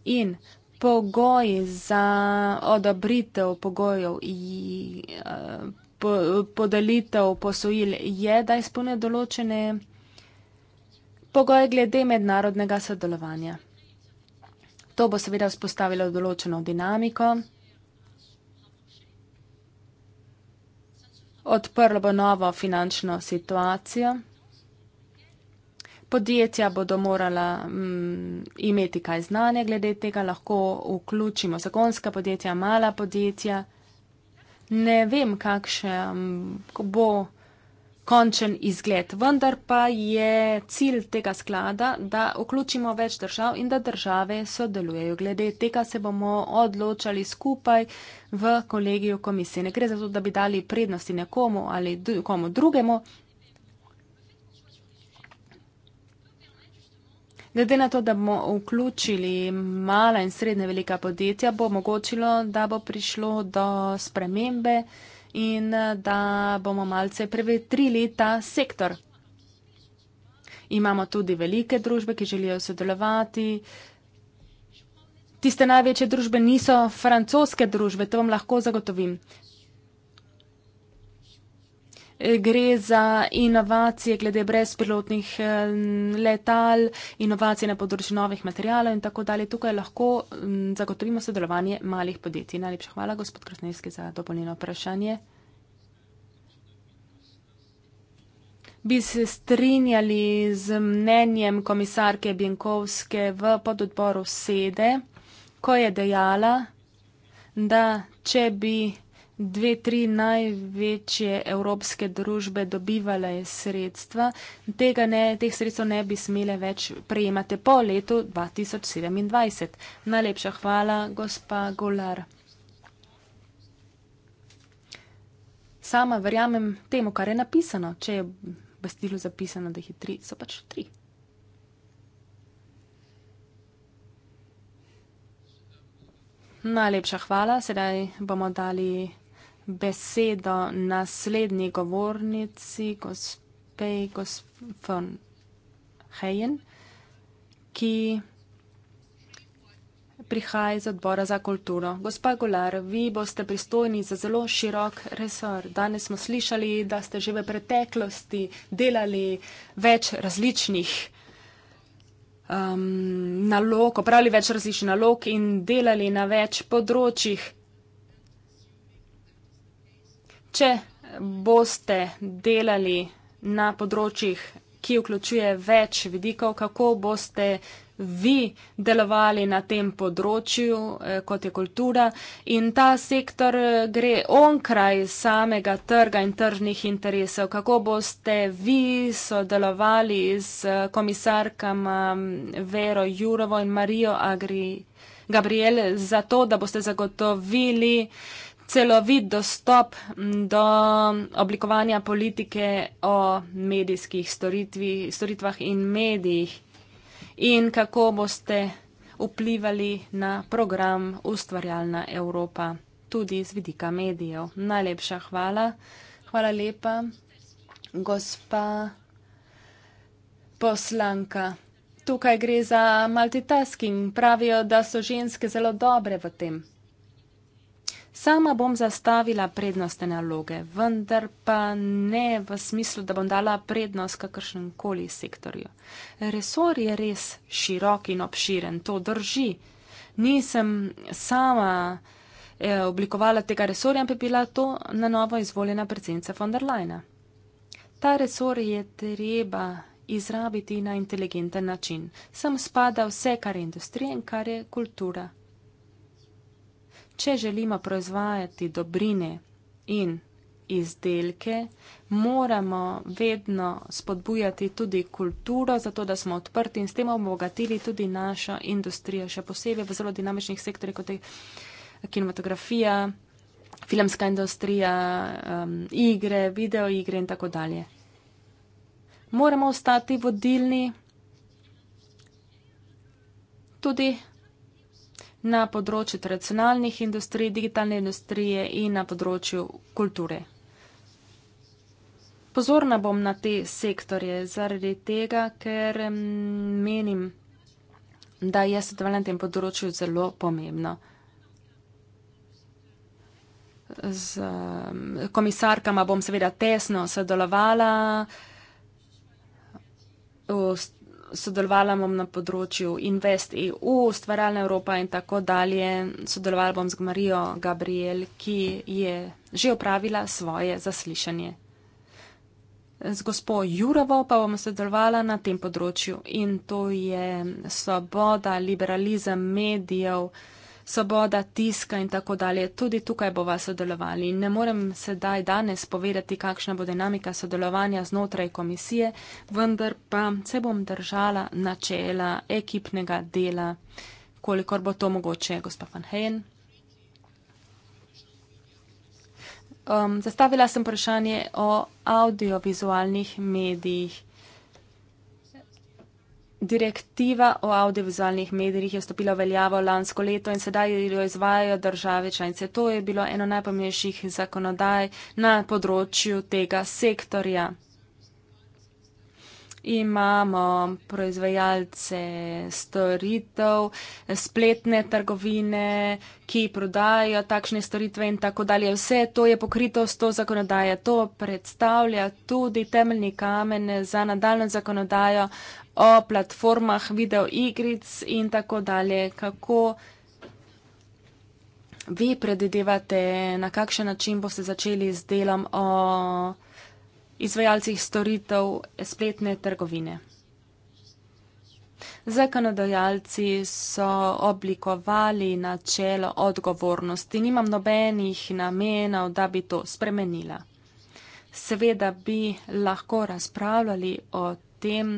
in pogoji za odobritev pogojev podelitev posojil je, da izpolne določene pogoje glede mednarodnega sodelovanja. To bo seveda vzpostavilo določeno dinamiko, odprlo bo novo finančno situacijo, podjetja bodo morala mm, imeti kaj znanje glede tega, lahko vključimo zagonska podjetja, mala podjetja. Ne vem, kakšen bo končen izgled. Vendar pa je cilj tega sklada, da vključimo več držav in da države sodelujejo. Glede tega se bomo odločali skupaj v kolegiju komisije. Ne gre za to, da bi dali prednosti nekomu ali komu drugemu. Glede na to, da bomo vključili mala in srednje velika podjetja, bo omogočilo, da bo prišlo do spremembe in eh, da bomo malce prevetrili ta sektor. Imamo tudi velike družbe, ki želijo sodelovati. Tiste največje družbe niso francoske družbe, to vam lahko zagotovim gre za inovacije glede brezpilotnih eh, letal, inovacije na področju novih materijalov in tako dalje. Tukaj lahko mm, zagotovimo sodelovanje malih podjetij. Najlepša hvala, gospod Krasnevski, za dopolnjeno vprašanje. Bi se strinjali z mnenjem komisarke Bjenkovske v pododboru sede, ko je dejala, da če bi dve, tri največje evropske družbe dobivale sredstva, tega ne, teh sredstev ne bi smele več prejemati po letu 2027. Najlepša hvala, gospa Golar. Sama verjamem temu, kar je napisano, če je v stilu zapisano, da jih je tri, so pač tri. Najlepša hvala, sedaj bomo dali besedo naslednji govornici, gospe von Hejen, ki prihaja iz odbora za kulturo. Gospa Golar, vi boste pristojni za zelo širok resor. Danes smo slišali, da ste že v preteklosti delali več različnih um, nalog, opravili več različnih nalog in delali na več področjih. Če boste delali na področjih, ki vključuje več vidikov, kako boste vi delovali na tem področju, eh, kot je kultura in ta sektor eh, gre onkraj samega trga in tržnih interesov, kako boste vi sodelovali s eh, komisarkama Vero Jurovo in Marijo Agri Gabriel za to, da boste zagotovili celovit dostop mm, do oblikovanja politike o medijskih storitvah in medijih in kako boste vplivali na program Ustvarjalna Evropa tudi z vidika medijev. Najlepša hvala. Hvala lepa, gospa poslanka. Tukaj gre za multitasking. Pravijo, da so ženske zelo dobre v tem. Sama bom zastavila prednostne naloge, vendar pa ne v smislu, da bom dala prednost kakršnem koli sektorju. Resor je res širok in obširen, to drži. Nisem sama eh, oblikovala tega resorja, ampak bila to na novo izvoljena predsednica von der Leyen. Ta resor je treba izrabiti na inteligenten način. Sem spada vse, kar je industrija in kar je kultura. Če želimo proizvajati dobrine in izdelke, moramo vedno spodbujati tudi kulturo, zato da smo odprti in s tem obogatili tudi našo industrijo, še posebej v zelo dinamičnih sektorjih, kot je kinematografija, filmska industrija, um, igre, videoigre in tako dalje. Moramo ostati vodilni tudi na področju tradicionalnih industrij, digitalne industrije in na področju kulture. Pozorna bom na te sektorje zaradi tega, ker menim, da je sodelovanje na tem področju zelo pomembno. Z komisarkama bom seveda tesno sodelovala sodelovala bom na področju Invest EU, Stvaralna Evropa in tako dalje. Sodelovala bom z Marijo Gabriel, ki je že opravila svoje zaslišanje. Z gospo Jurovo pa bom sodelovala na tem področju in to je svoboda, liberalizem medijev. Svoboda tiska in tako dalje. Tudi tukaj bova sodelovali. Ne morem sedaj danes povedati, kakšna bo dinamika sodelovanja znotraj komisije, vendar pa se bom držala načela ekipnega dela, kolikor bo to mogoče, gospa Van Heen. Um, zastavila sem vprašanje o audiovizualnih medijih. Direktiva o audiovizualnih medijih je stopila v veljavo lansko leto in sedaj jo izvajajo države članice. To je bilo eno najpomembnejših zakonodaj na področju tega sektorja. Imamo proizvajalce storitev, spletne trgovine, ki prodajajo takšne storitve in tako dalje. Vse to je pokrito s to zakonodajo. To predstavlja tudi temeljni kamen za nadaljno zakonodajo o platformah, videoigric in tako dalje, kako vi predvidevate, na kakšen način boste začeli z delom o izvajalcih storitev spletne trgovine. Zakonodajalci so oblikovali načelo odgovornosti. Nimam nobenih namenov, da bi to spremenila. Seveda bi lahko razpravljali o tem,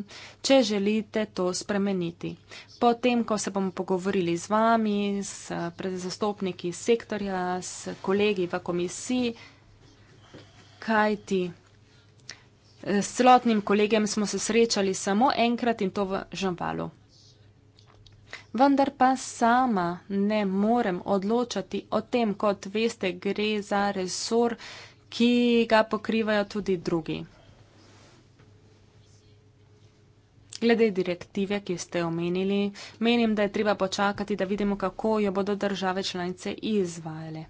če želite to spremeniti. Potem, ko se bomo pogovorili z vami, s predzastopniki sektorja, s kolegi v komisiji, kaj ti. Eh, s celotnim kolegem smo se srečali samo enkrat in to v Žanvalu. Vendar pa sama ne morem odločati o tem, kot veste, gre za resor, ki ga pokrivajo tudi drugi. Glede direktive, ki ste omenili, menim, da je treba počakati, da vidimo, kako jo bodo države članice izvajale.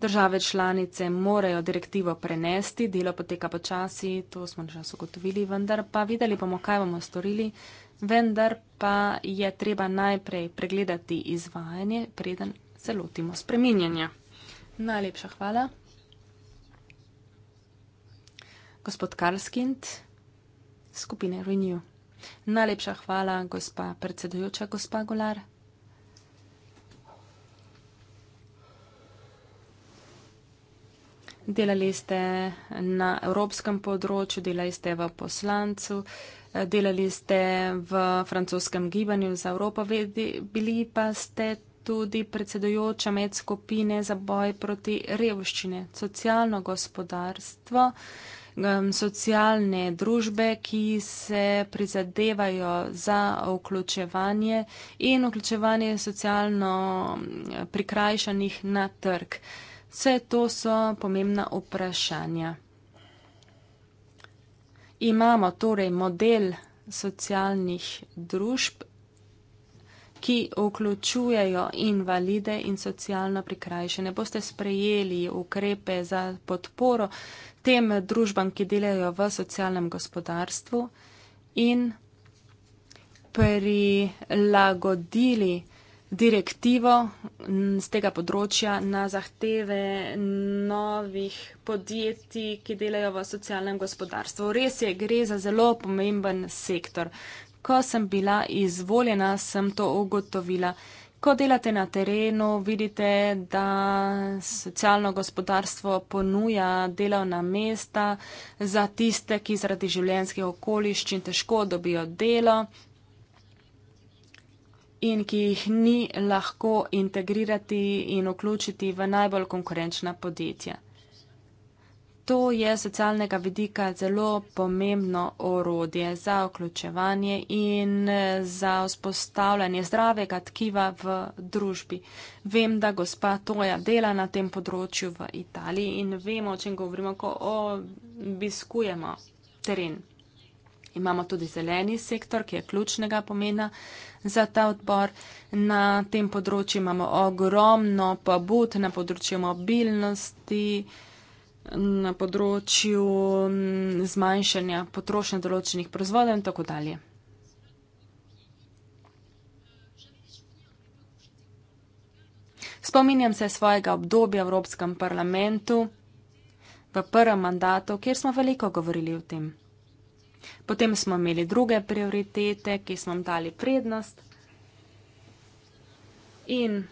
Države članice morajo direktivo prenesti, delo poteka počasi, to smo že zagotovili, vendar pa videli bomo, kaj bomo storili, vendar pa je treba najprej pregledati izvajanje, preden se lotimo spreminjanja. Najlepša hvala. Gospod Karlskind skupine Renew. Najlepša hvala, gospa predsedujoča, gospa Golar. Delali ste na evropskem področju, delali ste v poslancu, delali ste v francoskem gibanju za Evropo, bili pa ste tudi predsedujoča med skupine za boj proti revščine, socialno gospodarstvo socialne družbe, ki se prizadevajo za vključevanje in vključevanje socialno prikrajšanih na trg. Vse to so pomembna vprašanja. Imamo torej model socialnih družb ki vključujejo invalide in socialno prikrajšene. Boste sprejeli ukrepe za podporo tem družbam, ki delajo v socialnem gospodarstvu in prilagodili direktivo z tega področja na zahteve novih podjetij, ki delajo v socialnem gospodarstvu. Res je, gre za zelo pomemben sektor. Ko sem bila izvoljena, sem to ugotovila. Ko delate na terenu, vidite, da socialno gospodarstvo ponuja delovna mesta za tiste, ki zaradi življenjskih okoliščin težko dobijo delo in ki jih ni lahko integrirati in vključiti v najbolj konkurenčna podjetja. Zato je socialnega vidika zelo pomembno orodje za vključevanje in za vzpostavljanje zdravega tkiva v družbi. Vem, da gospa Toja dela na tem področju v Italiji in vemo, o čem govorimo, ko obiskujemo teren. Imamo tudi zeleni sektor, ki je ključnega pomena za ta odbor. Na tem področju imamo ogromno pobud na področju mobilnosti na področju zmanjšanja potrošnje določenih proizvodov in tako dalje. Spominjam se svojega obdobja v Evropskem parlamentu v prvem mandatu, kjer smo veliko govorili o tem. Potem smo imeli druge prioritete, ki smo jim dali prednost. In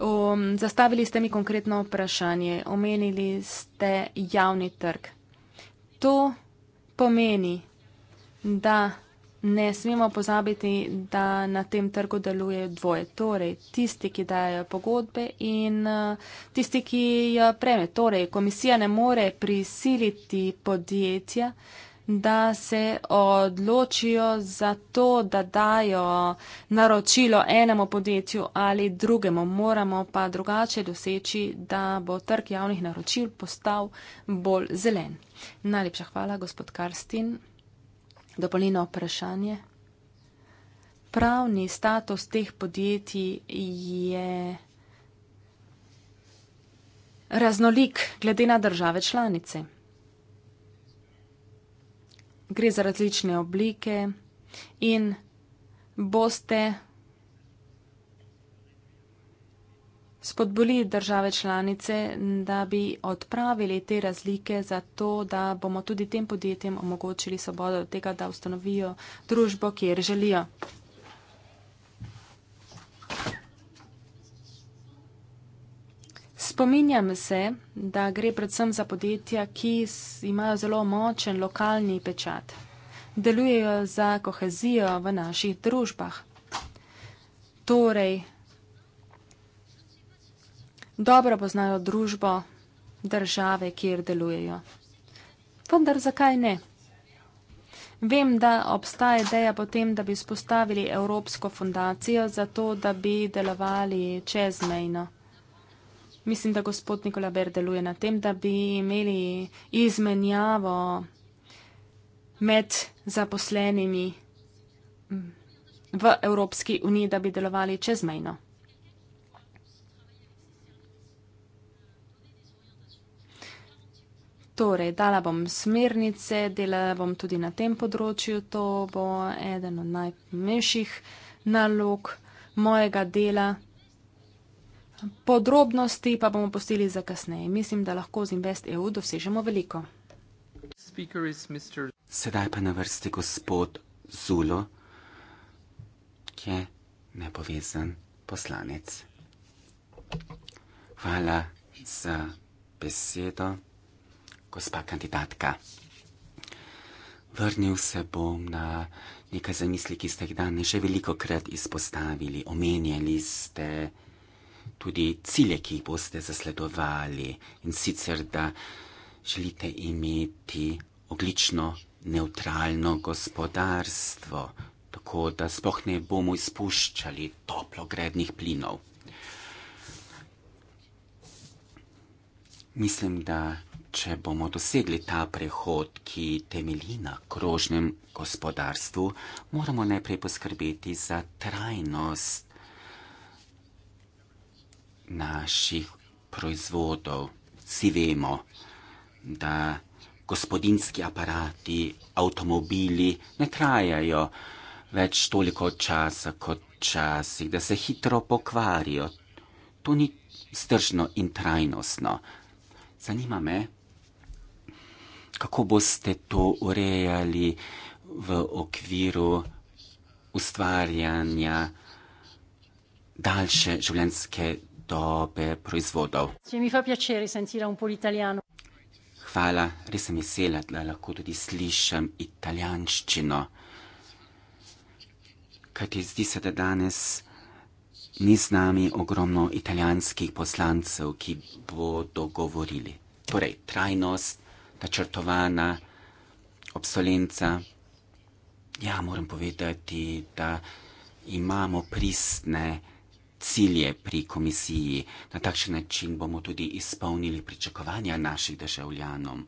Um, zastavili ste mi konkretno vprašanje, omenili ste javni trg. To pomeni, da ne smemo pozabiti, da na tem trgu deluje dvoje, torej tisti, ki dajo pogodbe in uh, tisti, ki jo preme. Torej, komisija ne more prisiliti podjetja, uh, da se odločijo za to, da dajo naročilo enemu podjetju ali drugemu. Moramo pa drugače doseči, da bo trg javnih naročil postal bolj zelen. Najlepša hvala, gospod Karstin. Dopolnjeno vprašanje. Pravni status teh podjetij je raznolik glede na države članice gre za različne oblike in boste spodbuli države članice, da bi odpravili te razlike za to, da bomo tudi tem podjetjem omogočili svobodo tega, da ustanovijo družbo, kjer želijo. Spominjam se, da gre predvsem za podjetja, ki imajo zelo močen lokalni pečat. Delujejo za kohezijo v naših družbah. Torej, dobro poznajo družbo države, kjer delujejo. Vendar zakaj ne? Vem, da obstaja ideja potem, da bi spostavili Evropsko fundacijo za to, da bi delovali čezmejno. Mislim, da gospod Nikola Ber deluje na tem, da bi imeli izmenjavo med zaposlenimi mm, v Evropski uniji, da bi delovali čezmejno. Torej, dala bom smernice, delala bom tudi na tem področju, to bo eden od najmanjših nalog mojega dela. Podrobnosti pa bomo postili za kasneje. Mislim, da lahko z InvestEU dosežemo veliko. Sedaj pa na vrsti gospod Zulo, ki je nepovezan poslanec. Hvala za besedo, gospa kandidatka. Vrnil se bom na nekaj zamisli, ki ste jih danes že veliko krat izpostavili. Omenjali ste tudi cilje, ki jih boste zasledovali in sicer, da želite imeti oglično neutralno gospodarstvo, tako da spoh ne bomo izpuščali toplogrednih plinov. Mislim, da če bomo dosegli ta prehod, ki temelji na krožnem gospodarstvu, moramo najprej poskrbeti za trajnost naših proizvodov. Vsi vemo, da gospodinski aparati, avtomobili ne trajajo več toliko časa kot časih, da se hitro pokvarijo. To ni stržno in trajnostno. Zanima me, kako boste to urejali v okviru ustvarjanja daljše življenjske dobe proizvodov. Hvala, res sem vesela, da lahko tudi slišim italijanščino. Kaj ti zdi se, da danes ni z nami ogromno italijanskih poslancev, ki bodo govorili? Torej, trajnost, načrtovana obsolenca. Ja, moram povedati, da imamo pristne cilje pri komisiji. Na takšen način bomo tudi izpolnili pričakovanja naših državljanom.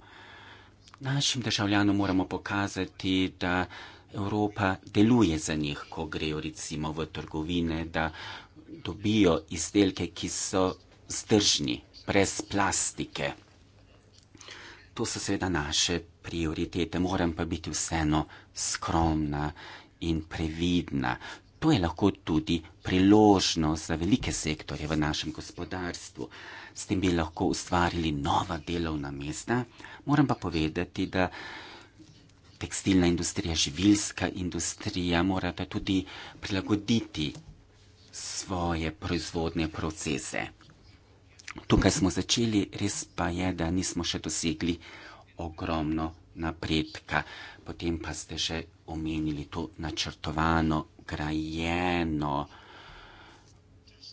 Našim državljanom moramo pokazati, da Evropa deluje za njih, ko grejo recimo v trgovine, da dobijo izdelke, ki so zdržni, brez plastike. To so seveda naše prioritete, moram pa biti vseeno skromna in previdna. To je lahko tudi priložnost za velike sektore v našem gospodarstvu. S tem bi lahko ustvarili nova delovna mesta. Moram pa povedati, da tekstilna industrija, živilska industrija morata tudi prilagoditi svoje proizvodne procese. Tukaj smo začeli, res pa je, da nismo še dosegli ogromno napredka. Potem pa ste že omenili to načrtovano nagrajeno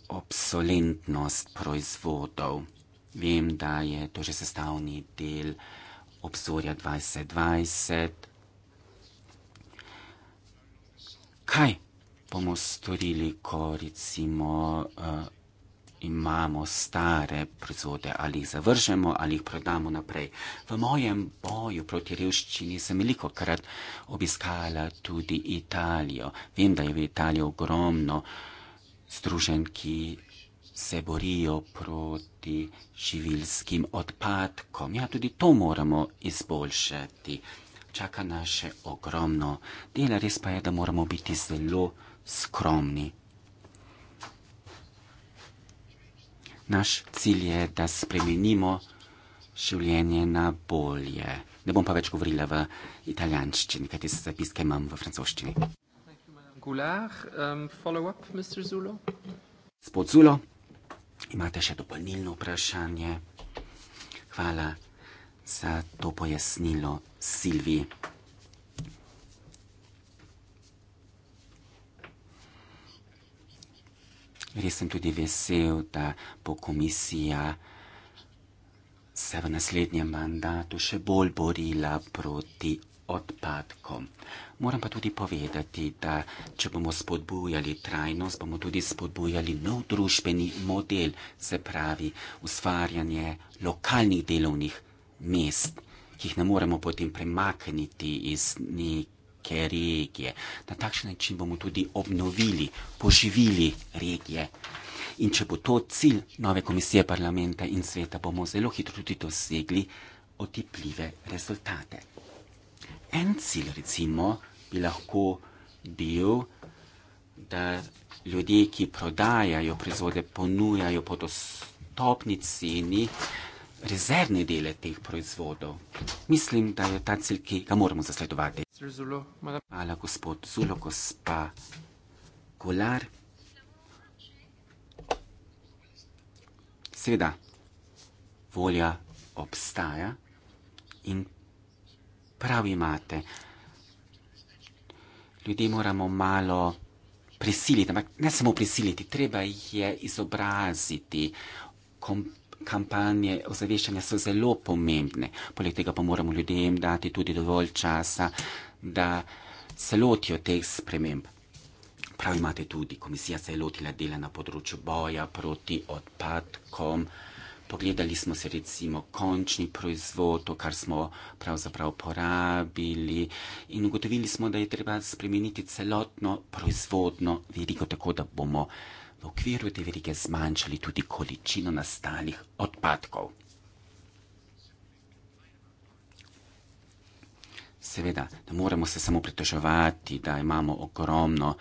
obsolentnost proizvodov. Vem, da je to že sestavni del obzorja 2020. Kaj bomo storili, ko recimo uh, imamo stare proizvode, ali jih zavržemo ali jih prodamo naprej. V mojem boju proti revščini sem veliko krat obiskala tudi Italijo. Vem, da je v Italiji ogromno združen, ki se borijo proti živilskim odpadkom. Ja, tudi to moramo izboljšati. Čaka nas še ogromno dela, res pa je, da moramo biti zelo skromni. Naš cilj je, da spremenimo življenje na bolje. Ne bom pa več govorila v italijanščini, kajti zapiske imam v francoščini. Um, Gospod um, Zulo, imate še dopolnilno vprašanje? Hvala za to pojasnilo Silvi. Res sem tudi vesel, da bo komisija se v naslednjem mandatu še bolj borila proti odpadkom. Moram pa tudi povedati, da če bomo spodbujali trajnost, bomo tudi spodbujali nov družbeni model, se pravi ustvarjanje lokalnih delovnih mest, ki jih ne moremo potem premakniti iz nekaj neke regije. Na takšen način bomo tudi obnovili, poživili regije. In če bo to cilj nove komisije parlamenta in sveta, bomo zelo hitro tudi dosegli otipljive rezultate. En cilj, recimo, bi lahko bil, da ljudje, ki prodajajo proizvode, ponujajo po dostopni ceni rezervne dele teh proizvodov. Mislim, da je ta cilj, ki ga moramo zasledovati. Hvala, gospod Zulo, gospa Kolar. Seveda, volja obstaja in prav imate. Ljudje moramo malo prisiliti, ampak ne samo prisiliti, treba jih je izobraziti, kompetenci, kampanje ozaveščanja so zelo pomembne. Poleg tega pa moramo ljudem dati tudi dovolj časa, da se lotijo teh sprememb. Prav imate tudi, komisija se je lotila dela na področju boja proti odpadkom. Pogledali smo si recimo končni proizvod, to, kar smo pravzaprav porabili in ugotovili smo, da je treba spremeniti celotno proizvodno verigo, tako da bomo v okviru te verige zmanjšali tudi količino nastalih odpadkov. Seveda, ne moremo se samo pritoževati, da imamo ogromno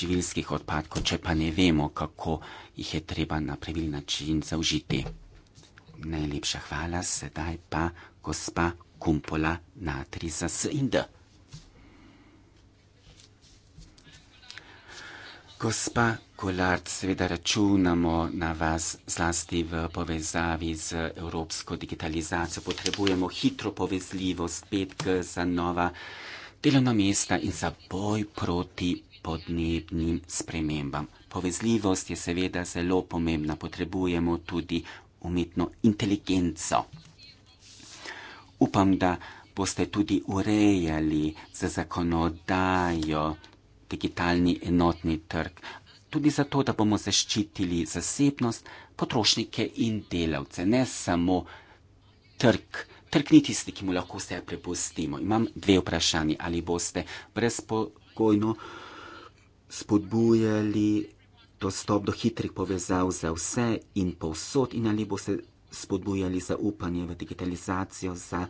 živilskih odpadkov, če pa ne vemo, kako jih je treba na pravilni način zaužiti. Najlepša hvala, sedaj pa gospa Kumpola Natri za SND. Gospa Kolard, seveda računamo na vas zlasti v povezavi z evropsko digitalizacijo. Potrebujemo hitro povezljivost, petk za nova delovna mesta in za boj proti podnebnim spremembam. Povezljivost je seveda zelo pomembna. Potrebujemo tudi umetno inteligenco. Upam, da boste tudi urejali za zakonodajo digitalni enotni trg, tudi zato, da bomo zaščitili zasebnost, potrošnike in delavce, ne samo trg. Trg ni tisti, ki mu lahko vse prepustimo. Imam dve vprašanji. Ali boste brezpogojno spodbujali dostop do hitrih povezav za vse in povsod, in ali boste spodbujali zaupanje v digitalizacijo za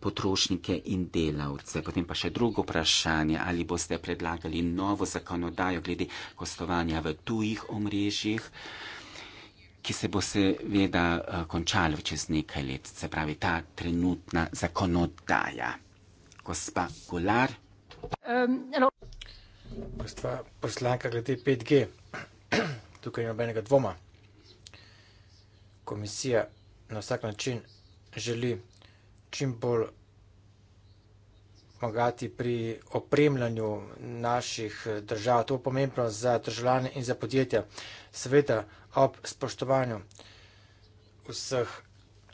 potrošnike in delavce. Potem pa še drugo vprašanje, ali boste predlagali novo zakonodajo glede gostovanja v tujih omrežjih, ki se bo seveda eh, končala čez nekaj let, se pravi ta trenutna zakonodaja. Gospa Gular. Um, Gospa poslanka glede 5G. tukaj ni nobenega dvoma. Komisija na vsak način želi čim bolj pomagati pri opremljanju naših držav. To je pomembno za državljane in za podjetja. Sveda ob spoštovanju vseh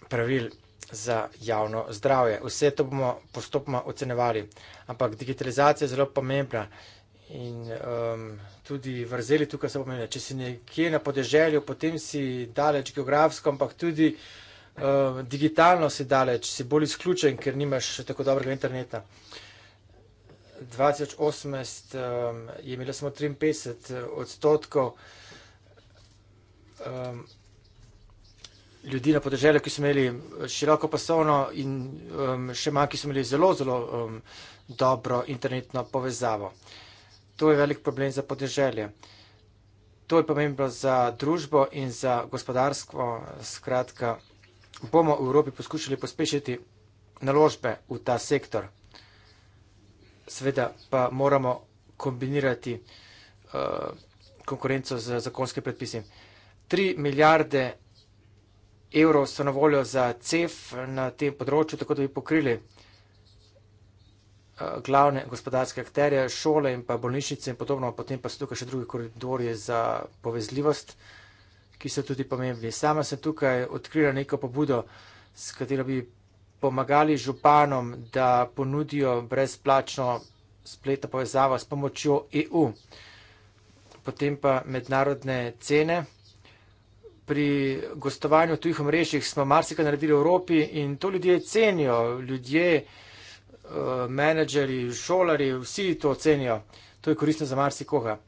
pravil za javno zdravje. Vse to bomo postopoma ocenevali. Ampak digitalizacija je zelo pomembna in um, tudi vrzeli tukaj, se pomeni, če si nekje na podeželju, potem si daleč geografsko, ampak tudi uh, digitalno si daleč, si bolj izključen, ker nimaš tako dobrega interneta. 2018 um, eh, je imela samo 53 eh, odstotkov um, ljudi na podeželju, ki so imeli široko pasovno in um, še manj, ki so imeli zelo, zelo um, dobro internetno povezavo. Uh, to je velik problem za podeželje. To je pomembno za družbo in za gospodarstvo. Skratka, bomo v Evropi poskušali pospešiti naložbe v ta sektor. Sveda pa moramo kombinirati uh, konkurenco z zakonskimi predpisi. 3 milijarde evrov so na voljo za CEF na tem področju, tako da bi pokrili glavne gospodarske akterje, šole in pa bolnišnice in podobno, potem pa so tukaj še drugi koridorje za povezljivost, ki so tudi pomembni. Sama sem tukaj odkrila neko pobudo, s katero bi pomagali županom, da ponudijo brezplačno spletno povezavo s pomočjo EU, potem pa mednarodne cene. Pri gostovanju v tujih mrežjih smo marsikaj naredili v Evropi in to ljudje cenijo. Ljudje, Eh, menedžerji, šolari, vsi to ocenijo. To je koristno za marsikoga.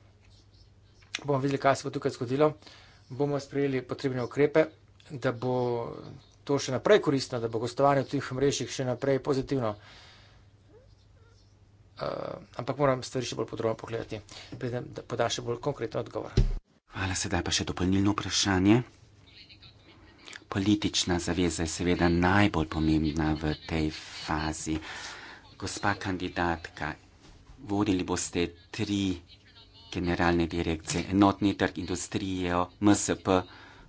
Bomo videli, kaj se bo tukaj zgodilo. Bomo sprejeli potrebne ukrepe, da bo to še naprej koristno, da bo gostovanje v tih mrežjih še naprej pozitivno. Uh, ampak moram stvari še bolj podrobno pogledati, predem, da poda še bolj konkreten odgovor. Hvala, sedaj pa še dopolnilno vprašanje. Politična zaveza je seveda najbolj pomembna v tej fazi gospa kandidatka, vodili boste tri generalne direkcije, enotni trg, industrijo, MSP,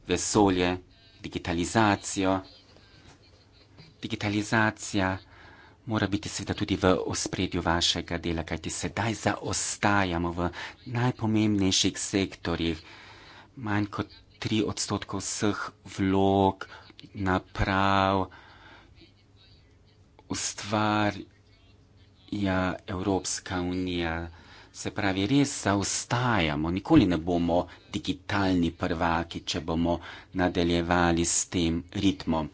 vesolje, digitalizacijo. Digitalizacija mora biti seveda tudi v ospredju vašega dela, kajti sedaj zaostajamo v najpomembnejših sektorjih. Manj kot tri odstotke vseh vlog, naprav, ustvarj je ja, Evropska unija. Se pravi, res zaostajamo, nikoli ne bomo digitalni prvaki, če bomo nadaljevali s tem ritmom.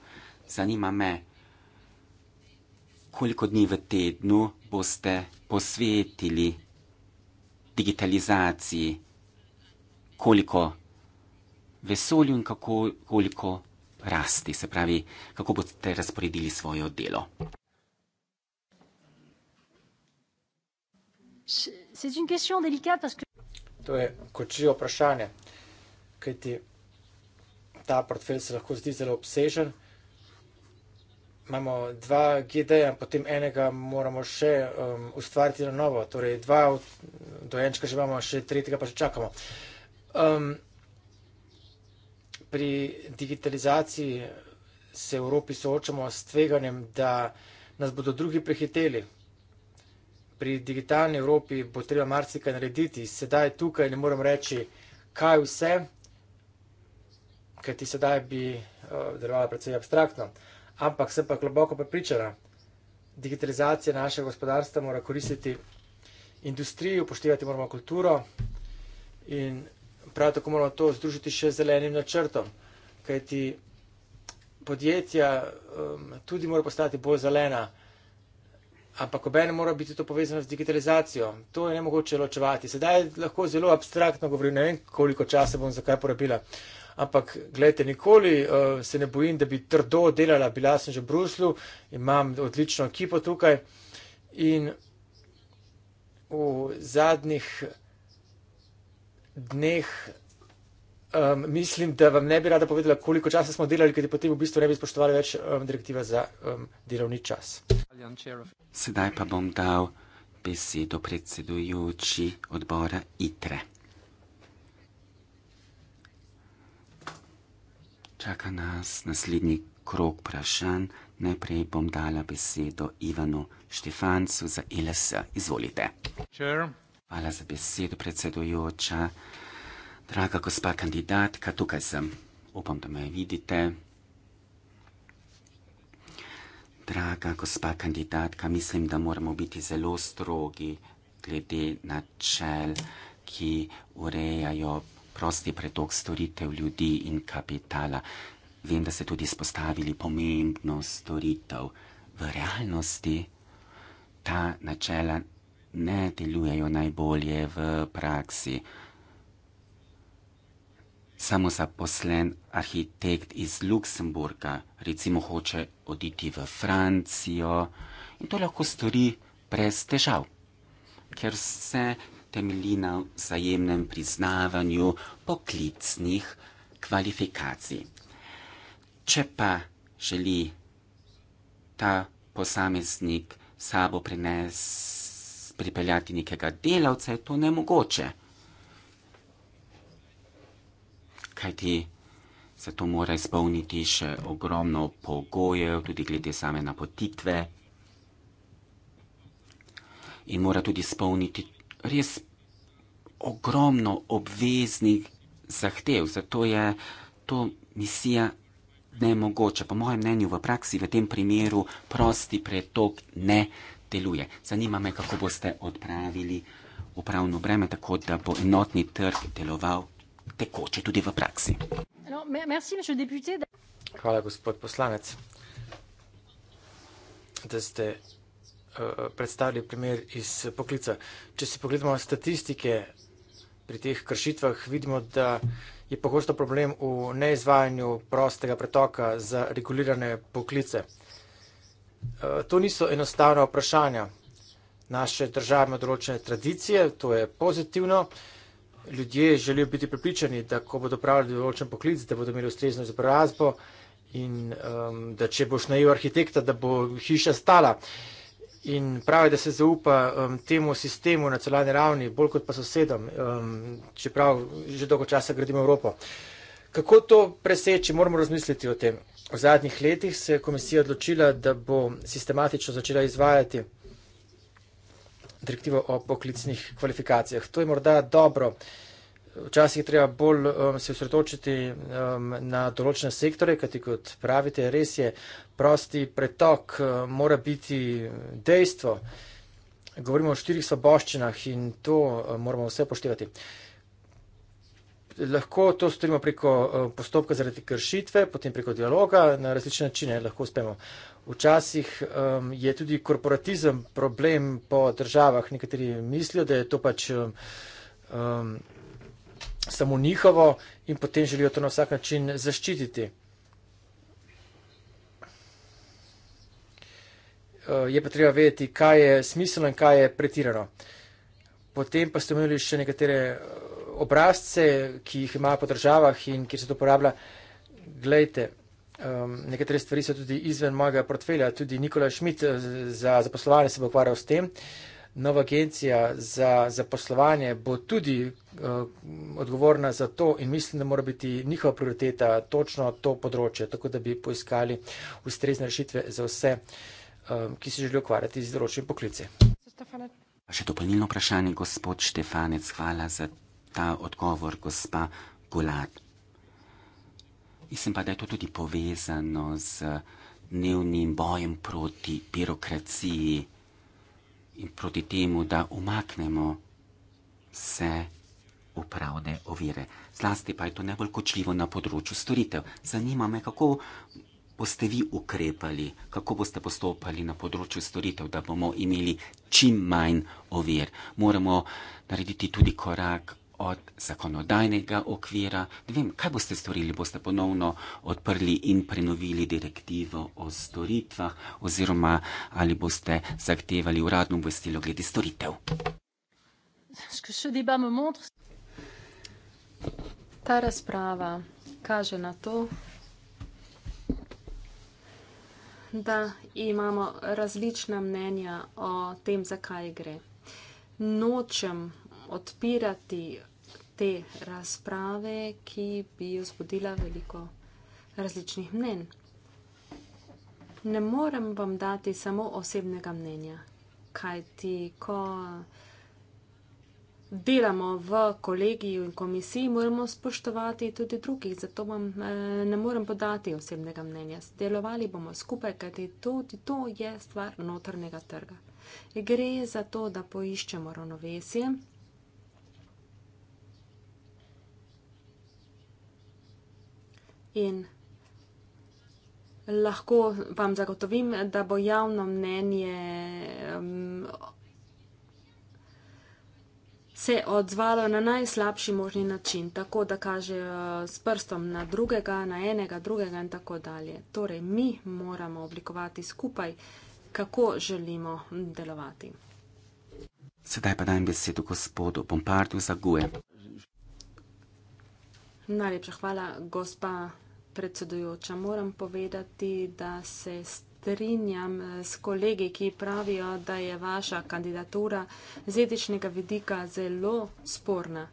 Zanima me, koliko dni v tednu boste posvetili digitalizaciji, koliko vesolju in kako, koliko rasti, se pravi, kako boste razporedili svoje delo. C'est une question délicate parce que... To je kočijo vprašanje, kajti ta portfelj se lahko zdi zelo obsežen. Imamo dva GD-ja, potem enega moramo še um, ustvariti na novo, torej dva dojenčka že imamo, še tretjega pa že čakamo. Um, pri digitalizaciji se v Evropi soočamo s tveganjem, da nas bodo drugi prehiteli pri digitalni Evropi bo treba marsikaj narediti. Sedaj tukaj ne morem reči, kaj vse, kajti sedaj bi uh, delovala predvsej abstraktno. Ampak sem pa globoko prepričana, digitalizacija našega gospodarstva mora koristiti industriji, upoštevati moramo kulturo in prav tako moramo to združiti še zelenim načrtom, kajti podjetja um, tudi mora postati bolj zelena ampak obenem mora biti to povezano z digitalizacijo. To je ne mogoče ločevati. Sedaj lahko zelo abstraktno govorim, ne vem, koliko časa bom za kaj porabila. Ampak, gledajte, nikoli uh, se ne bojim, da bi trdo delala. Bila sem že v Bruslu, imam odlično ekipo tukaj. In v zadnjih dneh um, mislim, da vam ne bi rada povedala, koliko časa smo delali, ker potem v bistvu ne bi spoštovali več um, direktive za um, delovni čas. Sedaj pa bom dal besedo predsedujoči odbora ITRE. Čaka nas naslednji krok vprašanj. Najprej bom dala besedo Ivanu Štefancu za ILS. Izvolite. Chair. Hvala za besedo, predsedujoča. Draga gospa kandidatka, tukaj sem. Upam, da me vidite. Draga gospa kandidatka, mislim, da moramo biti zelo strogi glede načel, ki urejajo prosti pretok storitev ljudi in kapitala. Vem, da ste tudi spostavili pomembno storitev. V realnosti ta načela ne delujejo najbolje v praksi samozaposlen arhitekt iz Luksemburga, recimo hoče oditi v Francijo in to lahko stori brez težav, ker se temelji na vzajemnem priznavanju poklicnih kvalifikacij. Če pa želi ta posameznik sabo prines, pripeljati nekega delavca, je to nemogoče. kajti se to mora izpolniti še ogromno pogojev, tudi glede same napotitve. In mora tudi izpolniti res ogromno obveznih zahtev. Zato je to misija nemogoča. Po mojem mnenju v praksi v tem primeru prosti pretok ne deluje. Zanima me, kako boste odpravili upravno breme, tako da bo enotni trg deloval tekoče tudi v praksi. Hvala, gospod poslanec, da ste uh, predstavili primer iz poklica. Če si pogledamo statistike pri teh kršitvah, vidimo, da je pogosto problem v neizvajanju prostega pretoka za regulirane poklice. Uh, to niso enostavna vprašanja. Naše države imajo določene tradicije, to je pozitivno. Uh, ljudje želijo biti prepričani, da ko bodo pravili določen poklic, da bodo imeli ustrezno izobrazbo in um, da če boš najel arhitekta, da bo hiša stala. In pravi, da se zaupa um, temu sistemu na celani ravni, bolj kot pa sosedom, um, čeprav že dolgo časa gradimo Evropo. Kako to preseči, moramo razmisliti o tem. V zadnjih letih se je komisija odločila, da bo sistematično začela izvajati direktivo o poklicnih kvalifikacijah. To je morda dobro. Včasih je treba bolj um, se usredočiti um, na določene sektore, kajti kot pravite, res je, prosti pretok um, mora biti dejstvo. Govorimo o štirih svoboščinah in to um, moramo vse poštevati. Lahko to storimo preko um, postopka zaradi kršitve, potem preko dialoga na različne načine lahko uspemo. Včasih um, je tudi korporatizem problem po državah. Nekateri mislijo, da je to pač um, um, samo njihovo in potem želijo to na vsak način zaščititi. Uh, je pa treba vedeti, kaj je smiselno in kaj je pretirano. Potem pa ste imeli še nekatere uh, obrazce, ki jih ima po državah in kjer se to uporablja. Glejte. Um, nekatere stvari so tudi izven mojega portfelja, tudi Nikola Šmit eh, za zaposlovanje se bo ukvarjal s tem. Nova agencija za zaposlovanje bo tudi uh, odgovorna za to in mislim, da mora biti njihova prioriteta točno to področje, tako da bi poiskali ustrezne rešitve za vse, um, ki se želijo ukvarjati z določenim poklice. Še dopolnilno vprašanje, gospod Štefanec, hvala za ta odgovor, gospa Gulat. Mislim pa, da je to tudi povezano z dnevnim bojem proti birokraciji in proti temu, da umaknemo vse upravne ovire. Zlasti pa je to najbolj kočljivo na področju storitev. Zanima me, kako boste vi ukrepali, kako boste postopali na področju storitev, da bomo imeli čim manj ovir. Moramo narediti tudi korak od zakonodajnega okvira. Vem, kaj boste storili? Boste ponovno odprli in prenovili direktivo o storitvah oziroma ali boste zahtevali uradno obvestilo glede storitev? Ta razprava kaže na to, da imamo različna mnenja o tem, zakaj gre. Nočem odpirati te razprave, ki bi vzbudila veliko različnih mnen. Ne morem vam dati samo osebnega mnenja, kajti ko delamo v kolegiju in komisiji, moramo spoštovati tudi drugih, zato vam eh, ne morem podati osebnega mnenja. Delovali bomo skupaj, kajti tudi to je stvar notrnega trga. Gre za to, da poiščemo ravnovesje. In lahko vam zagotovim, da bo javno mnenje um, se odzvalo na najslabši možni način, tako da kaže s prstom na drugega, na enega, drugega in tako dalje. Torej, mi moramo oblikovati skupaj, kako želimo delovati. Sedaj pa dajem besedo gospodu Pompartu za Gue. Najlepša hvala, gospa predsedujoča. Moram povedati, da se strinjam eh, s kolegi, ki pravijo, da je vaša kandidatura z etičnega vidika zelo sporna.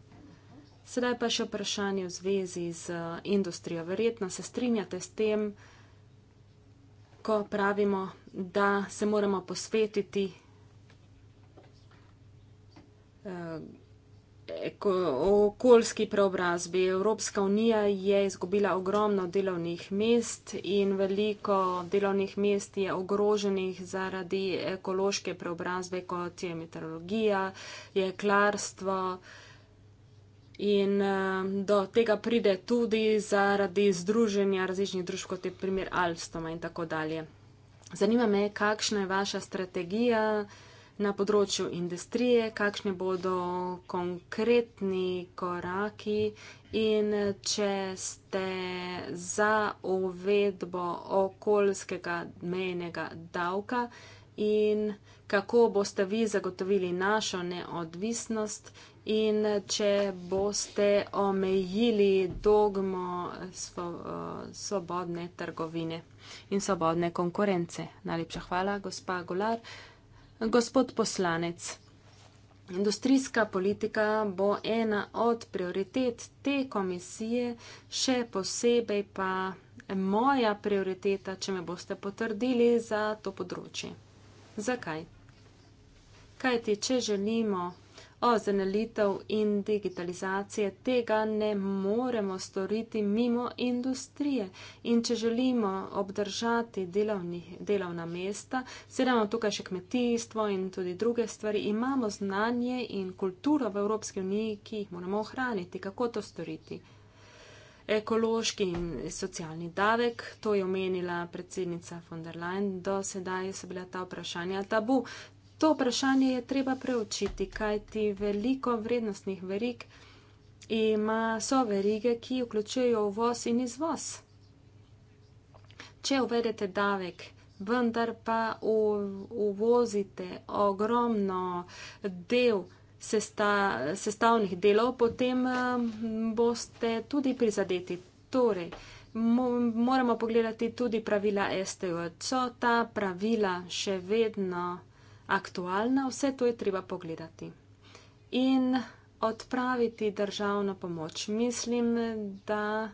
Sedaj pa še vprašanje v zvezi z eh, industrijo. Verjetno se strinjate s tem, ko pravimo, da se moramo posvetiti. Uh, okoljski preobrazbi. Evropska unija je izgubila ogromno delovnih mest in veliko delovnih mest je ogroženih zaradi ekološke preobrazbe, kot je meteorologija, je klarstvo. In eh, do tega pride tudi zaradi združenja različnih družb, kot je primer Alstoma in tako dalje. Zanima me, kakšna je vaša strategija, na področju industrije, kakšni bodo konkretni koraki in če ste za uvedbo okoljskega mejnega davka in kako boste vi zagotovili našo neodvisnost in če boste omejili dogmo svobodne trgovine in svobodne konkurence. Najlepša hvala, gospa Golar. Gospod poslanec, industrijska politika bo ena od prioritet te komisije, še posebej pa moja prioriteta, če me boste potrdili za to področje. Zakaj? Kaj ti, če želimo ozelenitev in digitalizacije tega ne moremo storiti mimo industrije. In če želimo obdržati delovni, delovna mesta, sedemo tukaj še kmetijstvo in tudi druge stvari, imamo znanje in kulturo v Evropski uniji, ki jih moramo ohraniti. Kako to storiti? Ekološki in socialni davek, to je omenila predsednica von der Leyen, do sedaj so bila ta vprašanja tabu to vprašanje je treba preučiti, kajti veliko vrednostnih verig ima so verige, ki vključujejo uvoz in izvoz. Če uvedete davek, vendar pa uvozite ogromno del sesta, sestavnih delov, potem hm, boste tudi prizadeti. Torej, moramo pogledati tudi pravila STO. So ta pravila še vedno aktualna, vse to je treba pogledati. In odpraviti državno pomoč. Mislim, da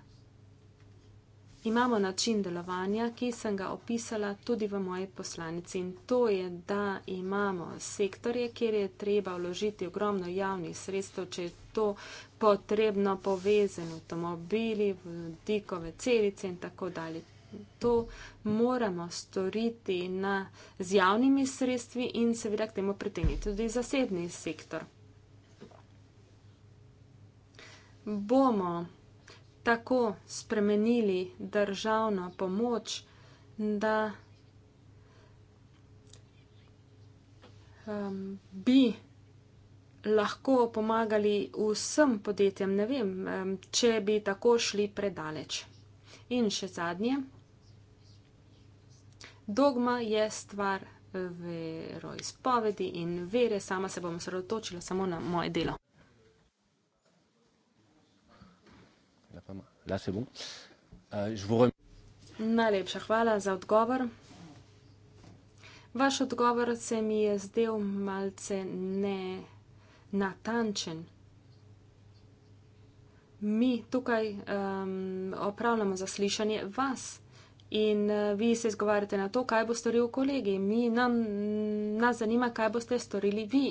imamo način delovanja, ki sem ga opisala tudi v moji poslanici. In to je, da imamo sektorje, kjer je treba vložiti ogromno javnih sredstev, če je to potrebno povezen, avtomobili, vodikove celice in tako dalje to moramo storiti na, z javnimi sredstvi in seveda k temu pritegniti tudi zasebni sektor. Bomo tako spremenili državno pomoč, da um, bi lahko pomagali vsem podjetjem, ne vem, um, če bi tako šli predaleč. In še zadnje. Dogma je stvar eh, veroizpovedi in vere, sama se bom sredotočila samo na moje delo. Euh, Najlepša hvala za odgovor. Vaš odgovor se mi je zdel malce ne natančen. Mi tukaj um, opravljamo zaslišanje vas. In eh, vi se izgovarjate na to, kaj bo storil kolegi. Mi nam, nas zanima, kaj boste storili vi.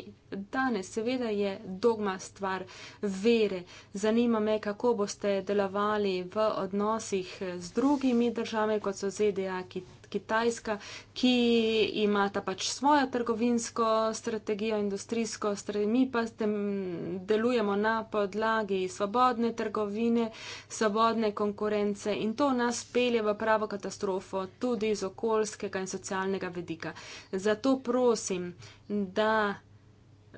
Danes seveda je dogma stvar vere. Zanima me, kako boste delovali v odnosih z drugimi državami, kot so ZDA, Kitajska, ki imata pač svojo trgovinsko strategijo, industrijsko strategijo, mi pa tem, delujemo na podlagi svobodne trgovine, svobodne konkurence in to nas pelje v pravo katastrofo tudi iz okoljskega in socialnega vedika. Zato prosim, da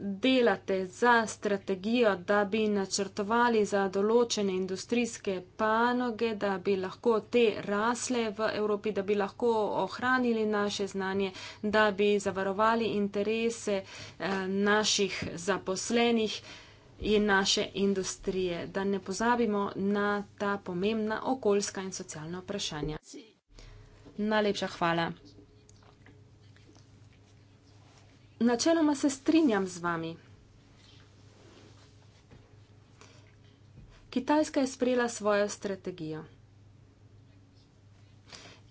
delate za strategijo, da bi načrtovali za določene industrijske panoge, da bi lahko te rasle v Evropi, da bi lahko ohranili naše znanje, da bi zavarovali interese eh, naših zaposlenih in naše industrije, da ne pozabimo na ta pomembna okoljska in socialna vprašanja. Najlepša hvala. načeloma se strinjam z vami. Kitajska je sprejela svojo strategijo.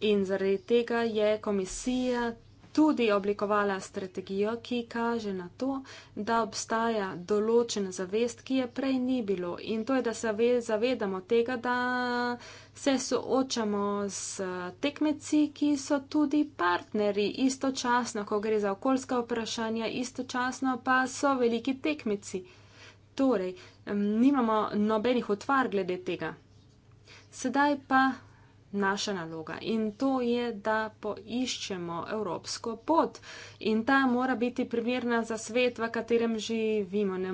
In zaradi tega je komisija tudi oblikovala strategijo, ki kaže na to, da obstaja določen zavest, ki je prej ni bilo. In to je, da se zavedamo tega, da se soočamo z tekmeci, ki so tudi partnerji, istočasno, ko gre za okoljska vprašanja, istočasno pa so veliki tekmeci. Torej, nimamo nobenih otvar glede tega. Sedaj pa naša naloga in to je, da poiščemo evropsko pot in ta mora biti primerna za svet, v katerem živimo. Ne,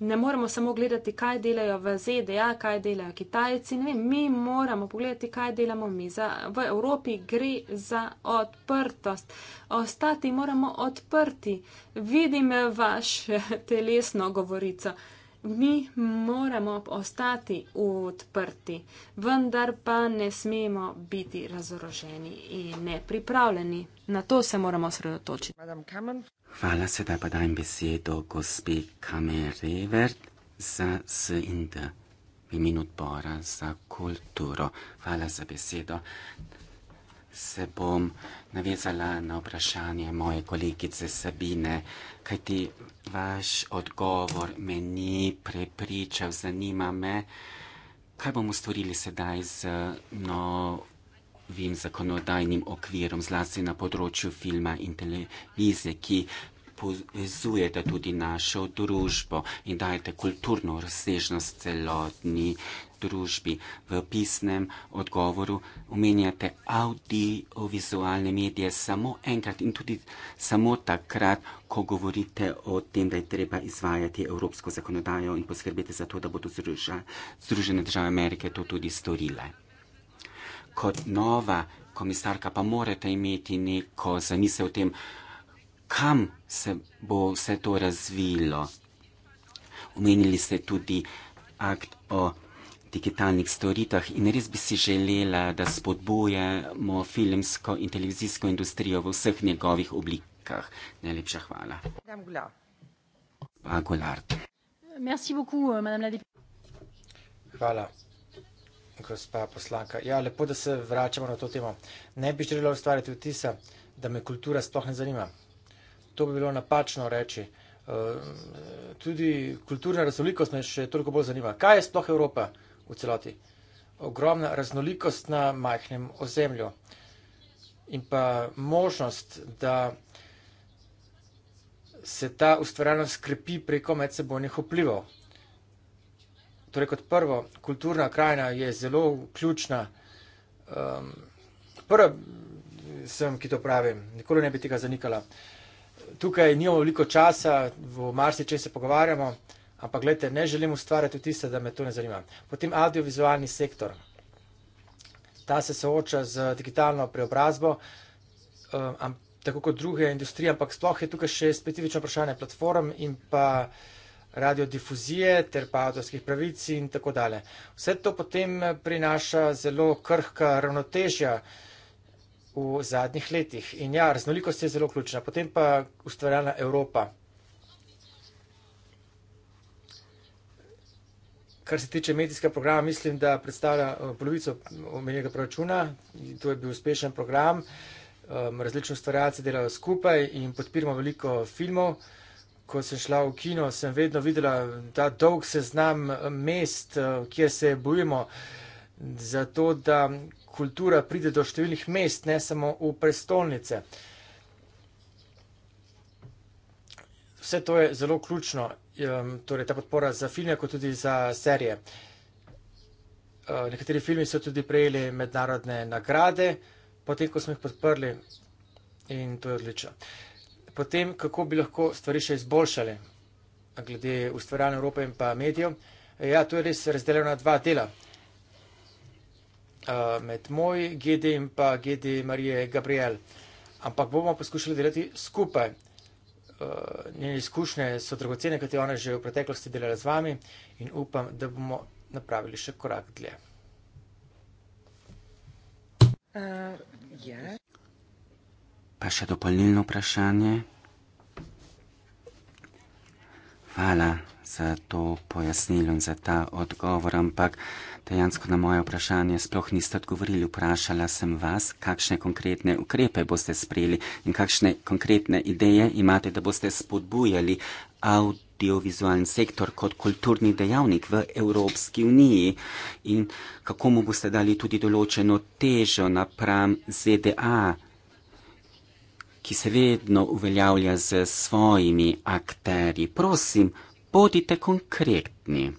ne moramo samo gledati, kaj delajo v ZDA, kaj delajo Kitajci. Vem, mi moramo pogledati, kaj delamo mi. Za, v Evropi gre za odprtost. Ostati moramo odprti. Vidim vaš telesno govorico mi moramo ostati odprti, vendar pa ne smemo biti razoroženi in nepripravljeni. Na to se moramo sredotočiti. Hvala, sedaj pa dajem besedo gospe Kamerevert za SND, imen odbora za kulturo. Hvala za besedo se bom navezala na vprašanje moje kolegice Sabine, kajti vaš odgovor me ni prepričal. Zanima me, kaj bomo storili sedaj z novim zakonodajnim okvirom, zlasti na področju filma in televizije, ki povezujete tudi našo družbo in dajete kulturno razsežnost celotni družbi. V pisnem odgovoru omenjate audiovizualne medije samo enkrat in tudi samo takrat, ko govorite o tem, da je treba izvajati evropsko zakonodajo in poskrbeti za to, da bodo združa, Združene države Amerike to tudi storile. Kot nova komisarka pa morate imeti neko zamisel o tem, kam se bo vse to razvilo. Omenili ste tudi akt o digitalnih storitvah in res bi si želela, da spodbujamo filmsko in televizijsko industrijo v vseh njegovih oblikah. Najlepša hvala. Euh, hvala, gospa poslanka. Ja, lepo, da se vračamo na to temo. Ne bi želela ustvariti vtisa, da me kultura sploh ne zanima. To bi bilo napačno reči. Eh, tudi kulturna razlikost me še toliko bolj zanima. Kaj je sploh Evropa? v celoti. Ogromna raznolikost na majhnem ozemlju in pa možnost, da se ta ustvarjalnost skrepi preko medsebojnih vplivov. Torej, kot prvo, kulturna krajina je zelo ključna. Um, prva sem, ki to pravim, nikoli ne bi tega zanikala. Tukaj nimamo veliko časa, v marsičem se pogovarjamo. Ampak, gledajte, ne želim ustvarjati vtisa, da me to ne zanima. Potem audiovizualni sektor. Ta se sooča z digitalno preobrazbo, um, tako kot druge industrije, ampak sploh je tukaj še specifično vprašanje platform in pa radiodifuzije ter pa avtorskih pravic in tako dalje. Vse to potem prinaša zelo krhka ravnotežja v zadnjih letih. In ja, raznolikost je zelo ključna. Potem pa ustvarjalna Evropa. Kar se tiče medijskega programa, mislim, da predstavlja eh, polovico omenjega proračuna. To je bil uspešen program. Različni ustvarjalci delajo skupaj in podpiramo veliko filmov. Ko sem šla v kino, sem vedno videla ta dolg seznam eh, mest, eh, kjer se bojimo za to, da kultura pride do številnih mest, ne samo v prestolnice. Vse to je zelo ključno Um, torej ta podpora za filme, kot tudi za serije. Uh, nekateri filmi so tudi prejeli mednarodne nagrade, potem ko smo jih podprli in to je odlično. Potem, kako bi lahko stvari še izboljšali, glede ustvarjanja Evrope in pa medijev. Ja, to je res razdeljeno na dva dela. Uh, med moj GD in pa GD Marije Gabriel. Ampak bomo poskušali delati skupaj. Eh, njene izkušnje so dragocene, kot je ona že v preteklosti delala z vami in upam, da bomo napravili še korak dlje. Uh, eh, yeah. Pa še dopolnilno vprašanje. Hvala za to pojasnilo in za ta odgovor, ampak dejansko na moje vprašanje sploh niste odgovorili. Vprašala sem vas, kakšne konkretne ukrepe boste sprejeli in kakšne konkretne ideje imate, da boste spodbujali audiovizualni sektor kot kulturni dejavnik v Evropski uniji in kako mu boste dali tudi določeno težo napram ZDA ki se vedno uveljavlja z svojimi akteri. Prosim, bodite konkretni.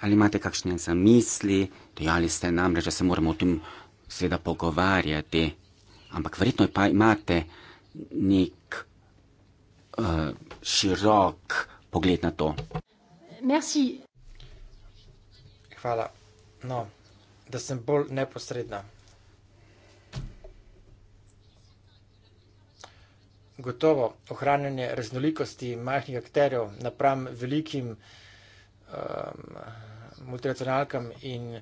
Ali imate kakšne zamisli, dejali ste namreč, da se moramo o tem seveda pogovarjati, ampak verjetno pa imate nek uh, širok pogled na to. Merci. Hvala. No, da sem bolj neposredna. gotovo ohranjanje raznolikosti majhnih akterjev napram velikim um, multinacionalkam in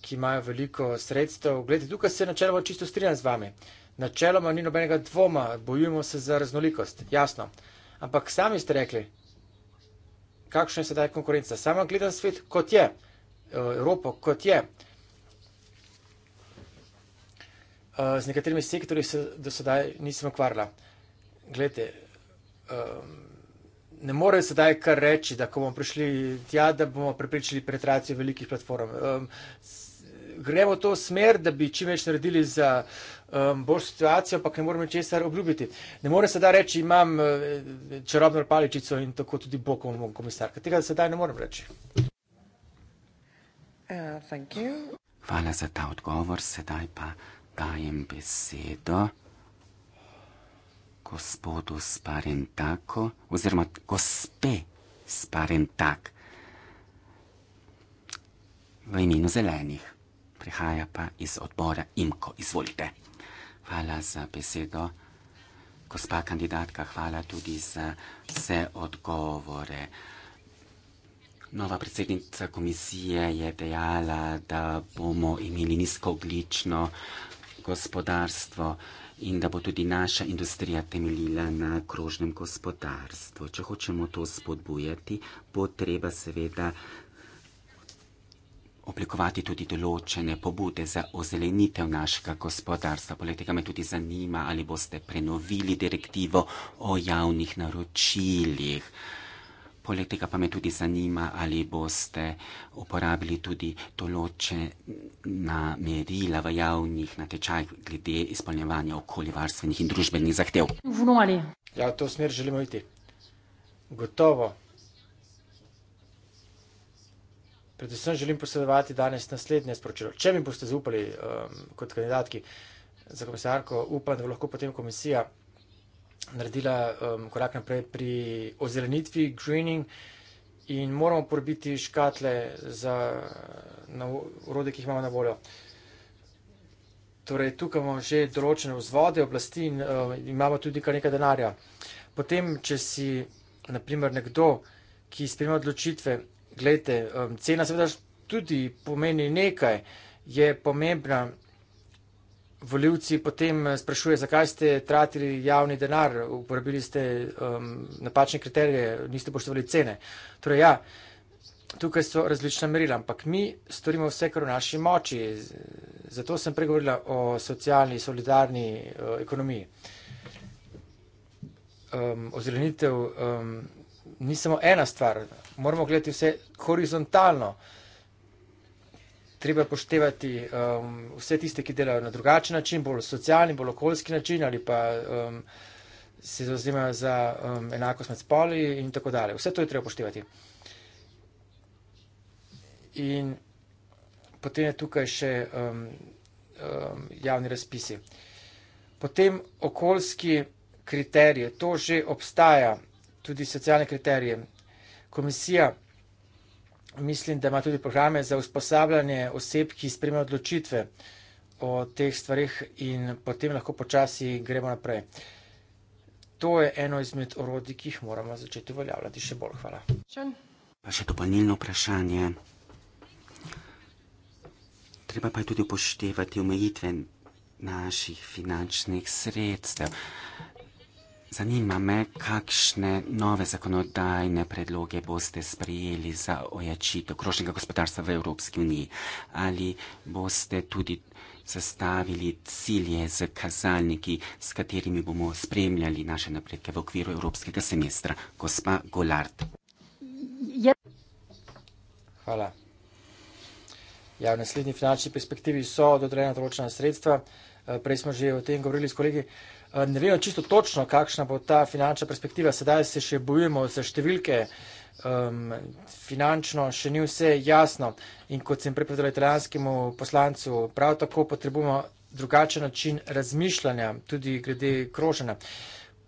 ki imajo veliko sredstev. Glede, tukaj se načeloma čisto strinjam z vami. Načeloma ni nobenega dvoma, bojujemo se za raznolikost, jasno. Ampak sami ste rekli, kakšna je sedaj konkurenca. Sama gledam svet, kot je. Evropo, kot je. Uh, z nekaterimi sektorji se do sedaj nisem ukvarjala gledajte, um, ne morejo sedaj kar reči, da ko bomo prišli tja, da bomo prepričali penetracijo velikih platform. Um, gremo v to smer, da bi čim več naredili za um, boljšo situacijo, ampak ne moremo česar obljubiti. Ne morejo sedaj reči, imam uh, čarobno paličico in tako tudi bokom komisarka. Tega sedaj ne morem reči. Uh, Hvala za ta odgovor, sedaj pa dajem besedo gospodu sparem tako, oziroma gospe sparem tak. V imenu zelenih, prihaja pa iz odbora Imko, izvolite. Hvala za besedo. Gospa kandidatka, hvala tudi za vse odgovore. Nova predsednica komisije je dejala, da bomo imeli nizkooglično gospodarstvo in da bo tudi naša industrija temeljila na krožnem gospodarstvu. Če hočemo to spodbujati, bo treba seveda oblikovati tudi določene pobude za ozelenitev našega gospodarstva. Poleg tega me tudi zanima, ali boste prenovili direktivo o javnih naročiljih. Poleg tega pa me tudi zanima, ali boste uporabili tudi določena merila v javnih natečajih glede izpolnjevanja okoljevarstvenih in družbenih zahtev. Ja, v to smer želimo iti. Gotovo. Predvsem želim posredovati danes naslednje sporočilo. Če mi boste zaupali um, kot kandidatki za komisarko, upam, da bo lahko potem komisija naredila um, korak naprej pri ozelenitvi, greening in moramo porabiti škatle za urode, ki jih imamo na voljo. Torej, tukaj imamo že določene vzvode, oblasti in um, imamo tudi kar nekaj denarja. Potem, če si naprimer nekdo, ki sprema odločitve, gledajte, um, cena seveda tudi pomeni nekaj, je pomembna voljivci potem eh, sprašuje, zakaj ste tratili javni denar, uporabili ste um, napačne kriterije, niste poštovali cene. Torej, ja, tukaj so različna merila, ampak mi storimo vse, kar v naši moči. Zato sem pregovorila o socialni, solidarni uh, ekonomiji. Um, ehm, ozelenitev um, ehm, ni samo ena stvar, moramo gledati vse horizontalno. Uh, treba poštevati um, vse tiste, ki delajo na drugačen način, bolj socialni, bolj okoljski način ali pa um, se zauzemajo za um, enakost med spoli in tako dalje. Vse to je treba poštevati. In potem je tukaj še um, um, javni razpisi. Potem okoljski kriterije, to že obstaja, tudi socialne kriterije. Komisija mislim, da ima tudi programe za usposabljanje oseb, ki spremljajo odločitve o teh stvarih in potem lahko počasi gremo naprej. To je eno izmed orodij, ki jih moramo začeti uveljavljati še bolj. Hvala. Pa še dopolnilno vprašanje. Treba pa je tudi upoštevati omejitve naših finančnih sredstev. Zanima me, kakšne nove zakonodajne predloge boste sprejeli za ojačitev krožnega gospodarstva v Evropski uniji. Ali boste tudi zastavili cilje z kazalniki, s katerimi bomo spremljali naše napredke v okviru Evropskega semestra? Gospa Golard. Je... Ja. Hvala. Ja, v naslednji finančni perspektivi so dodrejena določena sredstva. Eh, prej smo že o tem govorili s kolegi. Eh, ne vemo čisto točno, kakšna bo ta finančna perspektiva. Sedaj se še bojimo za številke. Um, finančno še ni vse jasno in kot sem prepovedal italijanskemu poslancu, prav tako potrebujemo drugačen način razmišljanja, tudi glede krožena.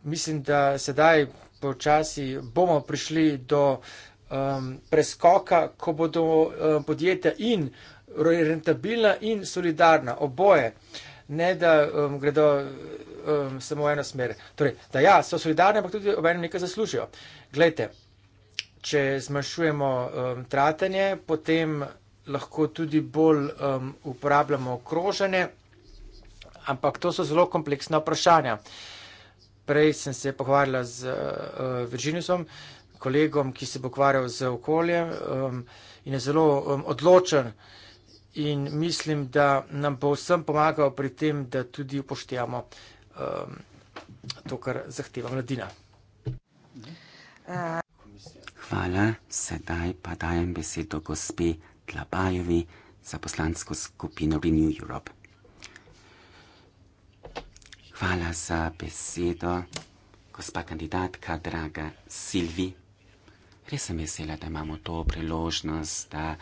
Mislim, da sedaj počasi bomo prišli do um, preskoka, ko bodo um, podjetja in rentabilna in solidarna oboje. Uh, ne da um, gredo um, samo v eno smer. Torej, da ja, so solidarni, ampak tudi ob enem nekaj zaslužijo. Glejte, če zmanjšujemo um, tratenje, potem lahko tudi bolj um, uporabljamo okrožene, ampak to so zelo kompleksna vprašanja. Prej sem se pogovarjala z uh, uh Virginijusom, kolegom, ki se bo kvarjal z okoljem um, in je zelo um, odločen, uh, in mislim, da nam bo vsem pomagal pri tem, da tudi upoštevamo um, to, kar zahteva mladina. Hvala, sedaj pa dajem besedo gospe Tlabajevi za poslansko skupino Renew Europe. Hvala za besedo, gospa kandidatka, draga Silvi. Res sem vesela, da imamo to priložnost, da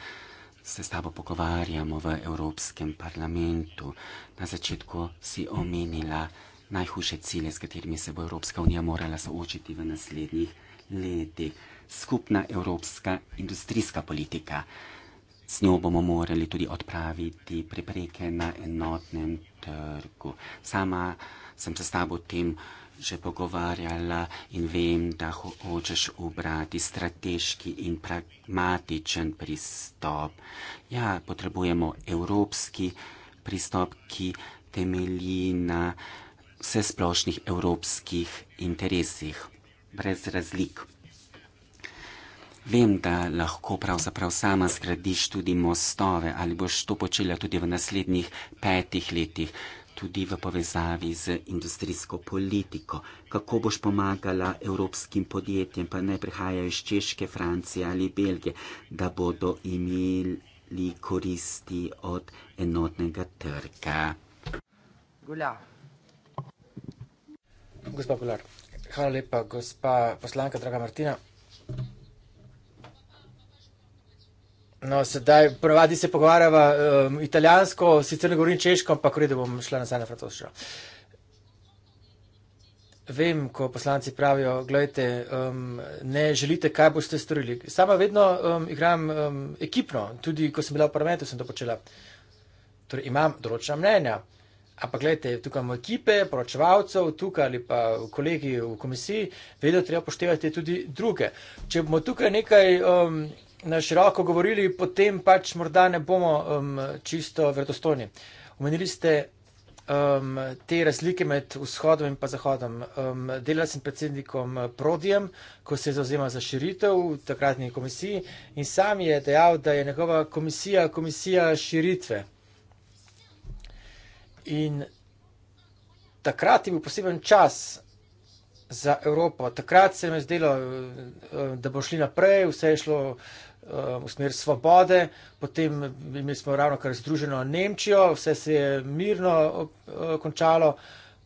se s tabo pogovarjamo v Evropskem parlamentu. Na začetku si omenila najhujše cilje, s katerimi se bo Evropska unija morala soočiti v naslednjih letih. Skupna evropska industrijska politika. S njo bomo morali tudi odpraviti prepreke na enotnem trgu. Sama sem se s tabo o tem že pogovarjala in vem, da hočeš obrati strateški in pragmatičen pristop. Ja, potrebujemo evropski pristop, ki temelji na vsesplošnih evropskih interesih, brez razlik. Vem, da lahko pravzaprav sama zgradiš tudi mostove ali boš to počela tudi v naslednjih petih letih tudi v povezavi z industrijsko politiko. Kako boš pomagala evropskim podjetjem, pa ne prihajajo iz Češke, Francije ali Belgije, da bodo imeli koristi od enotnega trga? Gula. Gospa Gular. Hvala lepa, gospa poslanka, draga Martina. No, sedaj pravi, da se pogovarjava um, italijansko, sicer ne govorim češko, ampak redo bom šla nazaj na francoščino. Vem, ko poslanci pravijo, gledajte, um, ne želite, kaj boste storili. Sama vedno um, igram um, ekipno, tudi ko sem bila v parlamentu, sem to počela. Torej, imam določena mnenja, ampak gledajte, tukaj imamo ekipe, poročevalcev, tukaj ali pa kolegi v komisiji, vedno treba poštevati tudi druge. Če bomo tukaj nekaj. Um, na široko govorili, potem pač morda ne bomo um, čisto verodostojni. Omenili ste um, te razlike med vzhodom in pa zahodom. Um, delal sem predsednikom eh, Prodijem, ko se je zauzemal za širitev v takratni komisiji in sam je dejal, da je njegova komisija komisija širitve. In takrat je bil poseben čas za Evropo. Takrat se je mi zdelo, eh, eh, da bo šli naprej, vse je šlo v smer svobode, potem imeli smo ravno kar združeno Nemčijo, vse se je mirno eh, končalo,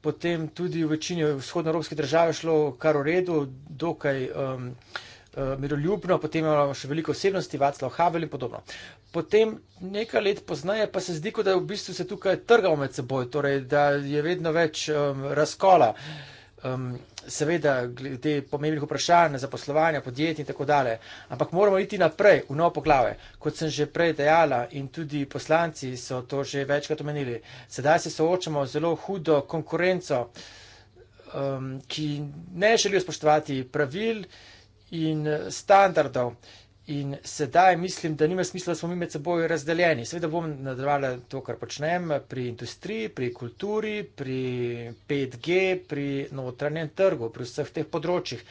potem tudi v večini vzhodnoevropske države šlo kar v redu, dokaj um, miroljubno, potem imamo še veliko osebnosti, Vaclav Havel in podobno. Potem nekaj let poznaje pa se zdi, da v bistvu se tukaj trgamo med seboj, torej da je vedno več um, razkola. Um, seveda glede pomembnih vprašanj, zaposlovanja, podjetij in tako dalje. Ampak moramo iti naprej v novo poglavje. Kot sem že prej dejala in tudi poslanci so to že večkrat omenili, sedaj se soočamo z zelo hudo konkurenco, um, ki ne želijo spoštovati pravil in standardov. In sedaj mislim, da nima smisla, da smo mi med seboj razdeljeni. Seveda bom nadaljevala to, kar počnem pri industriji, pri kulturi, pri 5G, pri notranjem trgu, pri vseh teh področjih.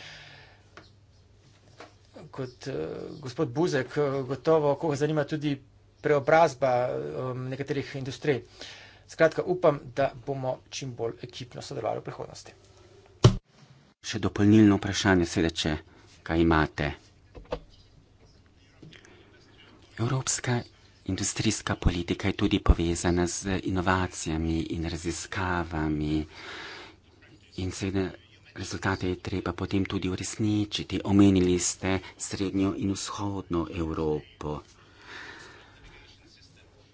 Kot uh, gospod Buzek, eh, gotovo, koga zanima tudi preobrazba um, nekaterih industrij. Skratka, upam, da bomo čim bolj ekipno sodelovali v prihodnosti. Še dopolnilno vprašanje, sedaj, če kaj imate. Evropska industrijska politika je tudi povezana z inovacijami in raziskavami in seveda rezultate je treba potem tudi uresničiti. Omenili ste srednjo in vzhodno Evropo.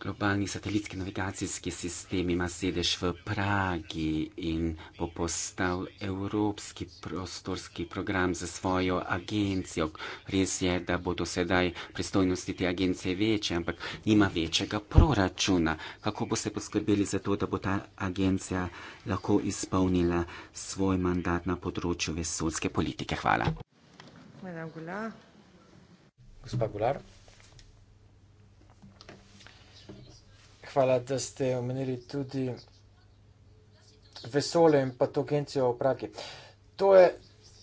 Globalni satelitski navigacijski sistem ima sedež v Pragi in bo postal evropski prostorski program za svojo agencijo. Res je, da bodo sedaj pristojnosti te agencije večje, ampak nima večjega proračuna. Kako bo se poskrbeli za to, da bo ta agencija lahko izpolnila svoj mandat na področju vesoljske politike? Hvala. Gospa Gular. Hvala, da ste omenili tudi vesolje in pa to agencijo v Pragi. To je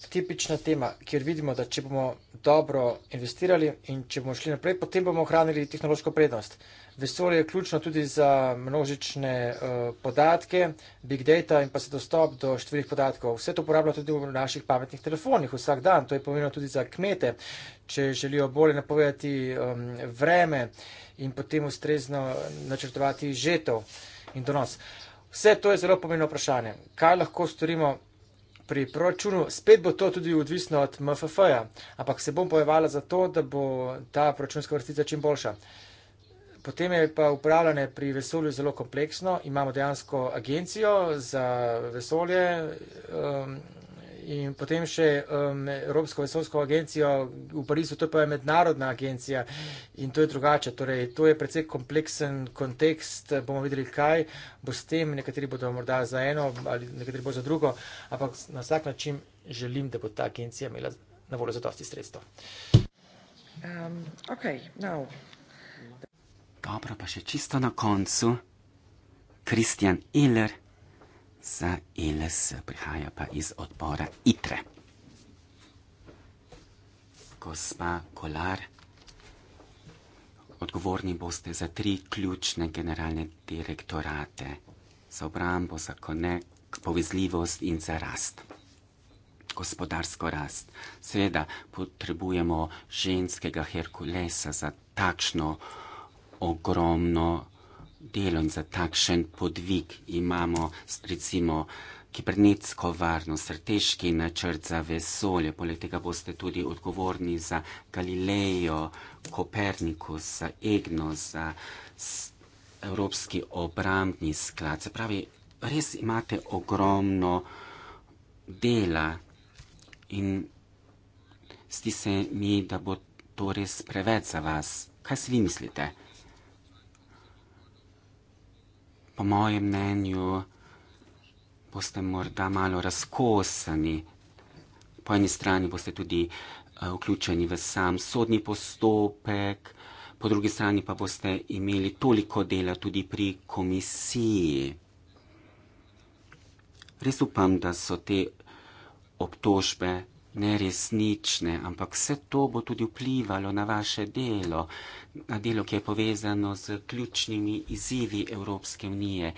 tipična tema, kjer vidimo, da če bomo dobro investirali in če bomo šli naprej, potem bomo ohranili tehnološko prednost. Vesolje je ključno tudi za množične uh, podatke, big data in pa se dostop do številnih podatkov. Vse to uporablja tudi v naših pametnih telefonih vsak dan. To je pomenilo tudi za kmete, če želijo bolje napovedati um, vreme in potem ustrezno načrtovati žetov in donos. Vse to je zelo pomembno vprašanje. Kaj lahko storimo pri proračunu. Spet bo to tudi odvisno od MFF-ja, ampak se bom pojevala za to, da bo ta proračunska vrstica čim boljša. Potem je pa upravljanje pri vesolju zelo kompleksno. Imamo dejansko agencijo za vesolje. Um, in potem še um, Evropsko vesolsko agencijo, v Parizu to pa je mednarodna agencija in to je drugače. Torej, to je precej kompleksen kontekst, eh, bomo videli, kaj bo s tem, nekateri bodo morda za eno ali nekateri bo za drugo, ampak na vsak način želim, da bo ta agencija imela na voljo zadosti sredstva. Um, ok, now. Dobro, pa še čisto na koncu. Kristjan Iller za ILS, e prihaja pa iz odbora ITRE. Gospa Kolar, odgovorni boste za tri ključne generalne direktorate: za obrambo, za konek, povezljivost in za rast. Gospodarsko rast. Sveda potrebujemo ženskega Herkulesa za takšno ogromno delom za takšen podvig imamo recimo kibernetsko varnost, strateški načrt za vesolje, poleg tega boste tudi odgovorni za Galilejo, Kopernikus, za EGNO, za Evropski obrambni sklad. Se pravi, res imate ogromno dela in zdi se mi, da bo to res preveč za vas. Kaj si vi mislite? po mojem mnenju, boste morda malo razkosani. Po eni strani boste tudi eh, vključeni v sam sodni postopek, po drugi strani pa boste imeli toliko dela tudi pri komisiji. Res upam, da so te obtožbe neresnične, ampak vse to bo tudi vplivalo na vaše delo, na delo, ki je povezano z ključnimi izzivi Evropske unije.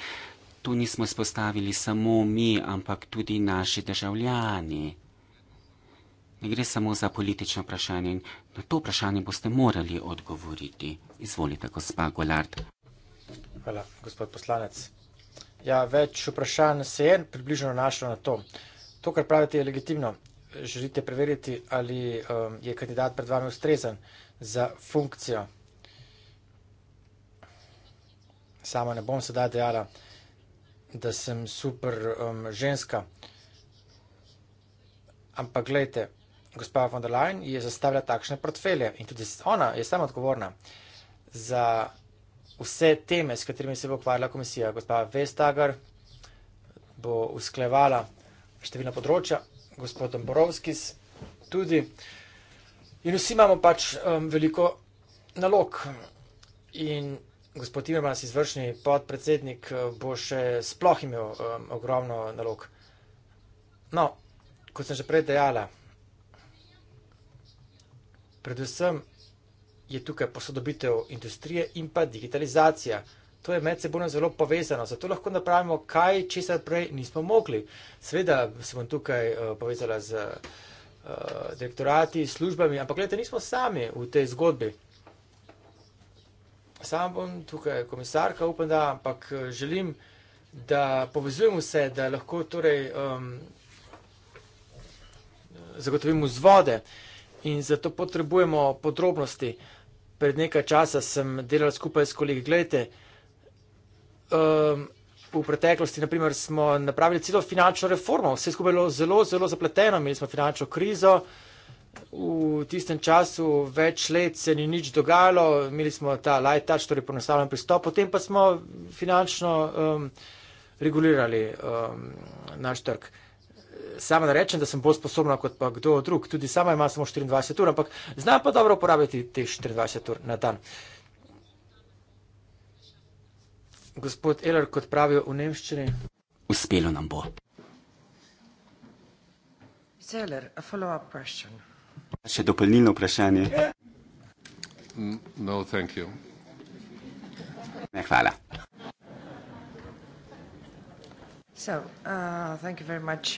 Tu nismo spostavili samo mi, ampak tudi naši državljani. Ne gre samo za politično vprašanje in na to vprašanje boste morali odgovoriti. Izvolite, gospa Golard. Hvala, gospod poslanec. Ja, več vprašanj se je približno našlo na to. To, kar pravite, je legitimno želite preveriti, ali um, je kandidat pred vami ustrezen za funkcijo. Sama ne bom sedaj dejala, da sem super um, ženska. Ampak gledajte, gospa von der Leyen je zastavila takšne portfelje in tudi ona je sama odgovorna za vse teme, s katerimi se bo ukvarjala komisija. Gospa Vestager bo usklevala številna področja gospod Dombrovskis tudi. In vsi imamo pač um, veliko nalog. In gospod Timermans, izvršni podpredsednik, uh, bo še sploh imel um, ogromno nalog. No, kot sem že prej dejala, predvsem je tukaj posodobitev industrije in pa digitalizacija. To je medsebojno zelo povezano, zato lahko napravimo kaj, česar prej nismo mogli. Sveda se bom tukaj uh, povezala z uh, direktorati, službami, ampak gledajte, nismo sami v tej zgodbi. Sam bom tukaj komisarka, upam, da, ampak eh, želim, da povezujemo vse, da lahko torej um, zagotovimo vzvode in zato potrebujemo podrobnosti. Pred nekaj časa sem delala skupaj s kolegi, gledajte, um, v preteklosti, naprimer, smo napravili celo finančno reformo, vse skupaj je bilo zelo, zelo zapleteno, imeli smo finančno krizo, v tistem času več let se ni nič dogajalo, imeli smo ta light touch, torej ponostavljen pristop, potem pa smo finančno um, regulirali um, naš trg. Sama ne rečem, da sem bolj sposobna kot pa kdo drug, tudi sama ima samo 24 ur, ampak znam pa dobro uporabiti te 24 ur na dan. Uh, gospod Eler, kot pravijo v nemščini. Uspelo nam bo. Zeller, a follow-up question. Še dopolnilno vprašanje. Mm, no, thank you. Ne, hvala. So, uh, thank you very much.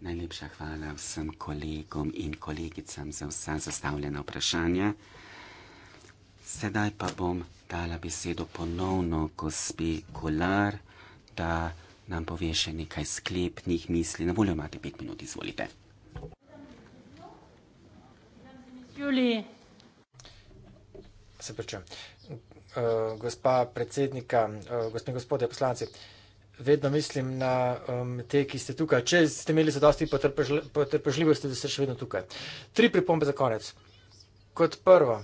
Najlepša hvala vsem kolegom in kolegicam za vsa zastavljena vprašanja. Sedaj pa bom dala besedo ponovno gospe Kolar, da nam pove še nekaj sklepnih misli. Na voljo imate pet minut, izvolite. Se pričujem. Eh, gospa predsednika, eh, gospe in gospodje poslanci, vedno mislim na te, ki ste tukaj. Če ste imeli zadosti potrpežljivosti, da ste še vedno tukaj. Tri pripombe za konec. Kot prvo,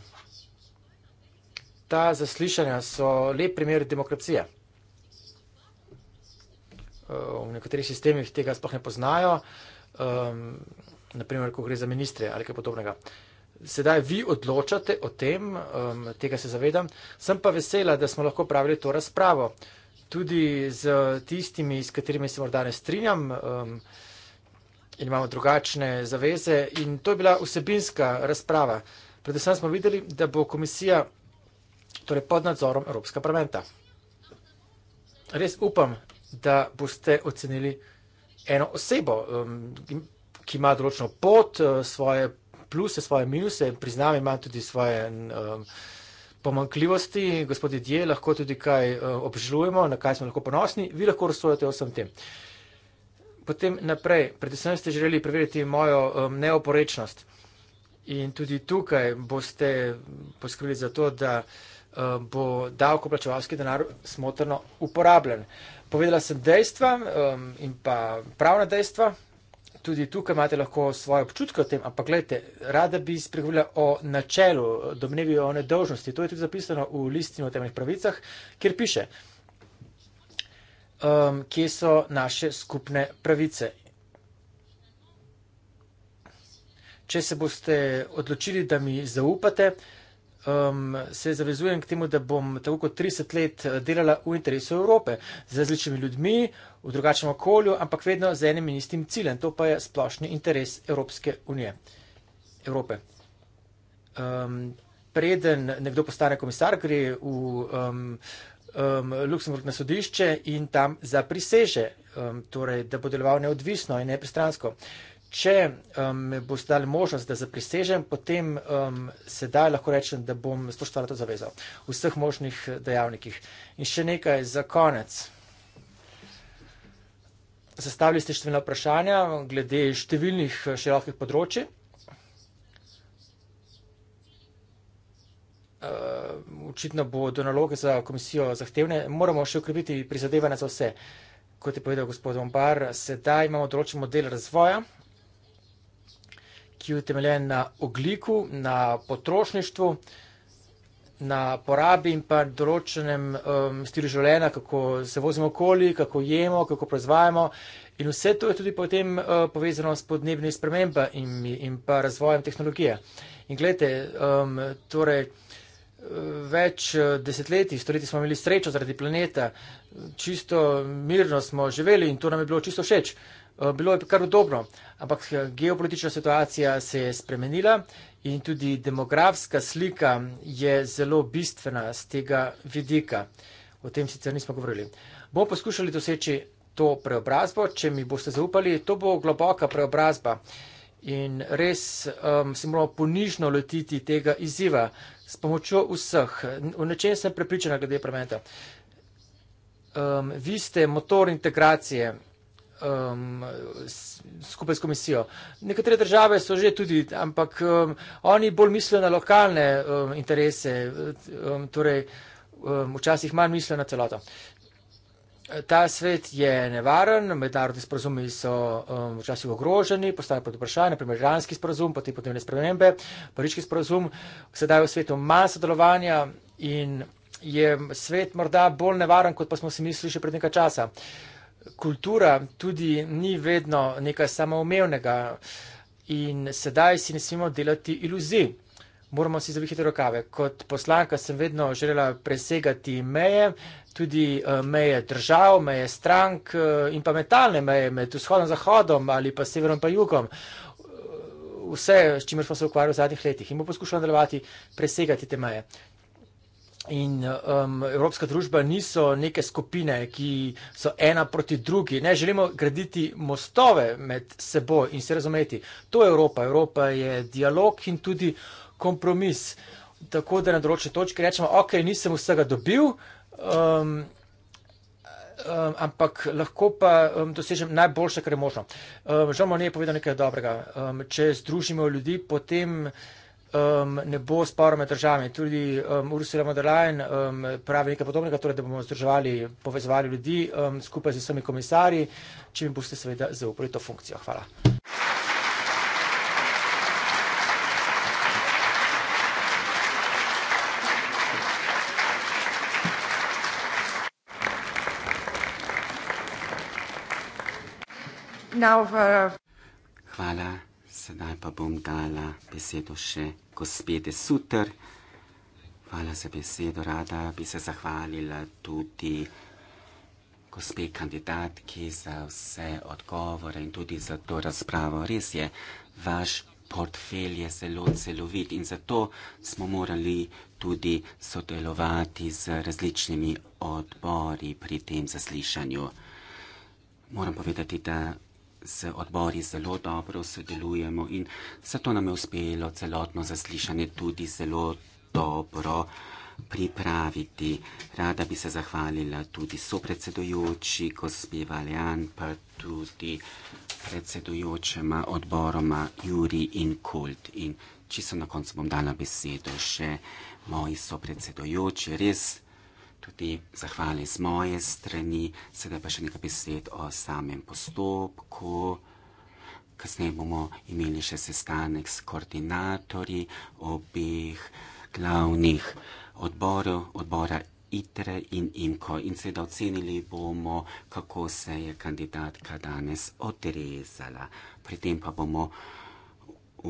Ta zaslišanja so lep primer demokracije. Eh, v nekaterih sistemih tega sploh ne poznajo, ehm, naprimer, ko gre za ministre ali kaj podobnega. Sedaj vi odločate o tem, ehm, tega se zavedam, sem pa vesela, da smo lahko pravili to razpravo. Tudi z tistimi, s katerimi se morda ne strinjam ehm, in imamo drugačne zaveze. In to je bila vsebinska razprava. Predvsem smo videli, da bo komisija torej pod nadzorom Evropskega parlamenta. Res upam, da boste ocenili eno osebo, um, ki ima določeno pot, uh, svoje pluse, svoje minuse, priznam, ima tudi svoje um, pomankljivosti, gospodje Dje, lahko tudi kaj uh, obžalujemo, na kaj smo lahko ponosni, vi lahko razsvojate vsem tem. Potem naprej, predvsem ste želeli preveriti mojo um, neoporečnost in tudi tukaj boste poskrili za to, da vsega, Eh, bo davkoplačevalski denar smotrno uporabljen. Povedala sem dejstva um, in pa pravna dejstva, tudi tukaj imate lahko svoje občutke o tem, ampak gledajte, rada bi spregovorila o načelu, domnevi o nedožnosti. To je tudi zapisano v listini o temeljnih pravicah, kjer piše, um, kje so naše skupne pravice. Če se boste odločili, da mi zaupate, um, se zavezujem k temu, da bom tako kot 30 let eh, delala v interesu Evrope z različnimi ljudmi, v drugačnem okolju, ampak vedno z enim in istim ciljem. To pa je splošni interes Evropske unije. Evrope. Um, preden nekdo postane komisar, gre v um, um, Luksemburg na sodišče in tam zapriseže, um, torej, da bo deloval neodvisno in nepristransko. Če um, me boste dali možnost, da zaprisežem, potem um, sedaj lahko rečem, da bom spoštovala to zavezo v vseh možnih dejavnikih. In še nekaj za konec. Zastavili ste številna vprašanja glede številnih eh, širokih področji. Eh, očitno uh, bo do naloge za komisijo zahtevne. Moramo še ukrepiti prizadevanje za vse. Kot je povedal gospod Bombar, sedaj imamo določen model razvoja ki je utemeljen na ogliku, na potrošništvu, na porabi in pa določenem um, stilu življenja, kako se vozimo okoli, kako jemo, kako proizvajamo. In vse to je tudi potem uh, povezano s podnebnimi spremembami in, in pa razvojem tehnologije. In gledajte, um, torej. Uh, več uh, desetletij, stoletij smo imeli srečo zaradi planeta, čisto mirno smo živeli in to nam je bilo čisto všeč. Eh, bilo je kar udobno, ampak eh, geopolitična situacija se je spremenila in tudi demografska slika je zelo bistvena z tega vidika. O tem sicer nismo govorili. Bomo poskušali doseči to preobrazbo, če mi boste zaupali, to bo globoka preobrazba. In res um, se moramo ponižno lotiti tega izziva s pomočjo vseh. V nečem sem prepričana glede parlamenta. Um, vi ste motor integracije um, skupaj s komisijo. Nekatere države so že tudi, ampak um, oni bolj mislijo na lokalne um, interese, um, torej um, včasih manj mislijo na celoto. Ta svet je nevaren, mednarodni sporozumi so um, včasih ogroženi, postavljajo pod vprašanje, naprimer žanski sporozum, potem podnebne spremembe, pariški sporozum, sedaj v svetu manj sodelovanja in je svet morda bolj nevaren, kot pa smo si mislili še pred nekaj časa. Uh, kultura tudi ni vedno nekaj samoumevnega in sedaj si ne smemo delati iluzij. Moramo si zavihiti rokave. Kot poslanka sem vedno želela presegati meje, tudi eh, meje držav, meje strank eh, in pa metalne meje med vzhodom in zahodom ali pa severom in pa jugom. Vse, s čimer smo se ukvarjali v zadnjih letih in bomo poskušali nadaljevati presegati te meje. In um, evropska družba niso neke skupine, ki so ena proti drugi. Ne želimo graditi mostove med seboj in se razumeti. To je Evropa. Evropa je dialog in tudi kompromis. Tako da na določene točke rečemo, ok, nisem vsega dobil, um, um, ampak lahko pa um, dosežem najboljše, kar je možno. Um, žal mu ne je povedal nekaj dobrega. Um, če združimo ljudi, potem um, ne bo sporo med državami. Tudi um, Ursula von der Leyen um, pravi nekaj podobnega, torej, da bomo združevali, povezovali ljudi um, skupaj z vsemi komisarji, če mi boste seveda zaupali to funkcijo. Hvala. Now for, uh... Hvala. Sedaj pa bom dala besedo še gospede Sutr. Hvala za besedo. Rada bi se zahvalila tudi gospe kandidatki za vse odgovore in tudi za to razpravo. Res je, vaš portfelj je zelo celovit in zato smo morali tudi sodelovati z različnimi odbori pri tem zaslišanju. Moram povedati, da z odbori zelo dobro sodelujemo in zato nam je uspelo celotno zaslišanje tudi zelo dobro pripraviti. Rada bi se zahvalila tudi sopredsedujoči, gospe Valjan, pa tudi predsedujočema odboroma Juri in Kult. In čisto na koncu bom dala besedo še moji sopredsedujoči. Res tudi zahvali z moje strani, sedaj pa še nekaj besed o samem postopku. Kasneje bomo imeli še sestanek s koordinatorji obih glavnih odborov, odbora ITRE in IMKO. In seveda ocenili bomo, kako se je kandidatka danes odrezala. Pri tem pa bomo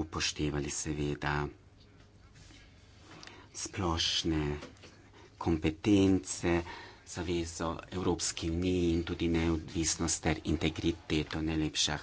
upoštevali seveda splošne kompetence, zavezo Evropski uniji in tudi neodvisnost ter integriteto najlepša